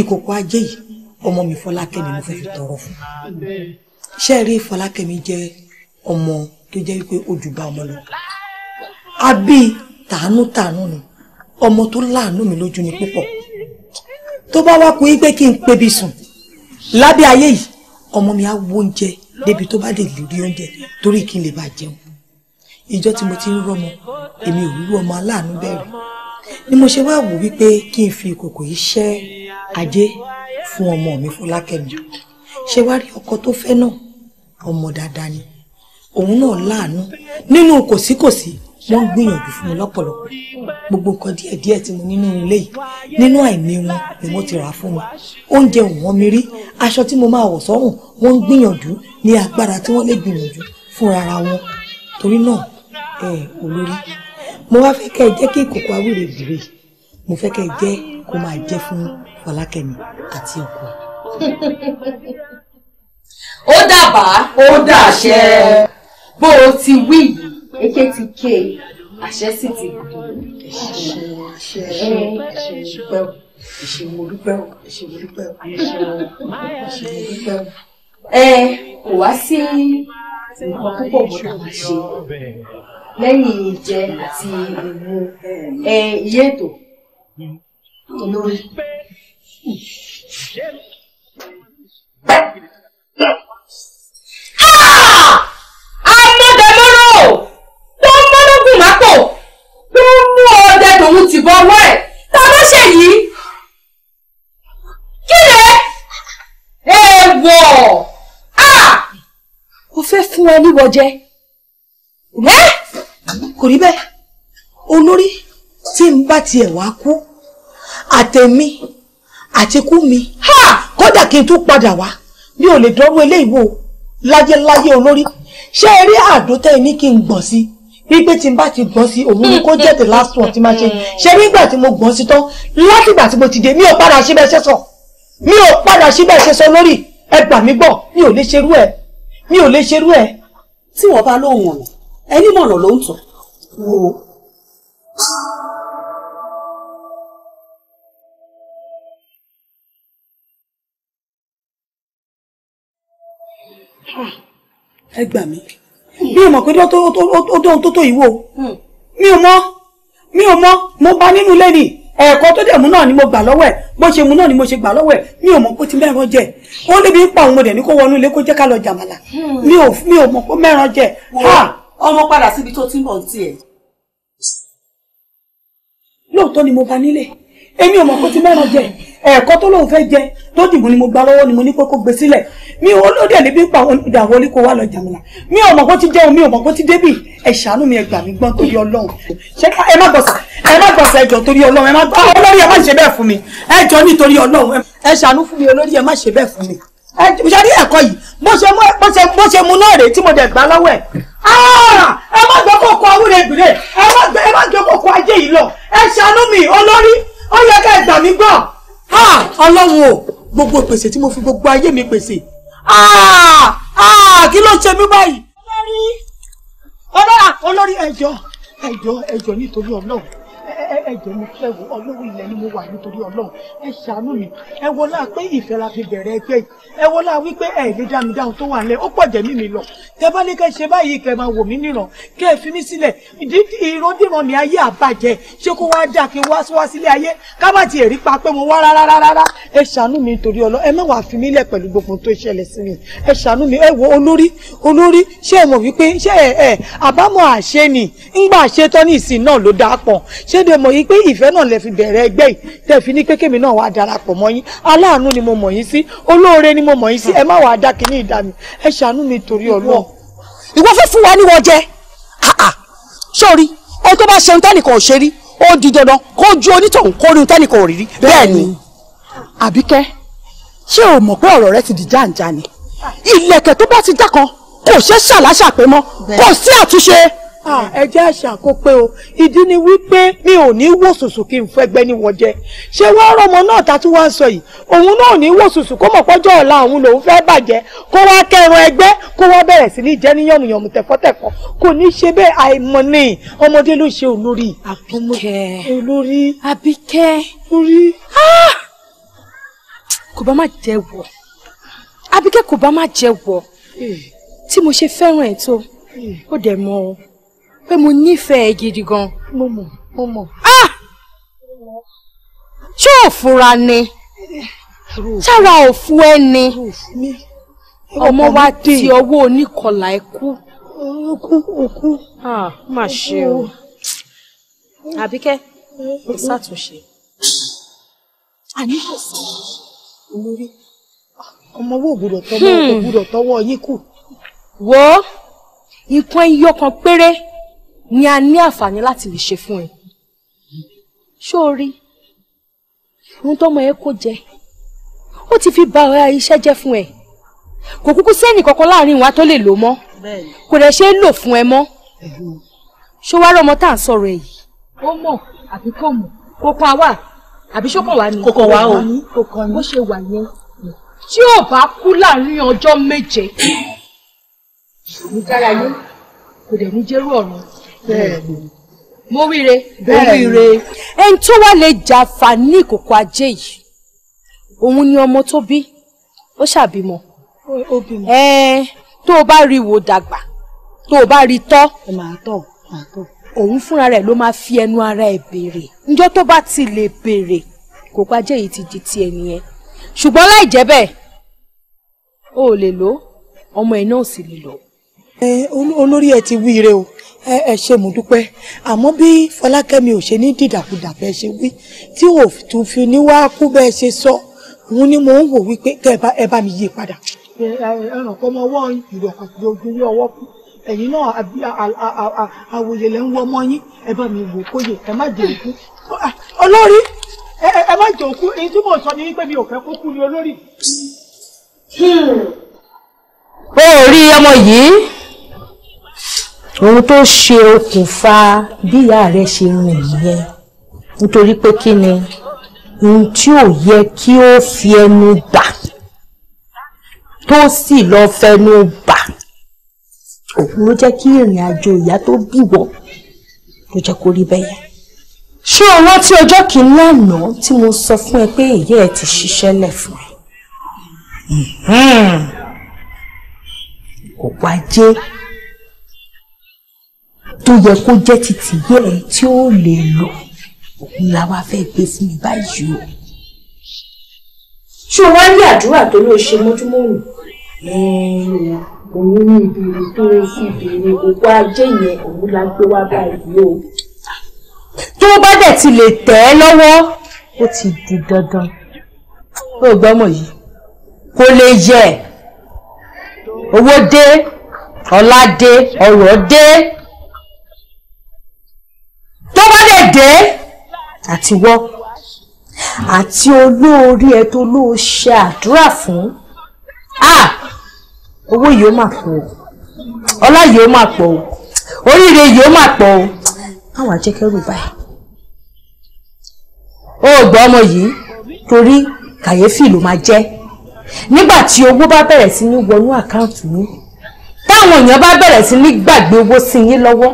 ìkòkò ajé yìí ọmọ mi fọlákẹ́ ni mo fẹ́ fi tọrọ fún ṣé ẹ rí fọlákẹ́ mi jẹ́ ọmọ tó jẹ́ wípé ojú bá ọmọ lọ a bí tàánútàánú ni ọmọ tó láàánú mi lójú ni púpọ̀ tó bá wá kún yín pé kí n pebi sùn lábẹ́ ayé yìí ọmọ mi á wọ oúnjẹ débi tó bá lè lórí oúnjẹ torí kí n lè bá jẹun ìjọ tí mo ti ń rọmọ èmi ò wúwo ọmọ aláàánú bẹ̀rẹ̀ ni mo ṣe wá wò wípé kí n fi ìkòkò yìí ṣẹ́ ajé fún ọmọ mi Fọlákẹ́mi ṣe wá rí ọkọ tó fẹ́ náà ọmọ dáadáa ni òun náà láàánú nínú kòsíkòsí wọ́n gbìyànjú fún mi lọ́pọ̀lọpọ̀ gbogbo nǹkan díẹ̀díẹ̀ tí mo nínú ilé yìí nínú àìní wọn ni mo ti rà fún wọn oúnjẹ wọ́n mi rí aṣọ tí mo máa wọ̀ sọ́rùn wọ́n ń gbìyànjú ní agbára tí wọ́n lè gbìyànjú fúnra wọn torí náà ẹ olórí mo wá fẹ́ kẹ́ ẹ jẹ́ kí ìkòkò awúrè bìrè mo fẹ́ kẹ́ ẹ jẹ́ kó máa jẹ́ fún Fọlákẹ́mi àti ọkọ ẹ̀. ó dábàá ó dàṣẹ bó o ti wí èké ti ké àṣẹ sì ti gbé àṣẹ àṣẹ ìṣèdúpẹ́ o ìṣèmọ̀dúpẹ́ o ìṣèmọ̀dúpẹ́ o ìṣèmọ̀dúpẹ́ o. ẹ kò wá sí nǹkan púpọ̀ bó ta máa ṣe lẹ́yìn ìjẹ àti ìmú iye ètò olórí. amọ̀dẹ̀mọ́rọ̀ tó ń mọ́lógún mápò tó ń mú ọdẹ tòun ti bọ́ ọwọ́ ẹ̀ tá a bá ṣe yìí kí a kò fẹ́ fún kò rí bẹ́ẹ̀ olórí tí n bá tiẹ̀ wá kú àtẹ̀mí àtikú mi kódà kí n tún padà wá mi ò lè dọ́rú eléyìí wò láyéláyé olórí ṣé ẹ rí àdótẹ́ ní kí n gbọ̀n sí wípé tí n bá ti gbọ́n sí òun ni kó jẹ́ the last one tí máa ṣe ṣe nígbà tí mo gbọ́n sí tán látìgbà tí mo ti dé mi ò padà síbẹ̀ ṣe sọ mi ò padà síbẹ̀ ṣe sọ lórí ẹ gbà mí gbọ́ mi ò lè ṣerú ẹ mi ò lè ṣerú ẹ. tí wọ́n bá lóhùn ọ̀nà ẹni mọ̀nà ló ń tọ̀ kú o. ẹ gbà mí mi ò mọ̀ pé ó dóhun tó tó ìwò hmm. mi ò mọ̀ mi ò mọ̀ mo bá nínú ilé ni ẹ̀kọ́ tó dẹ̀ mú náà ni mo gbà lọ́wọ́ ẹ̀ bó ṣe mú náà ni mo ṣe gbà lọ́wọ́ ẹ̀ mi ò mọ̀ pé ó ti mẹ́ran jẹ ó lébi ń pa òun mo dẹ̀ ní kó wọnú ilé kó jẹ́ ká lọ jàmàlà hmm. mi ò mọ̀ pé mẹ́ran jẹ. ọmọ padà síbi tó ti ń bọ̀ ní tiẹ̀ lóòótọ́ ni mo bá nílé èmi ò mọ̀ kó ti mẹ́ràn jẹ ẹ̀kọ́ tó lóun fẹ́ jẹ tó dìbò ni mo gba lọ́wọ́ ni mo ní pé kó gbé sílẹ̀ mi ò lóde ẹ̀lẹ́ bí ń pa àwọn ìdà wọlé kó wà lọ jàmùlà mi ò mọ̀ kó ti jẹun mi ò mọ̀ kó ti débì ẹ ṣàánú mi ẹ gbà mí gbọ́n torí ọlọ́run ṣé ká ẹ má gbọ̀sà ẹ má gbọ̀sà ẹjọ́ torí ọlọ́run ẹ má gbọ́ olórí ẹ má ṣe bẹ́ẹ̀ fún mi ẹjọ́ nítorí ọlọ́run ẹ ṣàánú fún mi olórí ẹ má ṣe bẹ́ẹ̀ fún mi ṣe rí ẹ̀kọ́ yìí bó ṣe mú náà rèé tí mo dẹ̀ gbà lọ́wọ́ ẹ̀ ah! ẹ má gbé kókó awúre gbèrè ẹ má gbé kókó ajé yìí lọ ẹ ṣàánú mi olórí ó yẹ ká ẹ gbà mí gbọ́. Ah! ọlọ́run o gbogbo pèsè tí mo fi gbogbo ayé mi pèsè ah! kí ló ṣe mí báyìí. olórí ẹjọ́ ẹjọ́ ẹjọ́ nítorí ọlọ́run ẹ̀jẹ̀ mi fẹ́ wò ọlọ́run ilẹ̀ ni mo wà nítorí ọlọ́run ẹ ṣàánú mi ẹ wọlá pé ìfẹ́ la fi bẹ̀rẹ̀ ẹgbẹ́ yìí ẹ wọlá wípé ẹ lè dá mi dáhùn tó wà nílẹ̀ ó pọ̀ jẹ́ mímì lọ tẹ bá ní kẹ́ ṣe báyìí kẹ́ máa wò mí níran kẹ́ ẹ fi mí sílẹ̀ ìdídì ìrọ́dìran ní ayé àbàjẹ́ ṣé kó wá dà kí wá wá sílé ayé ká bá tiẹ̀ rí pa pé mo wá rárá rárá ẹ ṣàánú mi nítorí ọlọ́ ẹ má wàá fi mí lẹ̀ pẹ̀lú gbogbo tó ṣẹlẹ̀ sí mi ẹ ṣàánú mi ẹ wo olórí olórí ṣé ẹ mọ̀ wípé ṣé ẹ ẹ àṣẹ ni ńgbà àṣetọ́ ní ìsìn náà ló dáa pọ̀ ṣ ṣé de mọ̀ yín pé ìfẹ́ náà lè fi bẹ̀rẹ̀ ẹgbẹ́ yìí tẹ̀ fi ní kékèmí náà wàá darapọ̀ mọ́ yín aláàánú ni mo mọ̀ yín sí olóore ni mo mọ̀ yín sí ẹ má wàá dá kínní ìdá mi ẹ ṣàánú mi torí Ọlọ́run. ìwọ fẹ́ fún wa ní wọ́n jẹ́ sórí ohun tó bá ṣe ohun tẹ́nìkan ò ṣe rí ó di dandan kó ju onítọ̀hún kó rí ohun tẹ́nìkan ò rí rí bẹ́ẹ̀ ni. àbíkẹ́ ṣé o mọ̀ pé ọ̀rọ̀ rẹ ti di jàǹjà ni ilẹ̀kẹ̀ tó bá ti já kò ṣeé ṣàlàṣà pé mọ́ kò sí àtúnṣe. Ah, ẹ jẹ́ àṣà kó pé o ìdí ni wípé mi ò ní wò sùsù kí n fẹ́gbẹ́ ní wọn jẹ ṣé wàá rọmọ náà ta tí sọ yìí òun náà ní wò sùsù kó mọ̀ pọ́jọ́ ọ̀la òun lòun fẹ́ bàjẹ́ kó wá kẹran ẹgbẹ́ kó wá bẹ̀rẹ̀ sí ní jẹ́ ní yànmùyànmù tẹ̀fọ́tẹ̀fọ́ kò ní ṣe bẹ́ẹ̀ àìmọ̀ ni ọmọdé ló ṣe olórí. Àbíkẹ́ olórí Àbíkẹ́ orí. Ah! kò bá má jẹ́ wọ̀ Àbíkẹ́ kò bá má jẹ́ wọ̀ eh. tí mo ṣe fẹ́ràn ẹ̀ tó eh. ó dẹ̀ mọ́ ọ pé mo nífẹ̀ẹ́ gidi gan. mo mọ̀ mo mọ̀. Ah! ṣé ò fura ni sára ò fún ẹ ni ọmọ wa ti ọwọ́ oníkọlà ẹ kú. òkú òkú. Ah, má ṣe o àbíkẹ́ kò sàtúnṣe. àní kò sí olórí ọmọ owó ògbúdọ̀ tọwọ́ hmm. ògbúdọ̀ tọwọ́ yín kù. wo nǹkan ẹyọ kan péré ni a ní àǹfààní láti lè ṣe fún ẹ ṣó o rí ohun tọmọ ẹ kò jẹ ó ti fi ba ọ̀rá iṣẹ́ jẹ́ fún ẹ kò kúkú sẹ́nì kankan láàrin wa tó lè lò mọ́ kò dẹ̀ ṣe é lò fún ẹ mọ́ ṣó wá rí ọmọ tá à ń sọ̀rọ̀ ẹ yìí. ó mọ̀ àbí kò mọ̀ kò kan àbí ṣó kàn wá ni kò kàn wá o kò ní bó ṣe wà yẹn tí ò bá kú láàrin ọjọ́ méje kò ní kò dẹ̀ ní jẹ́rú ọ̀run bẹ́ẹ̀ni mo wíre mo wíre ẹni tó wá lè jàǹfààní ìkòkò ajé yìí òun ni ọmọ tó bí ó ṣàbímọ tó o bá rí wò dàgbà tó o bá rí tọ́ òun fúnra rẹ̀ ló máa fi ẹnu ara ẹ̀ béèrè njọ́ tó bá ti lè béèrè ìkòkò ajé yìí ti di ti ẹnìyẹn ṣùgbọ́n láì jẹ́ bẹ́ẹ̀ o ò lè lò ọmọ ẹ̀ náà sì lè lò. olórí ẹ ti wíire o ẹ ẹ ṣe mú dúpẹ́ àmọ́ bí Fọlákẹ́mi ò ṣe ní dìdàkudà bẹ́ẹ̀ ṣe wí tí ò tún fi ní wá kú bẹ́ẹ̀ ṣe sọ òun ni mò ń wò wípé kẹ́ ẹ bá mi yí padà. ẹran kọ́ mọ ọwọ́ ìrọ̀kọ̀ tí ojú rí ọwọ́ kú ẹ̀yin náà àwòyè lẹ́ ń wọ ọmọ yín ẹ bá mi wò kóyè ẹ má jẹ òkú ah, olórí ẹ má jẹ òkú èyí tí mò ń sọ ni wípé mi ò fẹ́ kó kú ni olórí. Hmm. ó rí ọmọ yìí ohun tó ṣe okùnfà bí ìyá rẹ ṣe rìn yẹn nítorí pé kí ni ohun tí ò yẹ kí ó fi ẹnu bà tó sì lọ fẹnu bà òun ló jẹ́ kí ìrìn àjò ìyá tó bíwọ ló jẹ́ kó rí bẹ́yẹn ṣé o rántí ọjọ́ kìíní àná tí mo sọ fún ẹ pé ìyá ẹ ti ṣiṣẹ́ lẹ̀ fún ẹ kò wá jẹ́ tó yẹ kó jẹ́ títí bẹ́ẹ̀ tí ó lè lò òun la wá fẹ́ gbé fún mi báyìí o. ṣé o wá ní àdúrà tó ló ṣe mọ́júmọ́ rò? òun ní ìbéèrè tó fi béèrè gbogbo ajé yẹn òun la gbé wá báyìí o. tó bá dẹ̀ ti lè tẹ̀ ẹ́ lọ́wọ́ ó ti di dandan ó gbọ́mọ̀ yìí kò lè yẹ owó dé ọlá dé ọrọ̀ dé tó bá lè dé àtiwọ́ àti olóorí ẹ tó ló ṣe àdúrà fún owó yìí ó mà pọ̀ o ọlá yìí ó mà pọ̀ o oríire yìí ó mà pọ̀ o àwọn àjẹkẹ́rù báyìí ó gbọ́ ọmọ yìí torí kàyéfì ló máa jẹ́ nígbà tí owó bá bẹ̀rẹ̀ sí ní wọnú àkáǹtì yín táwọn èèyàn bá bẹ̀rẹ̀ sí ní gbàgbé owó sí yín lọ́wọ́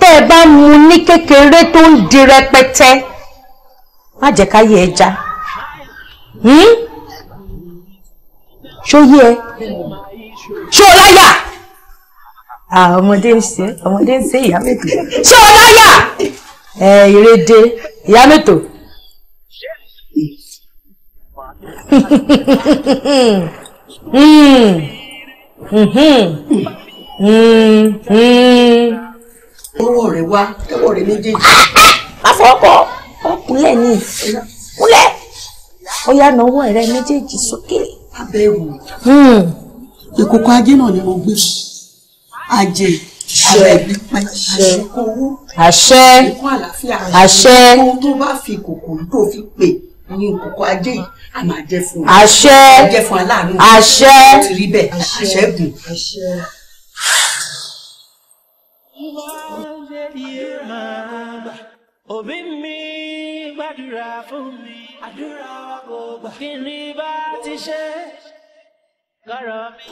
tẹ́ ẹ bá mu ní kékeré tó ń di rẹpẹtẹ má jẹ́ ká yẹ ẹja hmm? ṣó yẹ ṣó láyà ọmọdé ń ṣe ọmọdé ń ṣe ìyá mẹ́tò ṣó ìrèdè ìyá mẹ́tò. Mm. Mm-hmm. Mm. Mm. Hmm owó rẹ wá owó rẹ méjèèjì. àfọwọ́kọ ọkùnlẹ̀ ni kúnlẹ̀ ó yá náwó rẹ méjèèjì sókè. abẹ́wò hmm. ìkòkò ajé náà ni mo gbé ajé àṣẹ àṣẹ ohun tó bá fi kòkò tó fi pè ní kòkò ajé yìí a máa jẹ fún un àṣẹ àṣẹ àṣẹ àṣẹ gùn òbí mi gbàdúrà fún mi àdúrà wa kò gbà kí ni bá ti ṣe kọ́rọ̀ mi.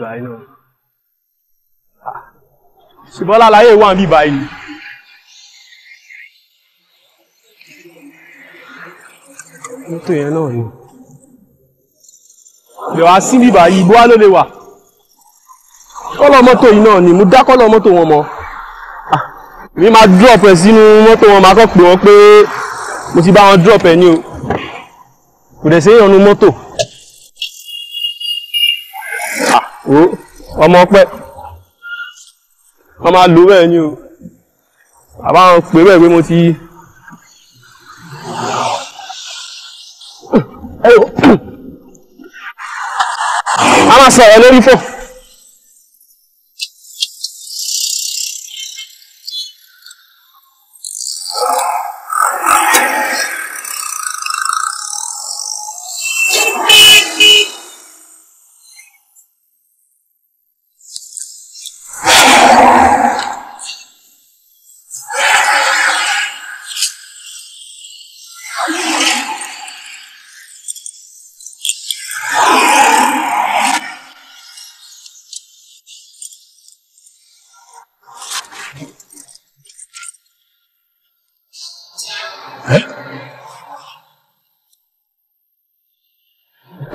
Bye ṣùgbọ́n lálàyé wà ń bí báyìí mọ́tò yẹn náà ni lè wá sí bíbà yìí bó wá ló lè wà kọ́lọ̀ mọ́tò yìí náà ni mo dá kọ́lọ̀ mọ́tò wọn mọ́ ah, mi máa drop ẹ̀ sínú mọ́tò wọn máa kọ́ pé wọ́n pé mo ti bá wọn drop ẹ̀ ní o kò dẹ̀ séyàn nu mọ́tò ah, ọmọ pẹ́ wọ́n máa lò bẹ́ẹ̀ ni o bàbá wọn pè bẹ́ẹ̀ pé mo ti a máa sọ̀rọ̀ lórí fọ́ọ̀.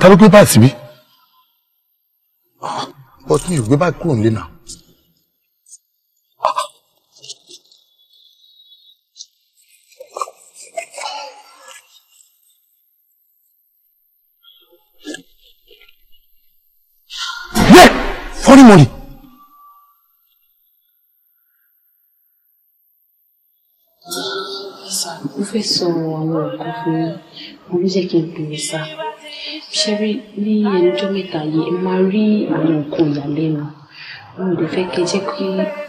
ta ló gbé báyìí síbí but mi ò gbé báyìí kúrò nílé náà. Funny money. Sá, mo fẹ́ sọ àwọn ọ̀kan fún yín, mo ló jẹ́ kí n pè sá ṣe rí ní ẹnujọ́ mẹ́ta yìí ẹ máa rí àwọn nǹkan ìyàlẹ́nu mo ò dẹ̀ fẹ́ kẹ́ jẹ́ kí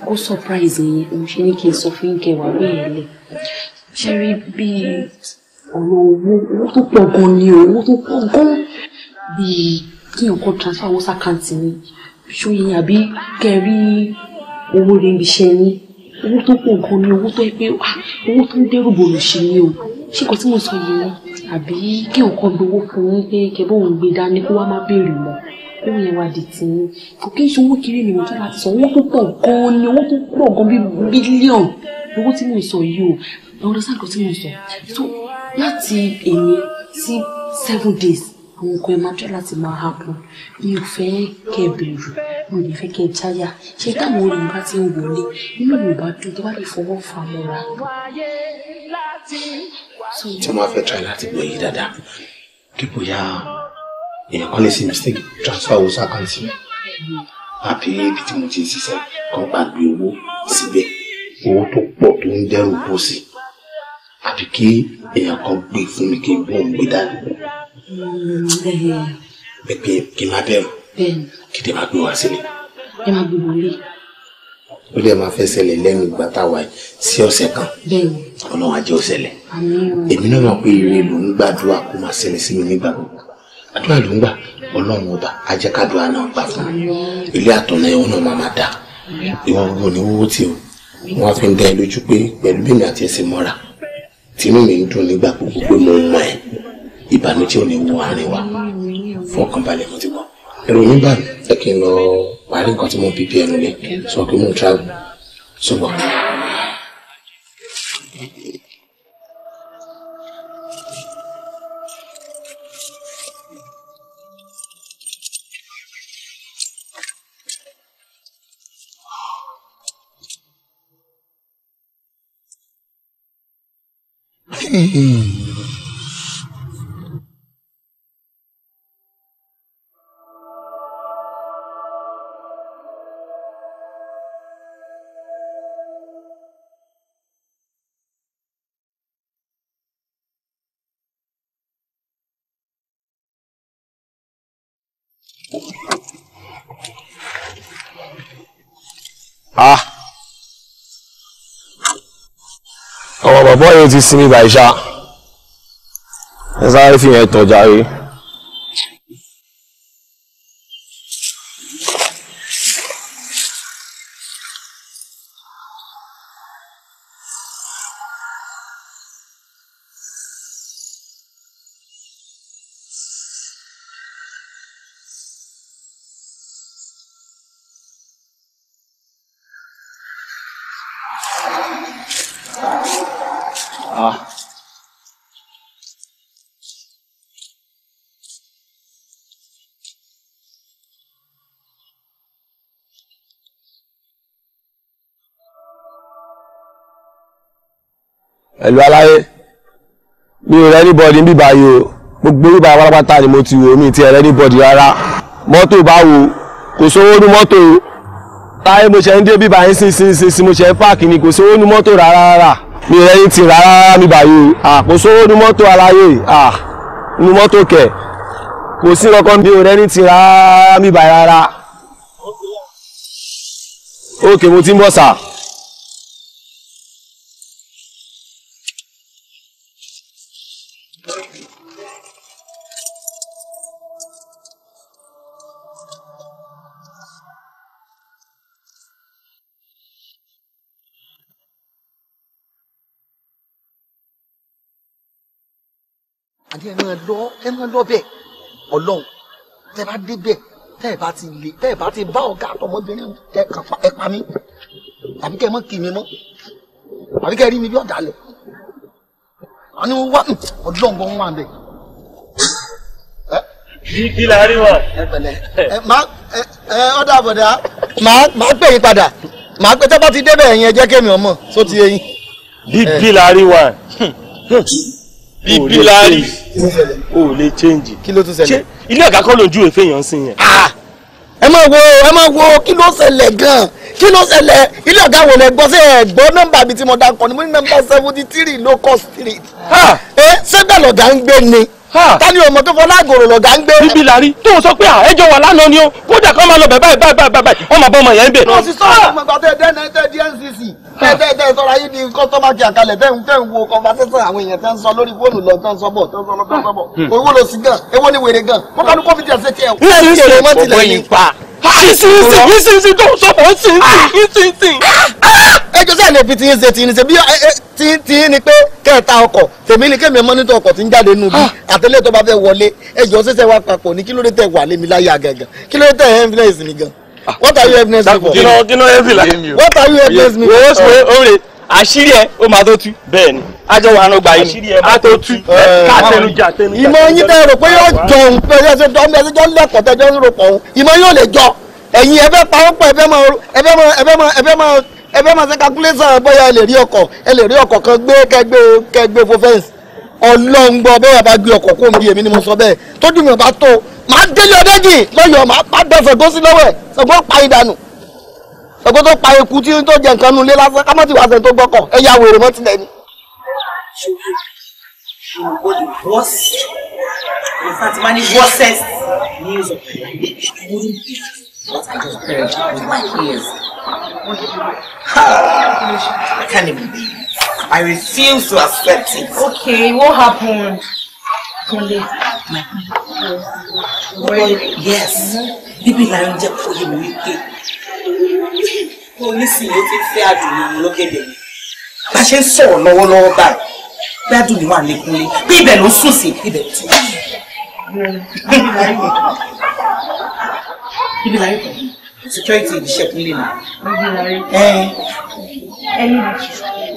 kó surprise yẹn mo ṣe ní kí n sọ fún kẹwà bí ẹ lẹ̀ ṣe rí bí ọ̀rọ̀ owó owó tó pọ̀ gan ni owó tó pọ̀ gan bí kí nǹkan transfer owó sàkáǹtì ni ṣó yẹn àbí kẹ́ rí owó rẹ̀ ń bíṣẹ́ yín owó tó pọ̀ gan ni owó tó yẹ pé ah, owó tó ń dẹ́rù bòlù ṣe ni o ṣé nǹkan tí mo sọ yìí ni àbí kí nǹkan gbowó fún un pé kẹbọ òun gbé dání kó wá má béèrè mọ́ kó yẹn wá di tì kò kí n ṣe owó kiri ni tó láti sọ owó tó pọ̀ gan ni owó tó pọ̀ gan-an bílíọ̀n owó tí mo sọ yìí o ọ̀rọ̀ sáà kan tí mo sọ so láti èmi sí seven days àwọn nǹkan ẹ máa tọ́ láti máa happen mi ò fẹ́ kẹ́ ẹ bẹ̀rù mi ò ní fẹ́ kẹ́ jáyà ṣé táwọn olùbá ti ń wọlé inú mi dùn tó bá lè fọwọ́ fà mọ́ra. tí wọ́n fẹ́ try láti gbọ́ yìí dáadáa kí bóyá èèyàn kan lè ṣe mistake transfer owó sákàǹtì àbí ibi tí mo ti ń ṣiṣẹ́ kan gbàgbé owó síbẹ̀ owó tó pọ̀ tó ń dẹ́rù bó sí àbí kí èèyàn kan gbé fún mi kí n bó ń gbé dání ẹ mm, pé kí n máa bẹ̀rù kí tẹ máa gbé wá sílẹ̀. ẹ máa gbé wọlé. ó dẹ̀ máa fẹ́ ṣẹlẹ̀ lẹ́nu ìgbà táwa sí ọ̀sẹ̀ kan ọlọ́run á jẹ́ ó ṣẹlẹ̀ èmi náà mọ̀ pé ire ló ń gbàdúrà kó máa ṣẹlẹ̀ sí mi nígbà a àdúrà ló ń gbà ọlọ́run ọba a jẹ́ kádùá náà gbà fún mi ilé àtọ̀nà ẹ̀wọ̀n náà máa máa dà ìwọ̀n gbogbo ní wọ́wọ́ tí o wọ́n fi ń dá ẹ lójú pé pẹ̀lú bí mi àti ẹsẹ̀ mọ́ra tìǹbù mi ń dùn nígbà gbogbo pé mo mọ ẹ̀ ìbànújẹ́ ò ní wọ àárín wa fọkànbalẹ̀ mo ti gbọ́. ẹ̀rù mi bà ẹ kí n lọ parí nǹkan tí mo bí bí ẹnu lé sọ pé mo ń travel ṣùgbọ́n. Mm-hmm. ah ọmọ bàbá yìí ti sinmi bàìṣá ẹ sáré fi yẹn tọ̀jà rí. ẹ̀lú aláyé mi ò rẹ́ ní bọ́ọ̀dì bíbá yìí o gbogbo bíbá pátápátá ni mo ti wò mí ti ẹ̀rẹ́ ní bọ́ọ̀dì rárá mọ́tò bá wò kò sówó ní mọ́tò o táyé mo ṣe ń dé bíbá yín sínsínsínsín mo ṣe ń páàkì ni kò sówó ní mọ́tò rárá rárá mi ò rẹ́ ní ti rárá bíbá yìí o kò sówó ní mọ́tò aláyé ní mọ́tò kẹ̀ kò sí kankan bí o rẹ́ ní ti rárá bíbá rárá. ókè mo ti ń bọ̀ sáà. àní ẹ máa lọ ẹ máa lọ bẹ́ẹ̀ ọlọ́run tẹ bá débẹ̀ tẹ bá ti lè tẹ bá ti bá ọ̀gá àtọmọbìnrin ẹ kàn pa ẹ pa mí àbí kẹ mọ kì mí mọ àbí kẹ rí mi bí ọ̀dàlẹ̀ àní wọn wá ọlọ́run kan wà bẹ́ẹ̀. kí la rí wọn. ẹ pẹ̀lẹ́ ẹ máa ẹ ọdọ àbọdà máa pè yín padà màá pé tẹ́ ti débẹ̀ yẹn jẹ́ kémi ọmọ só ti bíbí la rí wa bíi bíláàrì o ò lè change. kí ló tún ṣẹlẹ̀. ilé ẹ̀ka kọ́ lójú èéfé yẹn sí yẹn. Ah! ẹ máa wo ẹ máa wo kí ló ṣẹlẹ̀ gan-an kí ló ṣẹlẹ̀ ilé ọ̀gá wo lẹ gbọ́ sí ẹ̀gbọ́ nọ́mbà mi tí mo dá kọ́ ni mo ní nọ́mbà seventy three low cost street. ẹ ṣẹ́gbẹ́ lọ̀gá ń gbé ni tani ọmọ tó fọlá àgòrò lọ̀gá ń gbé. bíbí lari tó o sọ pé ẹjọ́ wà lánàá ni o kódà kó máa lọ bẹ̀ báyìí báyìí báyìí wọ́n máa bọ́ yẹn ń bẹ̀. lọ́sí sọ́ọ̀tún mọ̀gbà tẹ́ dẹ́nà dncc tẹ́ tẹ́ sọ́ra yín di kọ́sọ́mà kí àkàlẹ̀ tẹ́ ń tẹ́ ń wo conversation àwọn èèyàn tẹ́ ń sọ lórí fóònù lọ tẹ́ ń sọ bọ̀ tẹ́ ń sọ lọ tẹ́ ń sọ bọ̀ owó lọ sí gan èwo ni wèrè gan wọ́n kánú kó fi tiẹ̀ ṣe tiẹ̀ o. ní ìṣe òpó yìí pa. ìsinsìn ìsinsìn tó sọ bọ̀ ìsinsìn. ẹ jọ sẹ́yìn òfin ti ń ṣe ti ń ṣe bí ti ń ni pé kẹta ọkọ̀ tèmi ni kémi mọ́nítọ̀ ọkọ̀ ti ń jáde nù bí àtẹlẹ́tọ̀ bá fẹ́ wọlé ẹ sẹ́sẹ́ wa papọ̀ ní kí ló dé tẹ̀ wà lémi láyé àgàgà kí ló dé tẹ̀ ẹ́ ń fi náà ìsìn nìgan what are you evidence me for. kino kino evi la. what are you evidence me for. wo sọ oh. oore àṣírí ẹ ó máa tó tú. bẹ́ẹ̀ni ajọ wa ló gba yìí a tó tú kátẹnujà tẹnujà. ìmọ̀ yín tẹ́ rò pé yóò jọ òun pé ẹ ṣe jọ ẹ ṣe jọ lẹ́kọ̀ọ́ tẹ́ jọ ń rò pọ̀ òun ìmọ̀ yóò lè jọ ẹ̀yin ẹ fẹ́ pa ó pọ̀ ẹ fẹ́ mọ ẹ fẹ́ mọ ẹ fẹ́ mọ ẹ fẹ́ mọ ẹ fẹ́ máa ṣe calculation bóyá ẹ lè rí ọkọ̀ ẹ lè rí ọkọ̀ kan gbé kẹgbẹ́ kẹgbẹ́ fún fẹ́ǹsì ọlọ́ngbọ́ bẹ́ẹ̀ bá gbé ọkọ̀ kó mi èmi ni mo sọ bẹ́ẹ̀ tójú mi ò bá tó máa délé ọdẹ́jì lọ́yọ̀ọ́ máa bẹ Ṣàngó sí lọ́wọ́ ẹ̀ Ṣàngó pa ìdànù Ṣàngó tó pa eku tí tó jẹ nǹkan nulẹ̀ lásán ká má ti wá sẹ́ni tó gbọ́kọ̀ ẹ wèrè mọ́ tilẹ̀ ni. I refuse to accept it. Okay, what happened? Kúnlé my Kúnlé yes bíbí ìlànà jẹ́ kó yé mi wípé kó nísìnyí ó ti fẹ́ àdùnnú lọ́gẹ̀dẹ̀ mi bá ṣe ń sọ̀rọ̀ lọ́wọ́lọ́wọ́ báyìí bí àdùnnú wà ní Kúnlé bí ibẹ̀ ló sùn sí ibẹ̀ tó. Bíbí ìlànà kọ̀ security ibi iṣẹ́ kúnlẹ̀ náà. Mhm. ẹni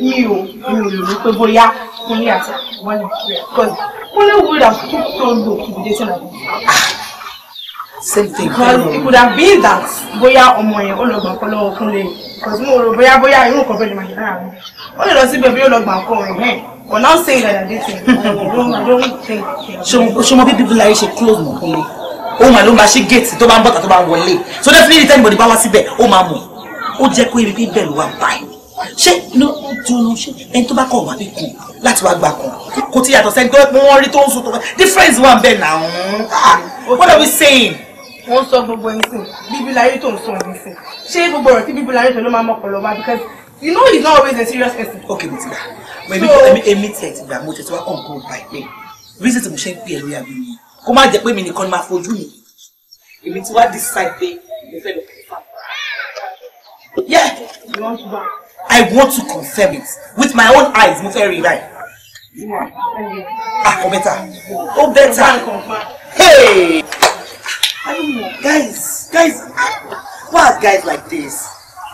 mi ò mi ò lò ó pé bóyá kúnlẹ̀ àti wọ́n lè pè é kọ́lé kúnlẹ̀ would have took so long to be dating am. same thing. because it could have been that bóyá ọmọ yẹn ó lọ gbà kọ́ lọ́wọ́ kúnlẹ̀ because mo rò bóyá bóyá irú nǹkan bẹ́ẹ̀ ni màá yẹ lára wọn ó lè lọ síbẹ̀ bí ó lọ gbà kọ́ ọ̀rẹ́ We're not saying that they're dating. I don't, I don't think. Ṣé o mọ bí bíbí láyé ṣe close mọ̀ kúnlẹ̀? òun mà ló máa ṣí géètì tó bá ń bọ̀tà tó bá ń wọlé so definitely tẹ́nibọ̀dì bá wá síbẹ̀ ó máa mọ̀ ó jẹ́ kó ibi bíbẹ̀ ló wà báyìí ṣé inú dunu ṣé ẹni tó bá kọ̀ wá kíkù láti wá gbà kan kò tí yàtọ̀ sẹ́ni tó pé wọ́n rí tó ń sun tó bẹ́ẹ̀ difference wà bẹ́ẹ̀ náà ah, what are we saying. wọ́n sọ gbogbo ẹni sìn bíbí láyé tó ń sọ ẹni sìn ṣé gbogbo ọ̀rọ̀ tí bíbí láyé tó ló máa mọ̀ pọ̀lọ́ because you know he's not always a serious person. ok mo ti gbà mo èmi tẹ̀ ti gbà mo tẹ̀ ti wá kàn kó báyìí pé reason tí mo ṣe ń pè é lóyà kó má jẹ́ pé mi nìkan ni máa fojú mi èmi ti wá decide pé mo fẹ́ lọ confirm. yeah i want to confirm it with my own eyes mo fẹ́ rí i báyìí. ah o better o better hey i guys guys why are guys like this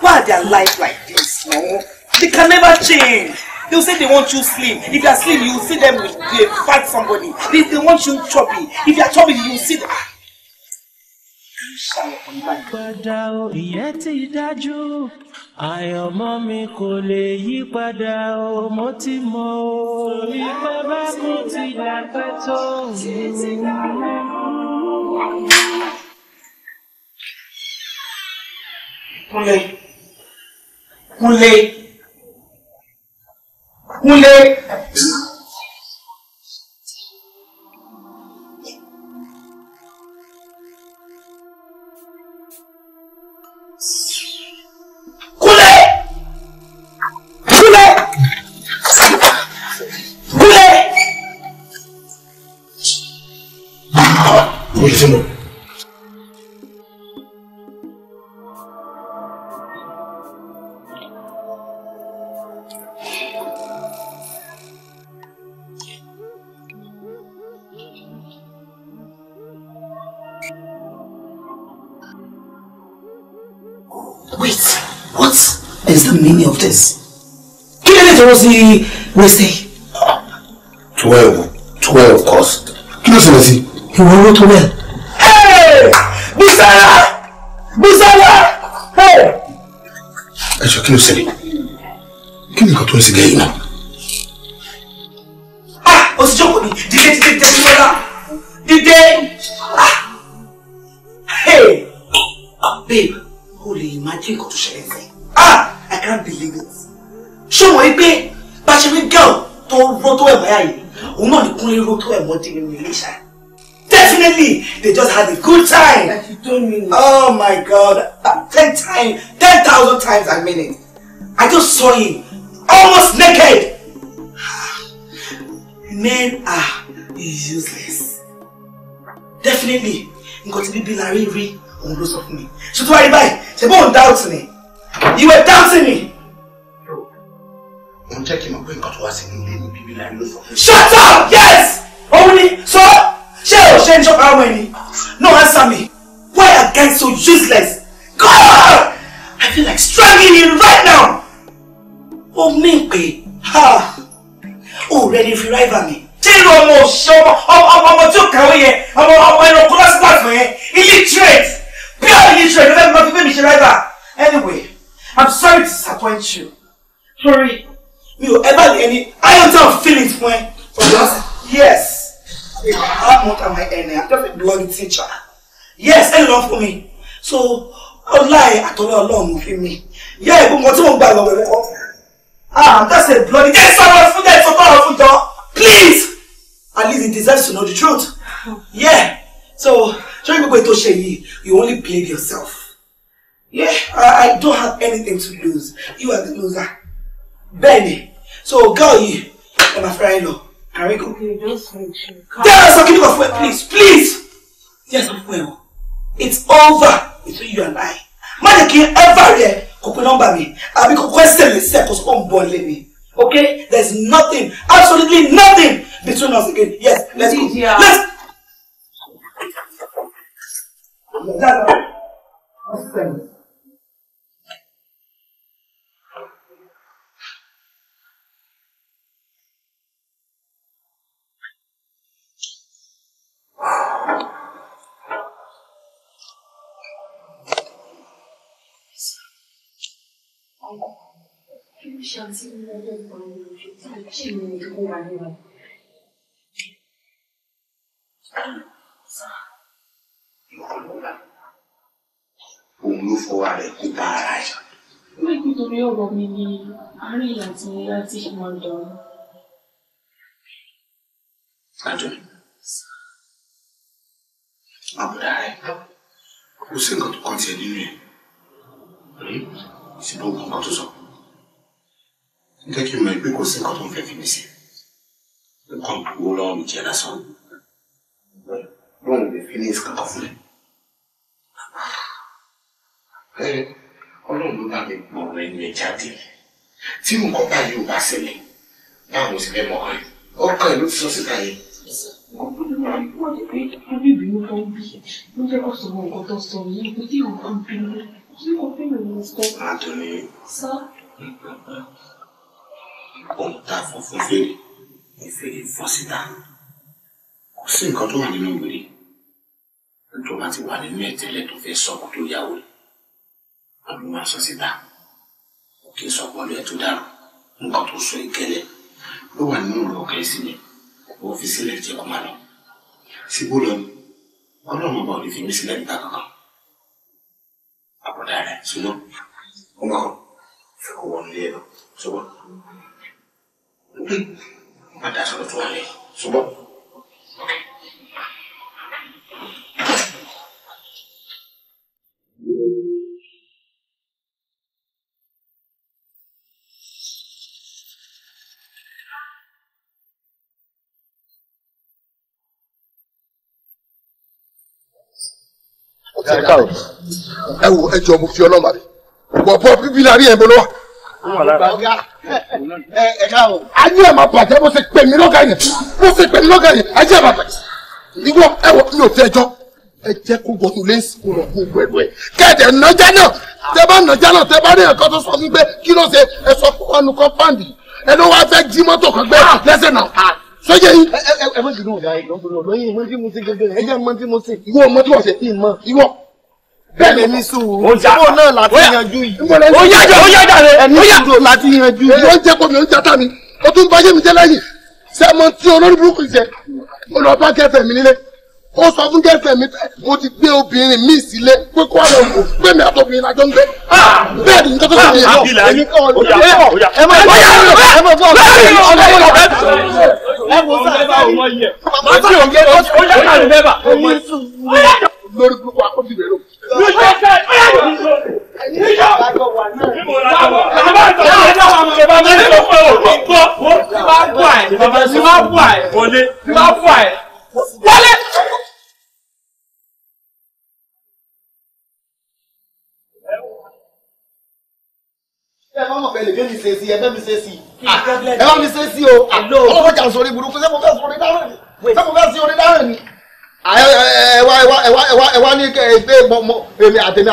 why are their life like this no they can never change. They'll say they want you slim. If you're slim, you'll see them with a fat somebody. They, they want you chubby. If you're chubby, you'll see them. Padà o ìyẹn ti dájú, àyànmọ́ mi kò lè yí padà o, mo ti mọ̀ o. Orí bàbá kò ti dàgbà tó. Kúnlẹ̀, kúnlẹ̀. Kúnlé. Kúnlé. Kúnlé. nonsense kí ló lè fọwọ́ sí wẹ́sẹ̀. twelve twelve cost kí ló ṣẹlẹ̀ sí. ìwọ ló tó bẹ́ẹ̀. Bùsálà Bùsálà. ẹ jọ kí ló ṣẹlẹ̀ kí ni nǹkan tó ń ṣe lẹ́yìn náà. ṣé wọ́n yí pé bá ṣe rí gẹ́ọ̀ tó rọ́ tó ẹ̀mọ́ yá yìí òun náà ní kúnlé rọ́ tó ẹ̀mọ́ dì nínú ilé definitely they just had a good time. oh my god ten times ten thousand times i mean it i just saw him almost naked. men are useless. definitely nǹkan tí bíbí la rí rí òun ló sọ fún mi ṣùgbọ́n àríbáyé ṣe bóun dáhùn sí mi you were doubting me òun jẹ́ kí n mọ̀ pé nǹkan tó wá sí ní ilé ní bíbí láì ló sọ shut up yes òun ni sọ ṣé o ṣe ní ṣọ́pù ara ọmọ ẹni no answer me why are guys so useless god i feel like struggling you right now ó mí pé ó rẹ ní fi rival mi ṣé irú ọmọ òṣìṣẹ́ ọmọ ọmọ tí ó kàwé yẹn ọmọ ọmọ ẹni ọkọ lọ́sí pàtó yẹn illiterate pure illiterate ló fẹ́ mọ fífẹ́ mi ṣe rival anyway i'm sorry to disappoint you sorry mi ò ever lè ní irontown feelings fún ẹ for the last how much am I earning I'm just a bloody teacher yes ẹ lọ fún mi so ọláì àtọ́lẹ́ ọlọ́run fi mi yẹ ìgbóngbọ́n tí mo gbà lọ wẹ̀rẹ̀ kọ́ ah that's a bloody jẹ́ sọ̀rọ̀ fún jẹ́ sọ̀rọ̀ fún jọ please at least he deserves to know the truth yeah so ṣé gbogbo ètò ṣe yìí you only blame yourself yeah I, I don't have anything to lose you are the loser bẹ́ẹ̀ ni so girl yìí ẹ máa fẹ́ra yín lọ àríkò. jẹ́rọ sọ kíni kan fún ẹ please please jẹ́rọ sọ fún ẹ o it's over between you and I má jẹ́ kí ever rí ẹ kò pé nọ́mbà mi àbí kò kọ́ ẹsẹ̀ mi sí ẹ̀ kò sọ pé ń bọ̀ okay there's nothing absolutely nothing between us again yes let's go let's. That's 相信在这方面是在这个你是不管用的。òun ló fọwọ́ rẹ̀ kó bá ara ẹ̀. wọ́n ní nítorí ọ̀rọ̀ mi ni àárín ìyá àti ìyá ti ṣe máa ń dán. àjọ àbúrò rẹ̀ kò sí nǹkan tó kàn tiẹ̀ nínú ẹ̀ ṣùgbọ́n nǹkan tó sọ jẹ́ kí n mọ̀ pé kò sí nǹkan tó ń fẹ́ fi mí sí nǹkan gbogbo lọ́wọ́ mi jẹ́ lásán lóun lè fi ní ìsìnkankan fún mi. ọlọ́run ló bá mi gbọ́ ọ̀rọ̀ ẹni ẹ̀ jáde tí nǹkan báyìí ò bá ṣẹlẹ̀ báwo sì fẹ́ mọ̀ ọ́n ọkàn ẹ̀ ló sọ síta yẹn. Wọ́n ti pé abébìnrin tó sọ nǹkan *laughs* òun ta fún fún fèrè ìfèrè fọ́ síta kò sí nǹkan tó wà nínú wèrè tó bá ti wà nínú ẹ̀ tẹ́lẹ̀ tó fẹ́ sọkù tó yà wèrè àwọn máa sọ síta kò kí n sọ pọ̀lú ẹ̀ tó dára nǹkan tó sọ ìkẹlẹ̀ ló wà nínú ọ̀rọ̀ ọ̀kẹ́ sílẹ̀ ó fi sílẹ̀ jẹ́ kó máa lọ síbó lọ ni ọlọ́run ọba ò lè fi mí sílẹ̀ níta kankan àbọ̀dá rẹ̀ ṣùgbọ́n ó máa fẹ́ kó wọlé ẹ̀ lọ ṣùgbọ́n má dá sọ̀rọ̀ tó wà lẹ́yìn ẹ wo ẹ jọ mo fi ọlọ́mọ rẹ wọ bọ bíbí la rí ẹ bolo wa ẹ káàbọ̀. ayé ẹ̀ máa bàjẹ́ bó ṣe pè mí lọ́gà yẹn bó ṣe pè mí lọ́gà yẹn ayé ẹ̀ máa bàjẹ́. ìwọ ẹ wọ mi ò fẹ́ ẹjọ́ ẹ jẹ́ kó wọnú lẹ́sìn kó lọ kó pẹ̀lú ẹ̀. kẹ́ẹ̀dẹ̀ nàjà náà tẹ bá nàjà náà tẹ bá rí ẹ̀kọ́ tó sọ fún pé kí ló ṣe ẹ sọ fún wa nu kọ́ńpáǹdì ẹ ló wá fẹ́ jí mọ́tò kan gbé lẹ́sẹ̀ náà sọjẹ yìí. ẹ ẹ ẹ mọ jùlọ ọgá ẹ lọ lóyún mọ tí mo ṣe gẹ́gẹ́ ẹ jẹ mọ tí mo ṣe. ìwọ mọ tí mo ṣe. ìmọ ìwọ bẹ́ẹ̀ lè ní sùn o ìṣòro náà láti yanjú yìí. ó yájọ ó yájà rẹ ẹni sùn láti yanjú yìí. ló ń jẹ kó mi ń jata mi ó tún bá yé mi jẹ lẹ́yìn sẹ́mọ tí olórí burúkú jẹ ó lọ mi nílé ó sọ fún gẹ́fẹ̀ mi pé mo ti gbé obìnrin mi sílé pé kó àlọ́ kò pé mi àtọ́bìnrin lájọ ń gbé. bẹ́ẹ̀ ni nǹkan tó ti yẹ lọ èmi kọ́ ọ lórí ẹ̀ ẹ̀ máa bọ̀ ẹ̀ máa bọ̀ lórí ọ̀gá ọ̀gá ẹ̀ máa bọ̀ lórí gbogbo akọ́bí rẹ̀ lò. Wọlé! ẹ má mọ̀ pé lè fẹ́ mi ṣe sí ẹ fẹ́ mi ṣe sí ah. ẹ má mi ṣe sí o ọlọ́wọ́ jà sórí burúkú sẹ́kọ̀ọ́ fẹ́ sórí dáràn ni sẹ́kọ̀ọ́ fẹ́ sí orí ni ẹwà ní ẹgbẹ́ mọ́mọ́ èmi àtẹ̀mí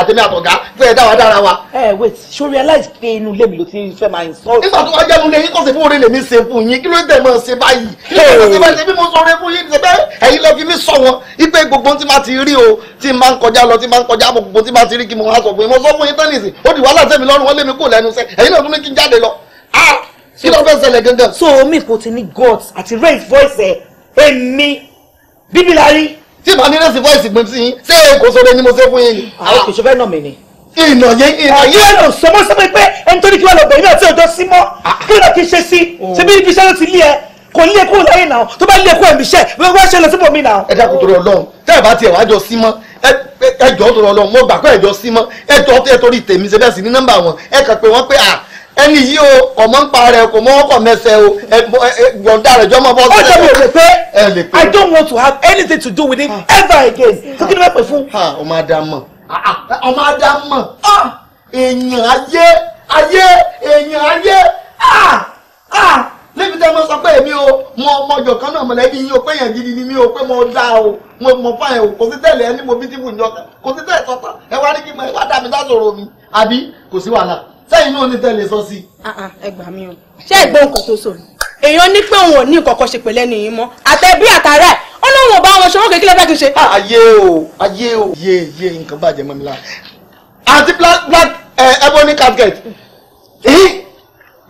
àtẹ̀mí àtọ̀gá fẹ́ dá wa dára wa. ẹ wait ṣó realize pé inú ilé mi ló ti fẹ́ máa ń sọ. nígbà tó wá jẹ́nu lẹ́yìn kọ́sẹ̀ fún orin lèmi ṣe fún yín kí ló dẹ̀ mọ̀ ṣe báyìí. kí ló ṣe báyìí ṣe bí mo sọ orin fún yín ṣe bẹ́ẹ̀ ẹ̀yin lọ fi mí sọ wọn ipe gbogbo tí ma ti rí o tí ma ń kọjá lọ tí ma ń kọjá bọ̀ gbogbo tí ma ti rí kí mo wá sọ fún yín mo sọ fún yín tẹ́nìsì ó di wàhálà sẹ́mi lọ́rùn wọn lé mi kò lẹ́nu sẹ́ ẹ̀yin náà tún ní kí n jáde lọ. Ah, kí ló fẹ́ ṣẹlẹ̀ gangan. so omi kò ti ní guts àti raise voice ẹ̀ èmi bíbí la rí. tí ìbá nílẹ̀ sí voice pin sí yín ṣé èkó sọ̀rọ̀ ni mo ṣe fún yín. àwọn kò sọ fẹ́ nà mí ni. ìnà yẹn ìnà yẹn. àwọn èèyàn sọmọ sọmọ pé ẹni tó ní kí wọn lọ bẹ̀rẹ̀ náà tí ọjọ́ sí mọ́ ah. kí ló kí ṣe sí oh. ṣe bí ibi iṣẹ́ ló ti lé ẹ kò lé kó láyé náà tó bá lé kó ẹ̀mí iṣẹ́ wọ́n wá ṣẹlẹ̀ síbò mí náà. ẹ dákun tó rọ lọhùn tẹ ẹ bá tiẹ̀ wá jọ sí mọ́ ẹjọ́ tó rọ ṣe bẹ́ẹ̀ sí ẹni yìí o ọmọ ń pa kò mọ ọkọ mẹsẹ o yọ̀ǹda rẹ jọmọ bọ́ sílẹ̀. ọjọ́ mi ò lè pé I don't want to have anything to do with him ever again tó kí ni wọ́n pè fún. ọmọ adamọ ọmọ adamọ èèyàn ayé ayé èèyàn ayé níbi tẹ́ mo sọ pé èmi o mo ọmọjọ kan náà mọ̀lẹ́bí yín o pé èèyàn gidi ni mi o pé mo dá o mo mọ̀ fáyẹ̀ o kò sí tẹ̀lé ẹni mo bí tí mo jọ kò sí tẹ̀lé sọ́tọ̀ ẹ wá ní kí n mọ ẹ wá dá dá sọ̀rọ̀ mi àbí kò sí wàhálà sẹ́yìn náà ní tẹ́lẹ̀ sọ sí. Ah, ah, ẹ gbà mí o ṣé ìgbọ́ nǹkan tó sọ èèyàn ní pé òun ò ní nǹkan kan ṣe pẹ̀lẹ́ nìyí mọ́ àtẹ̀bí àtàrà ẹ̀ ó lóun ò bá wọn ṣọwọ́ kékeré bẹ́ẹ̀ kì í ṣe. Ah, ayé o ayé o yé yé nǹkan bàjẹ́ mọ́ mi la àti black black eh, ebony carpet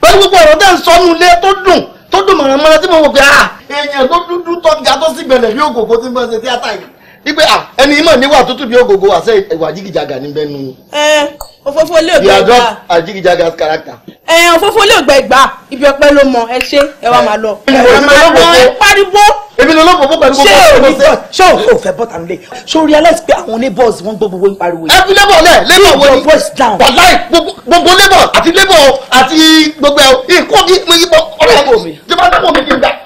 pẹ̀lú gbogbo ọ̀rọ̀ tẹ́ ń sọ nu ilé tó dùn tó dùn mọ̀rànmọ́ra tí mo wò pé èèyàn tó dúdú tó ipe à ẹni ìmọ̀ níwà tútù bí ògògò àṣẹ ìwà jìgìjàgà níbẹ̀ nù. ẹ òfófó lè gbẹ ìgbà a jìgìjàgà character. ẹ òfófó lè gbẹ ìgbà ibi ọpẹ ló mọ ẹ ṣe ẹ wà máa lọ. ẹ máa lọ ẹ pariwo. èmi ni olóòpópó pẹ̀lú gbogbo ọ̀sẹ̀. ṣé o ò fẹ́ bọ́ tà nílé ṣé o realize pé àwọn neighbors wọ́n gbọ́ gbogbo ń pariwo. ẹ fi labour lẹ labour wo ni wàláì gbogbo labour àti labour àti gbogbo ẹ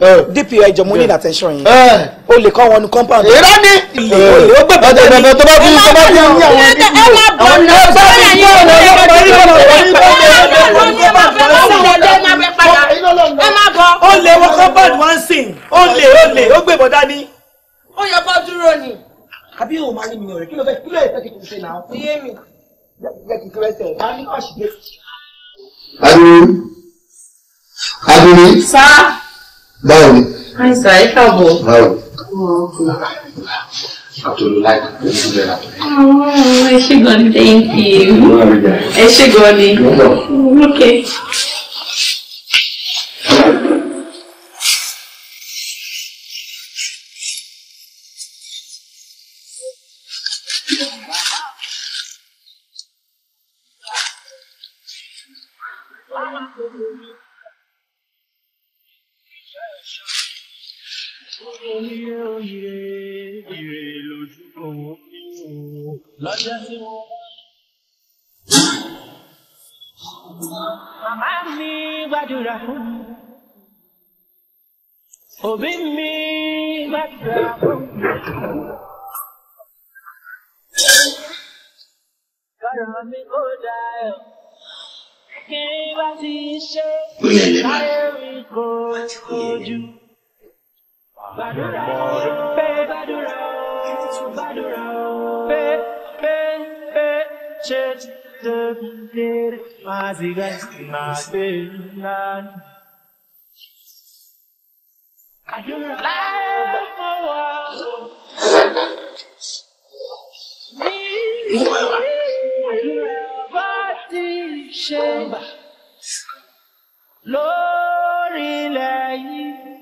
DPO ẹjọ mo need attention yín o lè kọ́ wọn ní compound. èrò ni ilé ó gbẹ̀bẹ̀ tó bá fi tó bá fi ní àwọn ilé ìwé àwọn ilé ìwé àwọn ilé ìwé àwọn ilé ìwé àwọn ilé ìwé àwọn ilé ìwé o lè wọ compound one sin o lè o lè ó gbẹ̀bọ̀ dání. ó yẹ kó dúró ni. àbí o máa ní mi ọ̀rẹ́ kí ló fẹ́ kí ló yẹ fẹ́ kí n ṣe náà. iye mi. yẹ kí n kí n rẹsẹ̀ ká ní ọ̀ṣìṣẹ́. adúlé adúlé. sá. Dale. Ah, isso aí acabou. Dale. Ah, é chegando, tem you. Né? É chegando. Ok. Oníyó Màmá mi gbàdúrà fún mi. Òbí mi gbàdúrà fún mi. Kọ́rọ̀ mi kò dayọ̀. Kí n bá ti ṣe, láyé mi kò kojú. Gbàdúrà pé gbàdúrà gbàdúrà pé pé pé ṣe tẹ̀lé máa ti gbà máa gbé lánàá. Láyé mo wà ní ìlú bá ti ṣe lórílẹ̀ yìí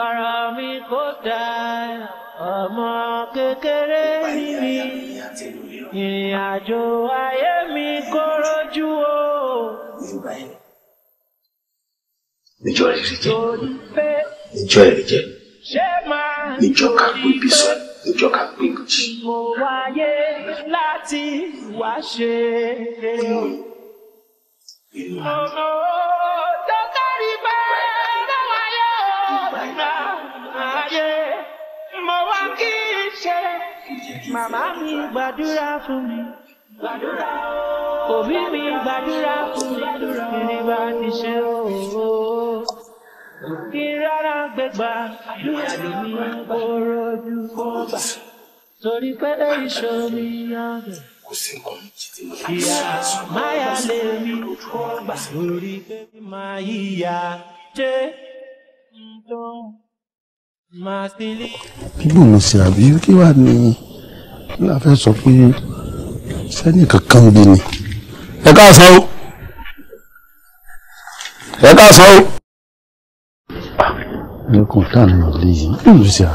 kára mi kó dà ọmọ kékeré ni mi ìrìn àjò ayé mi kó rojú o. níjọ́ ìrì jẹ́ níjọ́ ìrì jẹ́ níjọ́ ká gbé ibi sọ ká gbé ibi mo wáyé láti wá ṣe é. gba ààyè mo wá kí n ṣe màmá mi gbàdúrà fún mi gbàdúrà òbí mi gbàdúrà fún mi ní bá ti ṣe ooo kí rárá gbégbá àdúrà mi kóró ojú kó gbà torí pé ìṣòro yàgò kò sí nǹkan tí mo fi yà máyà lè mi kó gbà lórí pé máa yíya jẹ́ gbogbo mi sì àbí kí wàá ní la fẹ́ sọ pé sẹ́ni kankan bí ni. ẹ káàsán o ẹ káàsán o. ẹ kò tá ní ìlú yìí ìlú sí à.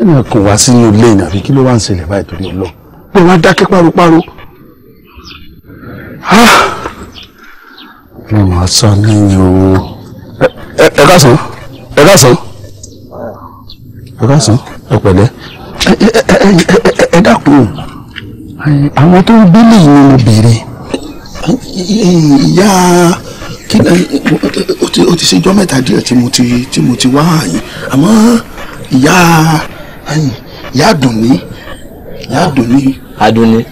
ẹnì kan wá sínú ilé ìnàbí kí ló wá ń ṣẹlẹ̀ báyìí torí ọlọ́run pé wọ́n á dákẹ́ páropáro. wọ́n máa sọ lẹ́yìn o. ẹ káàsán ẹ káàsán ẹ káàsán ẹ pẹ̀lẹ́ ẹ dákun àwọn tó ń gbélé yìí ni mo béèrè ìyá ó ti ṣèjọ́ mẹ́ta díẹ̀ tí mo ti tí mo ti wá àyìn àmọ́ ìyá ìyá dùn mí ìyá dùn mí Adùnní.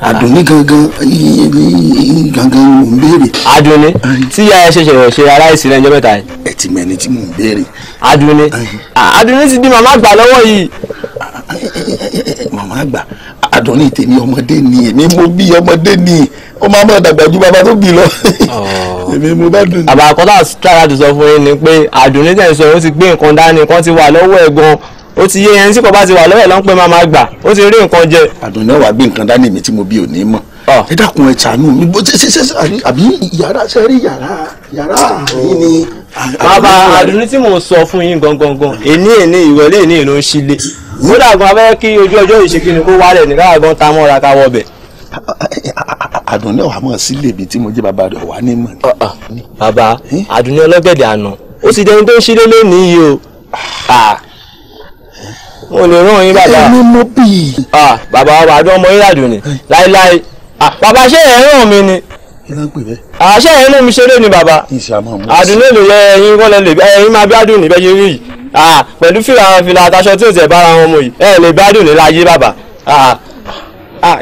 Adùnní gangan gangan mò ń béèrè. Adùnní tí ìyá ẹ ṣẹ̀ṣẹ̀ rẹ̀ ṣe aláìsí lẹ́jọ́ mẹ́ta yìí. ẹ ti mọ ẹni tí mò ń béèrè. Adùnní Adùnní ti di màmá àgbà lọ́wọ́ yìí. màmá àgbà Adùnní tèmi ọmọdé ni èmi mo bí ọmọdé ni ọmọ àmọ́ dàgbà ju bàbá tó bí lọ. Oh. èmi mo bá dùn. àbàkọ́tà tíráyà ti sọ fún yín ni pé Adùnní tẹ̀ ń sọ ó ti gbé nǹkan dání kan ti wà lọ́wọ́ ẹ̀ gan-an ó ti yé ẹni tí kò bá ti wà lọ́wọ́ ẹ̀ ló ń pẹ́ gbà ó ti rí nǹkan jẹ. àdùn náà wàá gbé nǹkan dání mi tí mo bí ò ní mọ̀ ah. ẹ dákun ẹ ṣàánú mi bó ṣe ṣe àbí yàrá ṣe rí yàrá yàrá yìí ni. bàbá àdùnní tí mò ń sọ fún yín gangan èní èní ìrọ̀lẹ́ èní ìlú ń ṣílé kódà gan abẹ́rẹ́ kí ojú ọjọ́ yìí ṣe kí ni kó wálẹ̀ ní káwá gan ta mọ́ra ká wọ bẹ̀. àdùnní ọ̀wà mọ̀ sílé mi tí mo jẹ́ bàbá rẹ̀ wà ní mọ̀ ah, ah. Eh? ni. bàbá àdùnní ọlọ́gbẹ̀dẹ̀ àná ó sì jẹun tó ń ṣílé lónìí yìí o mo lè rán yín bàbá. èmi mo bì í. bàbá wa àjọ ọmọ ìrìnàjò ni láéláé bàbá ṣé ẹ̀ ràn mí ni. àṣẹ ẹ̀ inú mi ṣeré ni bàbá. àdùnnú lè yẹ ẹyin kọ́lẹ̀ lè bá ẹyin máa bí àdùn níbẹ̀ yẹn rí yìí pẹ̀lú fìlà fìlà àtàṣọ tí ò tẹ̀ bára wọn mọ̀ yìí ẹ lè bá àdùn nílá yé bàbá.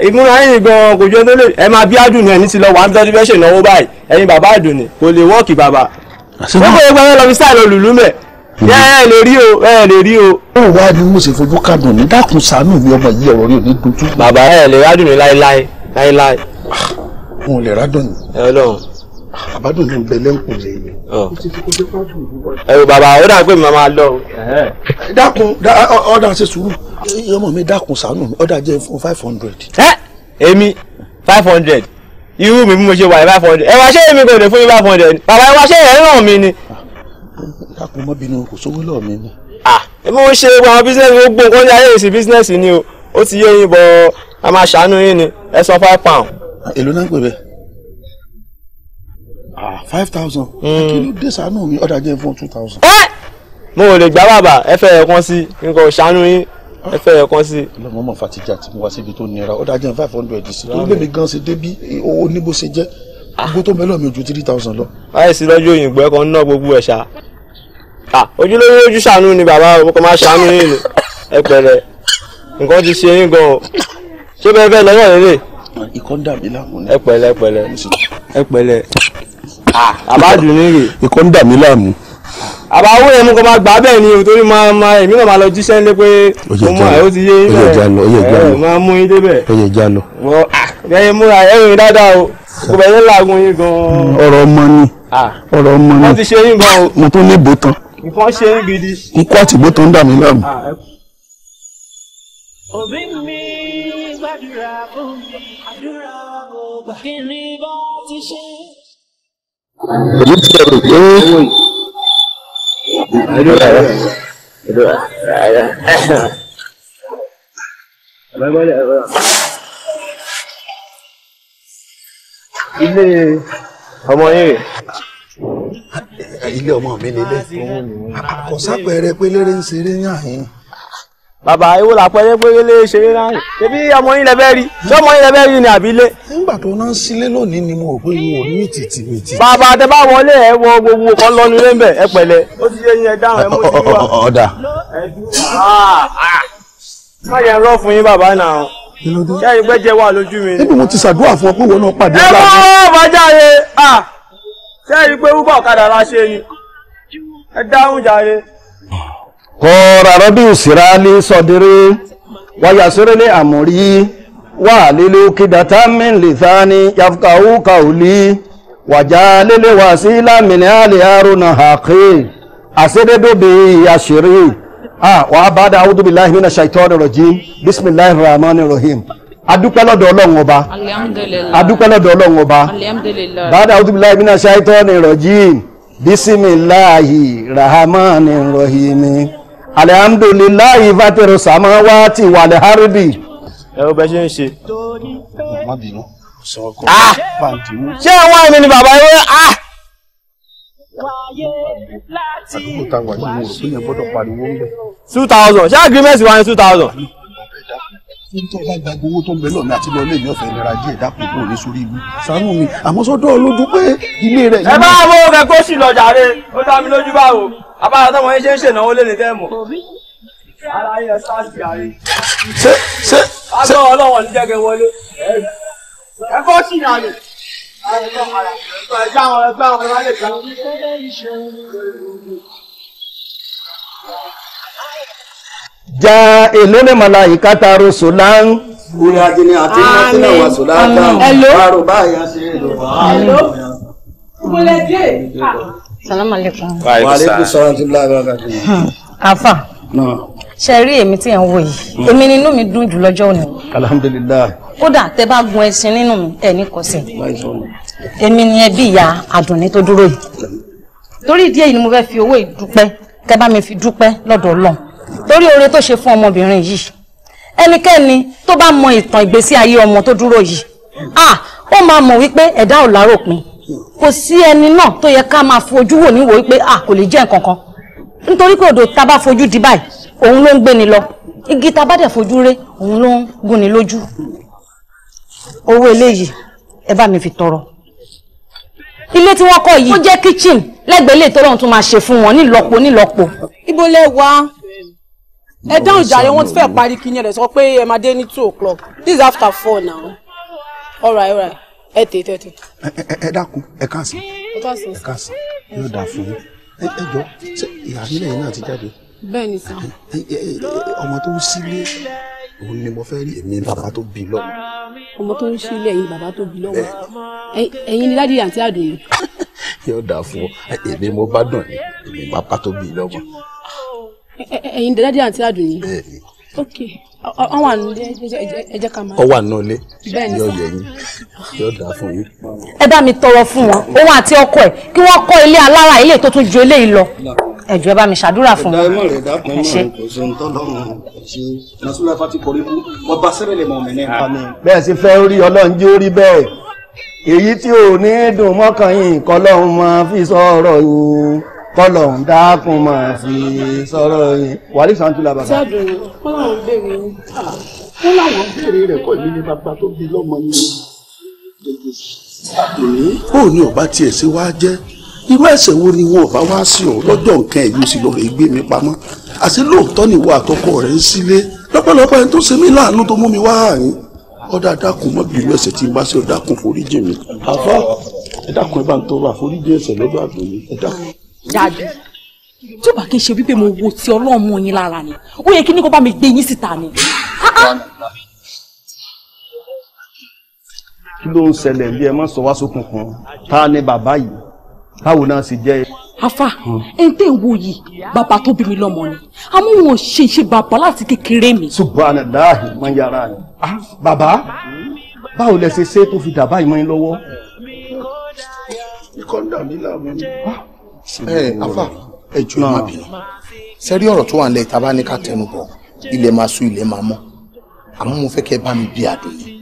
ìmúra yìí gan kò jẹ́ tó lè ẹ máa bí àdùn ní ẹni tí lọ wà ń tọ́jú fẹ́ ṣèlówó báyìí ẹyin bàbá àdùn ni kò lè wọ́ọ̀kì bàbá. ó kò yẹ pé ẹ lọ fi sáà lọ lùlú mẹ́ ẹ ẹ lè rí o ẹ lè rí o. ó wá ní mo ṣe fojú kàdùn ní dákun ṣàánú mi ọmọ yìí ọ̀rọ̀ rẹ̀ o. ní dojú. bàbá ẹ lè rádùn mi láéláé láéláé. Ah, mo lè rádùn mi. ẹ lọ́hùn. àbádùn ló ń bẹ lẹ́kùn lè mi. ẹ o bàbá ó dà pé mi máa lọ. dákun ọ̀dà ṣe sùúrù ọmọ mi dákun ṣàánú mi ọ̀dà jẹ́ fún five hundred. ẹ èmi five hundred irú mi bí mo ṣe wà ní five hundred ẹ wá ṣé èmi kò lè fún yín five hundred bàbá ẹ wá ṣé ẹ ràn mí ni. Ah dákun mọ́ bínú kò sówó lọ́ọ̀ mi ni. èmi ń ṣe àwọn business gbogbo nǹkan ní ayé ìsìn bísíǹsì ni o ó ti yé yín bọ̀ a máa ṣàánú yín ni ẹ san five pound. èló náà ń pè bẹ́ẹ̀ five thousand hmm. kí ló dé ṣàánú mi ọ̀dà jẹ́ fún two thousand. mo ò lè gbá bàbá ẹ fẹ́ ẹ̀ kan sí nǹkan ṣàánú yín ẹ fẹ́ ẹ̀ kan sí. lọ́mọ mọ̀ fatijá ti mú wá síbi tó nira ọ̀dà jẹ́ five hundred sí torí bẹ́ẹ̀ mi gan ṣe débí owó níbo ṣe jẹ́ agbó tó mẹ́lọ̀ mi ju three thousand lọ. láìsí lọ́jọ́ òyìnbó ẹ̀kọ́ ń ná gbogbo ẹ̀ ṣá. ojúlówó ojú ṣàánú ni bàbá ọkọ máa ṣàánú yìí ni ẹ pẹ̀lẹ́ nǹkan ti ṣe yín gan o ṣé bẹ́ẹ̀ bẹ́ẹ̀ lọ́wọ́ lélẹ̀. ikọ́ ń dà mí láàmú ni. ẹ pẹ̀lẹ́ ẹ pẹ̀lẹ́ ẹ pẹ̀lẹ́ àbádùn ní rè. ikọ́ ń dà mí láàmú. àbáwó yẹn mú kó máa gbà bẹ́ẹ̀ ni torí máa ma èmi náà máa lọ jíṣẹ́ ńlẹ́ pé mo mọ ẹ̀ ó ti yé yín bẹ́ẹ̀ máa mú yín débẹ̀. oyè ìjà lọ bẹ́ẹ̀ múra ẹ̀rìn dáadáa o kò bẹ̀rẹ̀ làágùn yín gan-an. ọ̀rọ̀ ọmọ ni ọ̀rọ̀ ọmọ ni wọ́n ti ṣe yín gan o. mo tún ní ìbò tán. nǹkan ṣe yín gidi. n kó àtìgbó tó dà mí láàmú. òbí mi gbàdúrà fún mi àdúrà ọgbà kí ni bá ti ṣe. èmi ti rò pé. àdúrà rẹ àdúrà rẹ. ilé ọmọ yín rè. ilé ọmọ mi nílé kò sápẹẹrẹ pé ń ṣeré ní àyín. bàbá ewu la pẹrẹ ń ṣeré náà ọmọ yín lẹbẹ rí ṣé ọmọ yín lẹbẹ rí ni àbí nígbà tó sílé lónìí ni mo rò pé bàbá wọlé ẹ gbogbo kan lọ nílé ń bẹ ẹ ó ti yín ẹ dáhùn ẹ mọ wa. ọ̀dà. Ah, ah. fún yín bàbá kílódé. ṣé ìgbẹ́ jẹ wà lójú mi. níbi mo ti ṣàdúrà fún ọ pé ìwọ náà pàdé ọlá. ẹ wọ́n bàjáre ṣé la ṣe ni ẹ dáhùn jàre. kọ́ra rọ́bì òsìrá ní sọdẹ́rẹ́ wáyà sẹ́rẹ́ ní àmọ́rí wà lílé kìdàtà mi lè ta ni yafukawu kàwùlí wàjà lílé wàsílà mìíràn àlè àrùn náà àkè àṣẹ́dẹ́dọ́bẹ̀ ah wàá bá dá awúdú bíi láìmínà ṣàìtọ́rọ̀ rọ̀jìm rahmanir rahim adúpẹ́ lọ́dọ̀ ọlọ́run ọba adúpẹ́ lọ́dọ̀ ọlọ́run ọba ah! bá dá awúdú bíi láìmínà ṣàìtọ́rọ̀ rọ̀jìm bisimilahi rahmanir rahim samawati o ni wáyé láti wáyé. two thousand ṣé agreement wa Tó ń bẹ lọ́ọ̀mí àti lọ́ọ́lé mi ọ̀fẹ́ ìlera díẹ̀ dákun kúrò ní sórí ibi. Sàánú mi, àmọ́ sọ́dọ̀ lójú pé ilé rẹ̀. Ẹ bá àwọn ọmọ kẹ́kọ̀ọ́ sì lọ jàre, ó dá mi lójú báwo. Àbára táwọn ẹ̀ ṣe ń ṣènáwó lé ní tẹ́ẹ̀mù. Ṣé ṣé. Agbọ́ ọlọ́wọ̀n ní jẹ́ kẹ́ wọlé. Ẹ̀kọ́ sì nàlè ẹgbẹ́ àwọn ẹgbẹ́ àwọn ọmọ lè gbà. ja elele àti nàìjíríà wà sùlá dáhùn bárò báyà ṣe é lò. salamaleykum. wa aleykum salaam wa rahmatulah. Hmm. afa ṣe rí èmi tí ẹ̀ ń wò yìí èmi nínú mi dùn jù lọ́jọ́ òní. alhamdulilayi. kódà tẹ bá gun ẹṣin nínú mi ẹ ní kọsẹ̀. èmi ni ẹbí ìyá àdùnní tó dúró yìí. torí ìdí èyí ni mo fẹ́ fi owó ìdúpẹ́ kẹ bá mi fi dúpẹ́ lọ́dọ̀ Ọlọ́run torí oore tó ṣe fún ọmọbìnrin yìí ẹnikẹ́ni tó bá mọ ìtàn ìgbésí ayé ọmọ tó dúró yìí ah ó máa mọ̀ wípé ẹ̀dá ò láròpin kò sí ẹni náà tó yẹ ká máa fojú wò níwò wípé ah kò lè jẹ́ nǹkan kan nítorí pé odò tá a bá fojú di báyìí òun ló ń gbé ni lọ igi ta bá dẹ̀ fojú ré òun ló ń gún ni lójú owó eléyìí ẹ bá mi fi tọrọ ilé tí wọ́n kọ́ yìí ó jẹ́ kitchen lẹ́gbẹ̀ẹ́ ilé tọ́lọ́run tún máa ṣe fún wọn nílọ́po nílọ́po. ibo lẹ wá ẹ dáhùn jàre wọ́n ti fẹ́ parí kí ni ẹ sọ pé ẹ máa dé ní two o'clock this is after four now all right all right ẹ tè tè tè. ẹ dákun ẹ kàn sí ẹ kàn sí yóò dà fún yín ẹ jọ ṣé ìyá yìí náà ti jáde bẹ́ẹ̀ ni sàn. ọmọ tó ń sílé òun ni mo fẹ́ rí èmi bàbá tó bí lọ́wọ́. ọmọ tó ń sílé ẹ̀yin bàbá tó bí lọ́wọ́ ẹ̀yin ni ládìyà àti àdùnní. *laughs* yóò dà fún ọ èmi mo bá dùn ní èmi bàbá tó bí lọ́wọ́. ẹ̀yin ládìyà àti àdùnní. bẹ́ẹ̀ ni. ok ọwọ àánú ẹ jẹ́ ká máa. ọwọ àánú ilé yóò yẹ yín yóò dà fún yín. ẹ bá mi tọrọ fún wọn òun àti ọkọ ẹ kí wọn kọ́ ilé alára ilé tó tún ju eléyìí lọ ẹ̀jọ̀ ẹ bá mi ṣàdúrà fún wọn. ẹ̀dá ẹ̀mọ́ bẹ́ẹ̀ sì fẹ́ orí ọlọ́run jẹ́ orí bẹ́ẹ̀ èyí tí ò ní dùn mọ́kàn yìí máa fi sọ̀rọ̀ yìí kọ́lọ́run dákun máa fi sọ̀rọ̀ yìí wàlí sàǹtúlà bàbá. sádùn kọ́lọ́run béèrè wọn láwọn béèrè rẹ̀ kọ́ ìlú ní bàbá tó bí lọ́mọ yìí. òní ò bá tiẹ̀ sí wá jẹ́ irú ẹ̀ṣẹ̀ wo ni wọn ò bá wá sí ọ lọ́jọ́ nǹkan ẹ̀yìn sì lọ́ọ́ rẹ̀ gbé mi pamọ́ àti lóòótọ́ ni ìwọ àtọkọ rẹ̀ ń sílé lọ́pọ̀lọpọ̀ ẹni tó ṣe mí láàánú tó mú mi wá àárín ọ̀dà dákun mọ́ bí irú ẹ̀ṣẹ̀ tí n bá ṣe ọ dákun foríjì mi àfọ ẹ dákun ẹ bá ń tọrọ àforíjì ẹ̀ṣẹ̀ lọ́dọ̀ àdùn mi ẹ dákun. dájú tí ó bá kí n ṣe wípé mo wo ti ọlọ́run mú yín lára ni ó yẹ kí ní kó bá mi gbé yín síta ni. kí ló ń ṣẹlẹ̀ bí ẹ má sọ wá sókun kan ta ni bàbá yìí báwo náà sì jẹ́. afa ẹ ń tẹ́ ń wo yìí bàbá tó bí mi lọ́mọ ni àmọ́ wọn ṣe ṣe bàbá láti kékeré mi. subhanallah man yàrá ni. Ah, bàbá báwo lẹ ṣe ṣe tó fi dà báyìí mọ́ yín lọ́wọ́. ikọ̀ ń dà mí láàmú. Ah, ẹ afa ẹ jù ú má bínú sẹ́rí ọ̀rọ̀ tó wà nílẹ̀ ìta bá ní ká tẹnu bọ̀ ilẹ̀ máa sú ilẹ̀ máa mọ́ àmọ́ mo fẹ́ kẹ́ bá mi bí àdùn yìí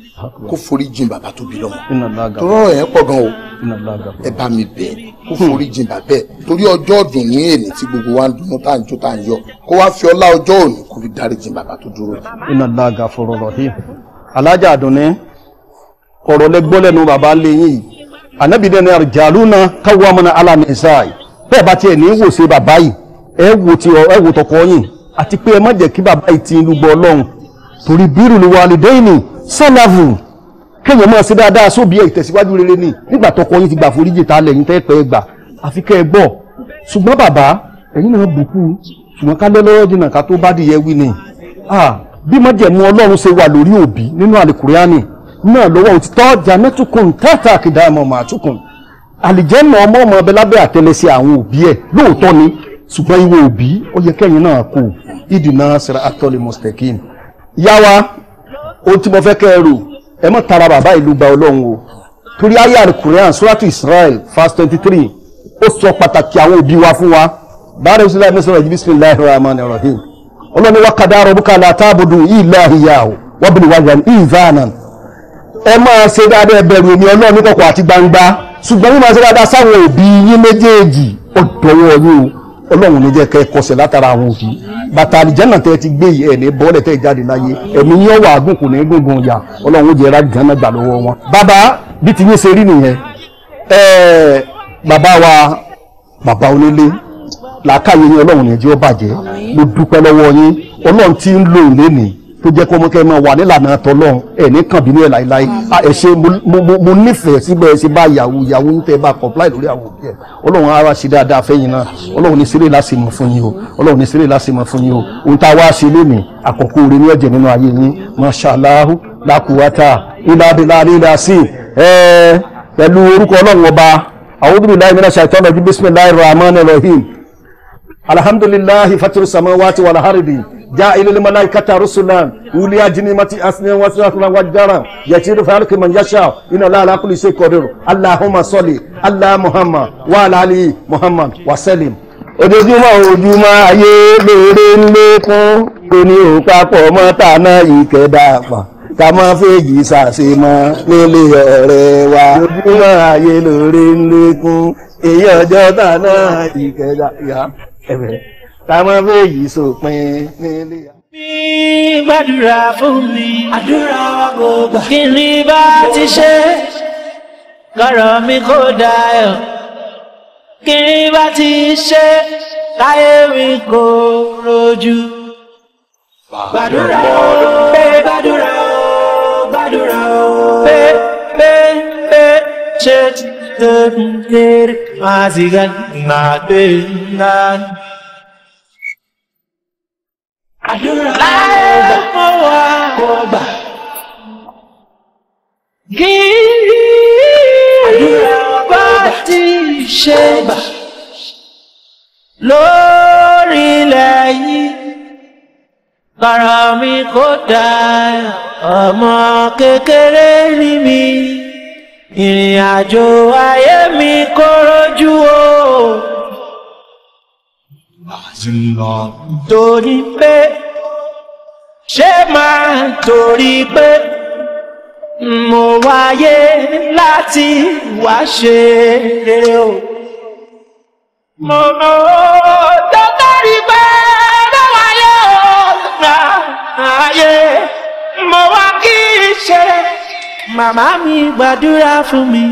kó forí jìn bàbá tó bí lọ́mọ tọrọ yẹn pọ̀ gan o ẹ bá mi bẹ̀ kó hmm. forí jìn bàbá ẹ̀ torí ọjọ́ ọdún ní èmi tí gbogbo wa ń dunnú tá à ń jó tá à ń yọ kó wá fi ọlá ọjọ́ òní kó fi dárí jìn bàbá tó dúró. iná lága fọ̀rọ̀ rọhìn alájà àdùnní ọ̀rọ̀ lẹgbọ lẹ́nu bàbá lẹ́yìn ànábìdẹni àjàlúna káwọmọnà alàmìsáì bẹ́ẹ̀ bá tiẹ̀ ní wò ṣe bàbá yìí ẹ wò ti ẹ wò tọkọ yìí àti pé ẹ má jẹ́ kí bàbá yìí ti lùgbọ Ọlọ́run torí bírù lùwàlùdẹ́yìn sẹ́nàfù kéèyàn máa ṣe dáadáa sóbi ẹ̀ ìtẹ̀síwájú rere ni nígbà tọkọ yín ti gbà foríjì ta lẹ́yìn tẹ́ pẹ́ gbà àfi kẹ́ ẹ gbọ́ ṣùgbọ́n bàbá ẹ̀yin náà bùkún ṣùgbọ́n ká lẹ́ lọ́rọ́ dìnnà ká tó bá dìyẹ wí ni bí májẹ̀mú ọlọ́run ṣe wà lórí òbí nínú àlìkùránì náà lọ́wọ́ òtítọ́ jàmẹ́tùkùn tẹ́tà kìdá ẹ̀mọ̀ màtùkùn àlìjẹ́nà ọmọ ọmọ ọbẹ̀ lábẹ́ ohun tí mo fẹ́ kẹ́ ẹ rò ẹ mọ̀ tara bàbá ìlú gba ọlọ́run o torí ayé àrùkùnrin suratu Israel verse twenty three ó sọ pàtàkì àwọn òbí wa fún wa báyìí ṣe láì mẹ́sàn-án ìjìbí sinmi láì rà máa nìrọ̀ dé ọlọ́ni wa kàdá rọ̀bùkà látàbùdù ìlà ìyá o wọ́n bìnrin wájú àmì ìvànà ẹ máa ṣe dáadáa ẹ bẹ̀rù èmi ọlọ́run ní kọ̀kọ̀ àti gbangba ṣùgbọ́n mi máa ṣe dáadáa sáwọn òbí yín méjèèjì ọ̀dọ́wọ́ yín o ọlọ́run ní jẹ́ kẹ́ kọsẹ̀ látara àwọn òbí bàtà àlìjánà tẹ́ ti gbé yìí ẹ̀ ní bọ́ọ̀lẹ̀ tẹ́ jáde láyé ẹ̀mí ní wà àgùn na ní gbógun ọ̀yà ọlọ́run ó jẹ́ rájìjánà gbà lọ́wọ́ wọn. bàbá bí ti yín ṣe rí nìyẹn bàbá wa bàbá onílé làákàyè ọlọ́run jẹ́ bàjẹ́ mo dúpẹ́ lọ́wọ́ yín ọlọ́run ti ń lò ìlénìí tó jẹ́ kó mọ́ kẹ́ máa wà nílànà tọ́lọ́run ẹ̀ ní kànbínú ẹ̀ láíláí ẹ̀ ṣe mo nífẹ̀ẹ́ síbẹ̀ ẹ̀ ṣe bá yàwó yàwó ń tẹ́ bá comply lórí àwọn òbí ẹ̀ ọlọ́run ara ṣe dáadáa fẹ́yìn náà ọlọ́run ní sílẹ̀ láti mọ̀ fún yín o ọlọ́run ní sílẹ̀ láti mọ̀ fún yín o ohun tá a wá ṣe lé àkọ́kọ́ orin ní ẹ̀jẹ̀ nínú ayé yín mashallah lakuwata جاء إلى الملائكة رسلا أولي أجنمة أسنان وسنان وجارا يشير فالك من يشاء إن الله على كل شيء قدير اللهم صل على محمد وعلى آل محمد وسلم ojoojúmọ́ ojúmọ́ ayé lóore ń lékún kò ní òpapọ̀ mọ́tàná ìkẹ́dà pa ká mọ́ fèjì ṣàṣe mọ́ nílé ọ̀rẹ́ wa ojoojúmọ́ ayé lóore ń lékún èyí ọjọ́ tàná ìkẹ́dà ya táwọn fèyí sòpin nílé. mi gbàdúrà fún mi àdúrà wa kò gbà kí ni bá ti ṣe kọ̀rọ̀ mi kò dayọ̀ kí ni bá ti ṣe láyé mi kò rojú. gbàdúrà o pé gbàdúrà o gbàdúrà o pé pé pé ṣe ti tẹ̀ ń kéré máa sì gán náà pé náà àdúrà ọgbà kò gbà. gírí bá ti ṣe lórílẹ̀ yìí bàrà mi kò dá ọmọ kékeré ní mi ìrìn àjò ayé mi kò rojú o. torí pé ṣé máa torí pé mo wáyé láti wá ṣe rere o mo mọ dọ́kítọ́rì pé mo wáyé o gbà ayé mo wá kí n ṣe màmá mi gbàdúrà fún mi.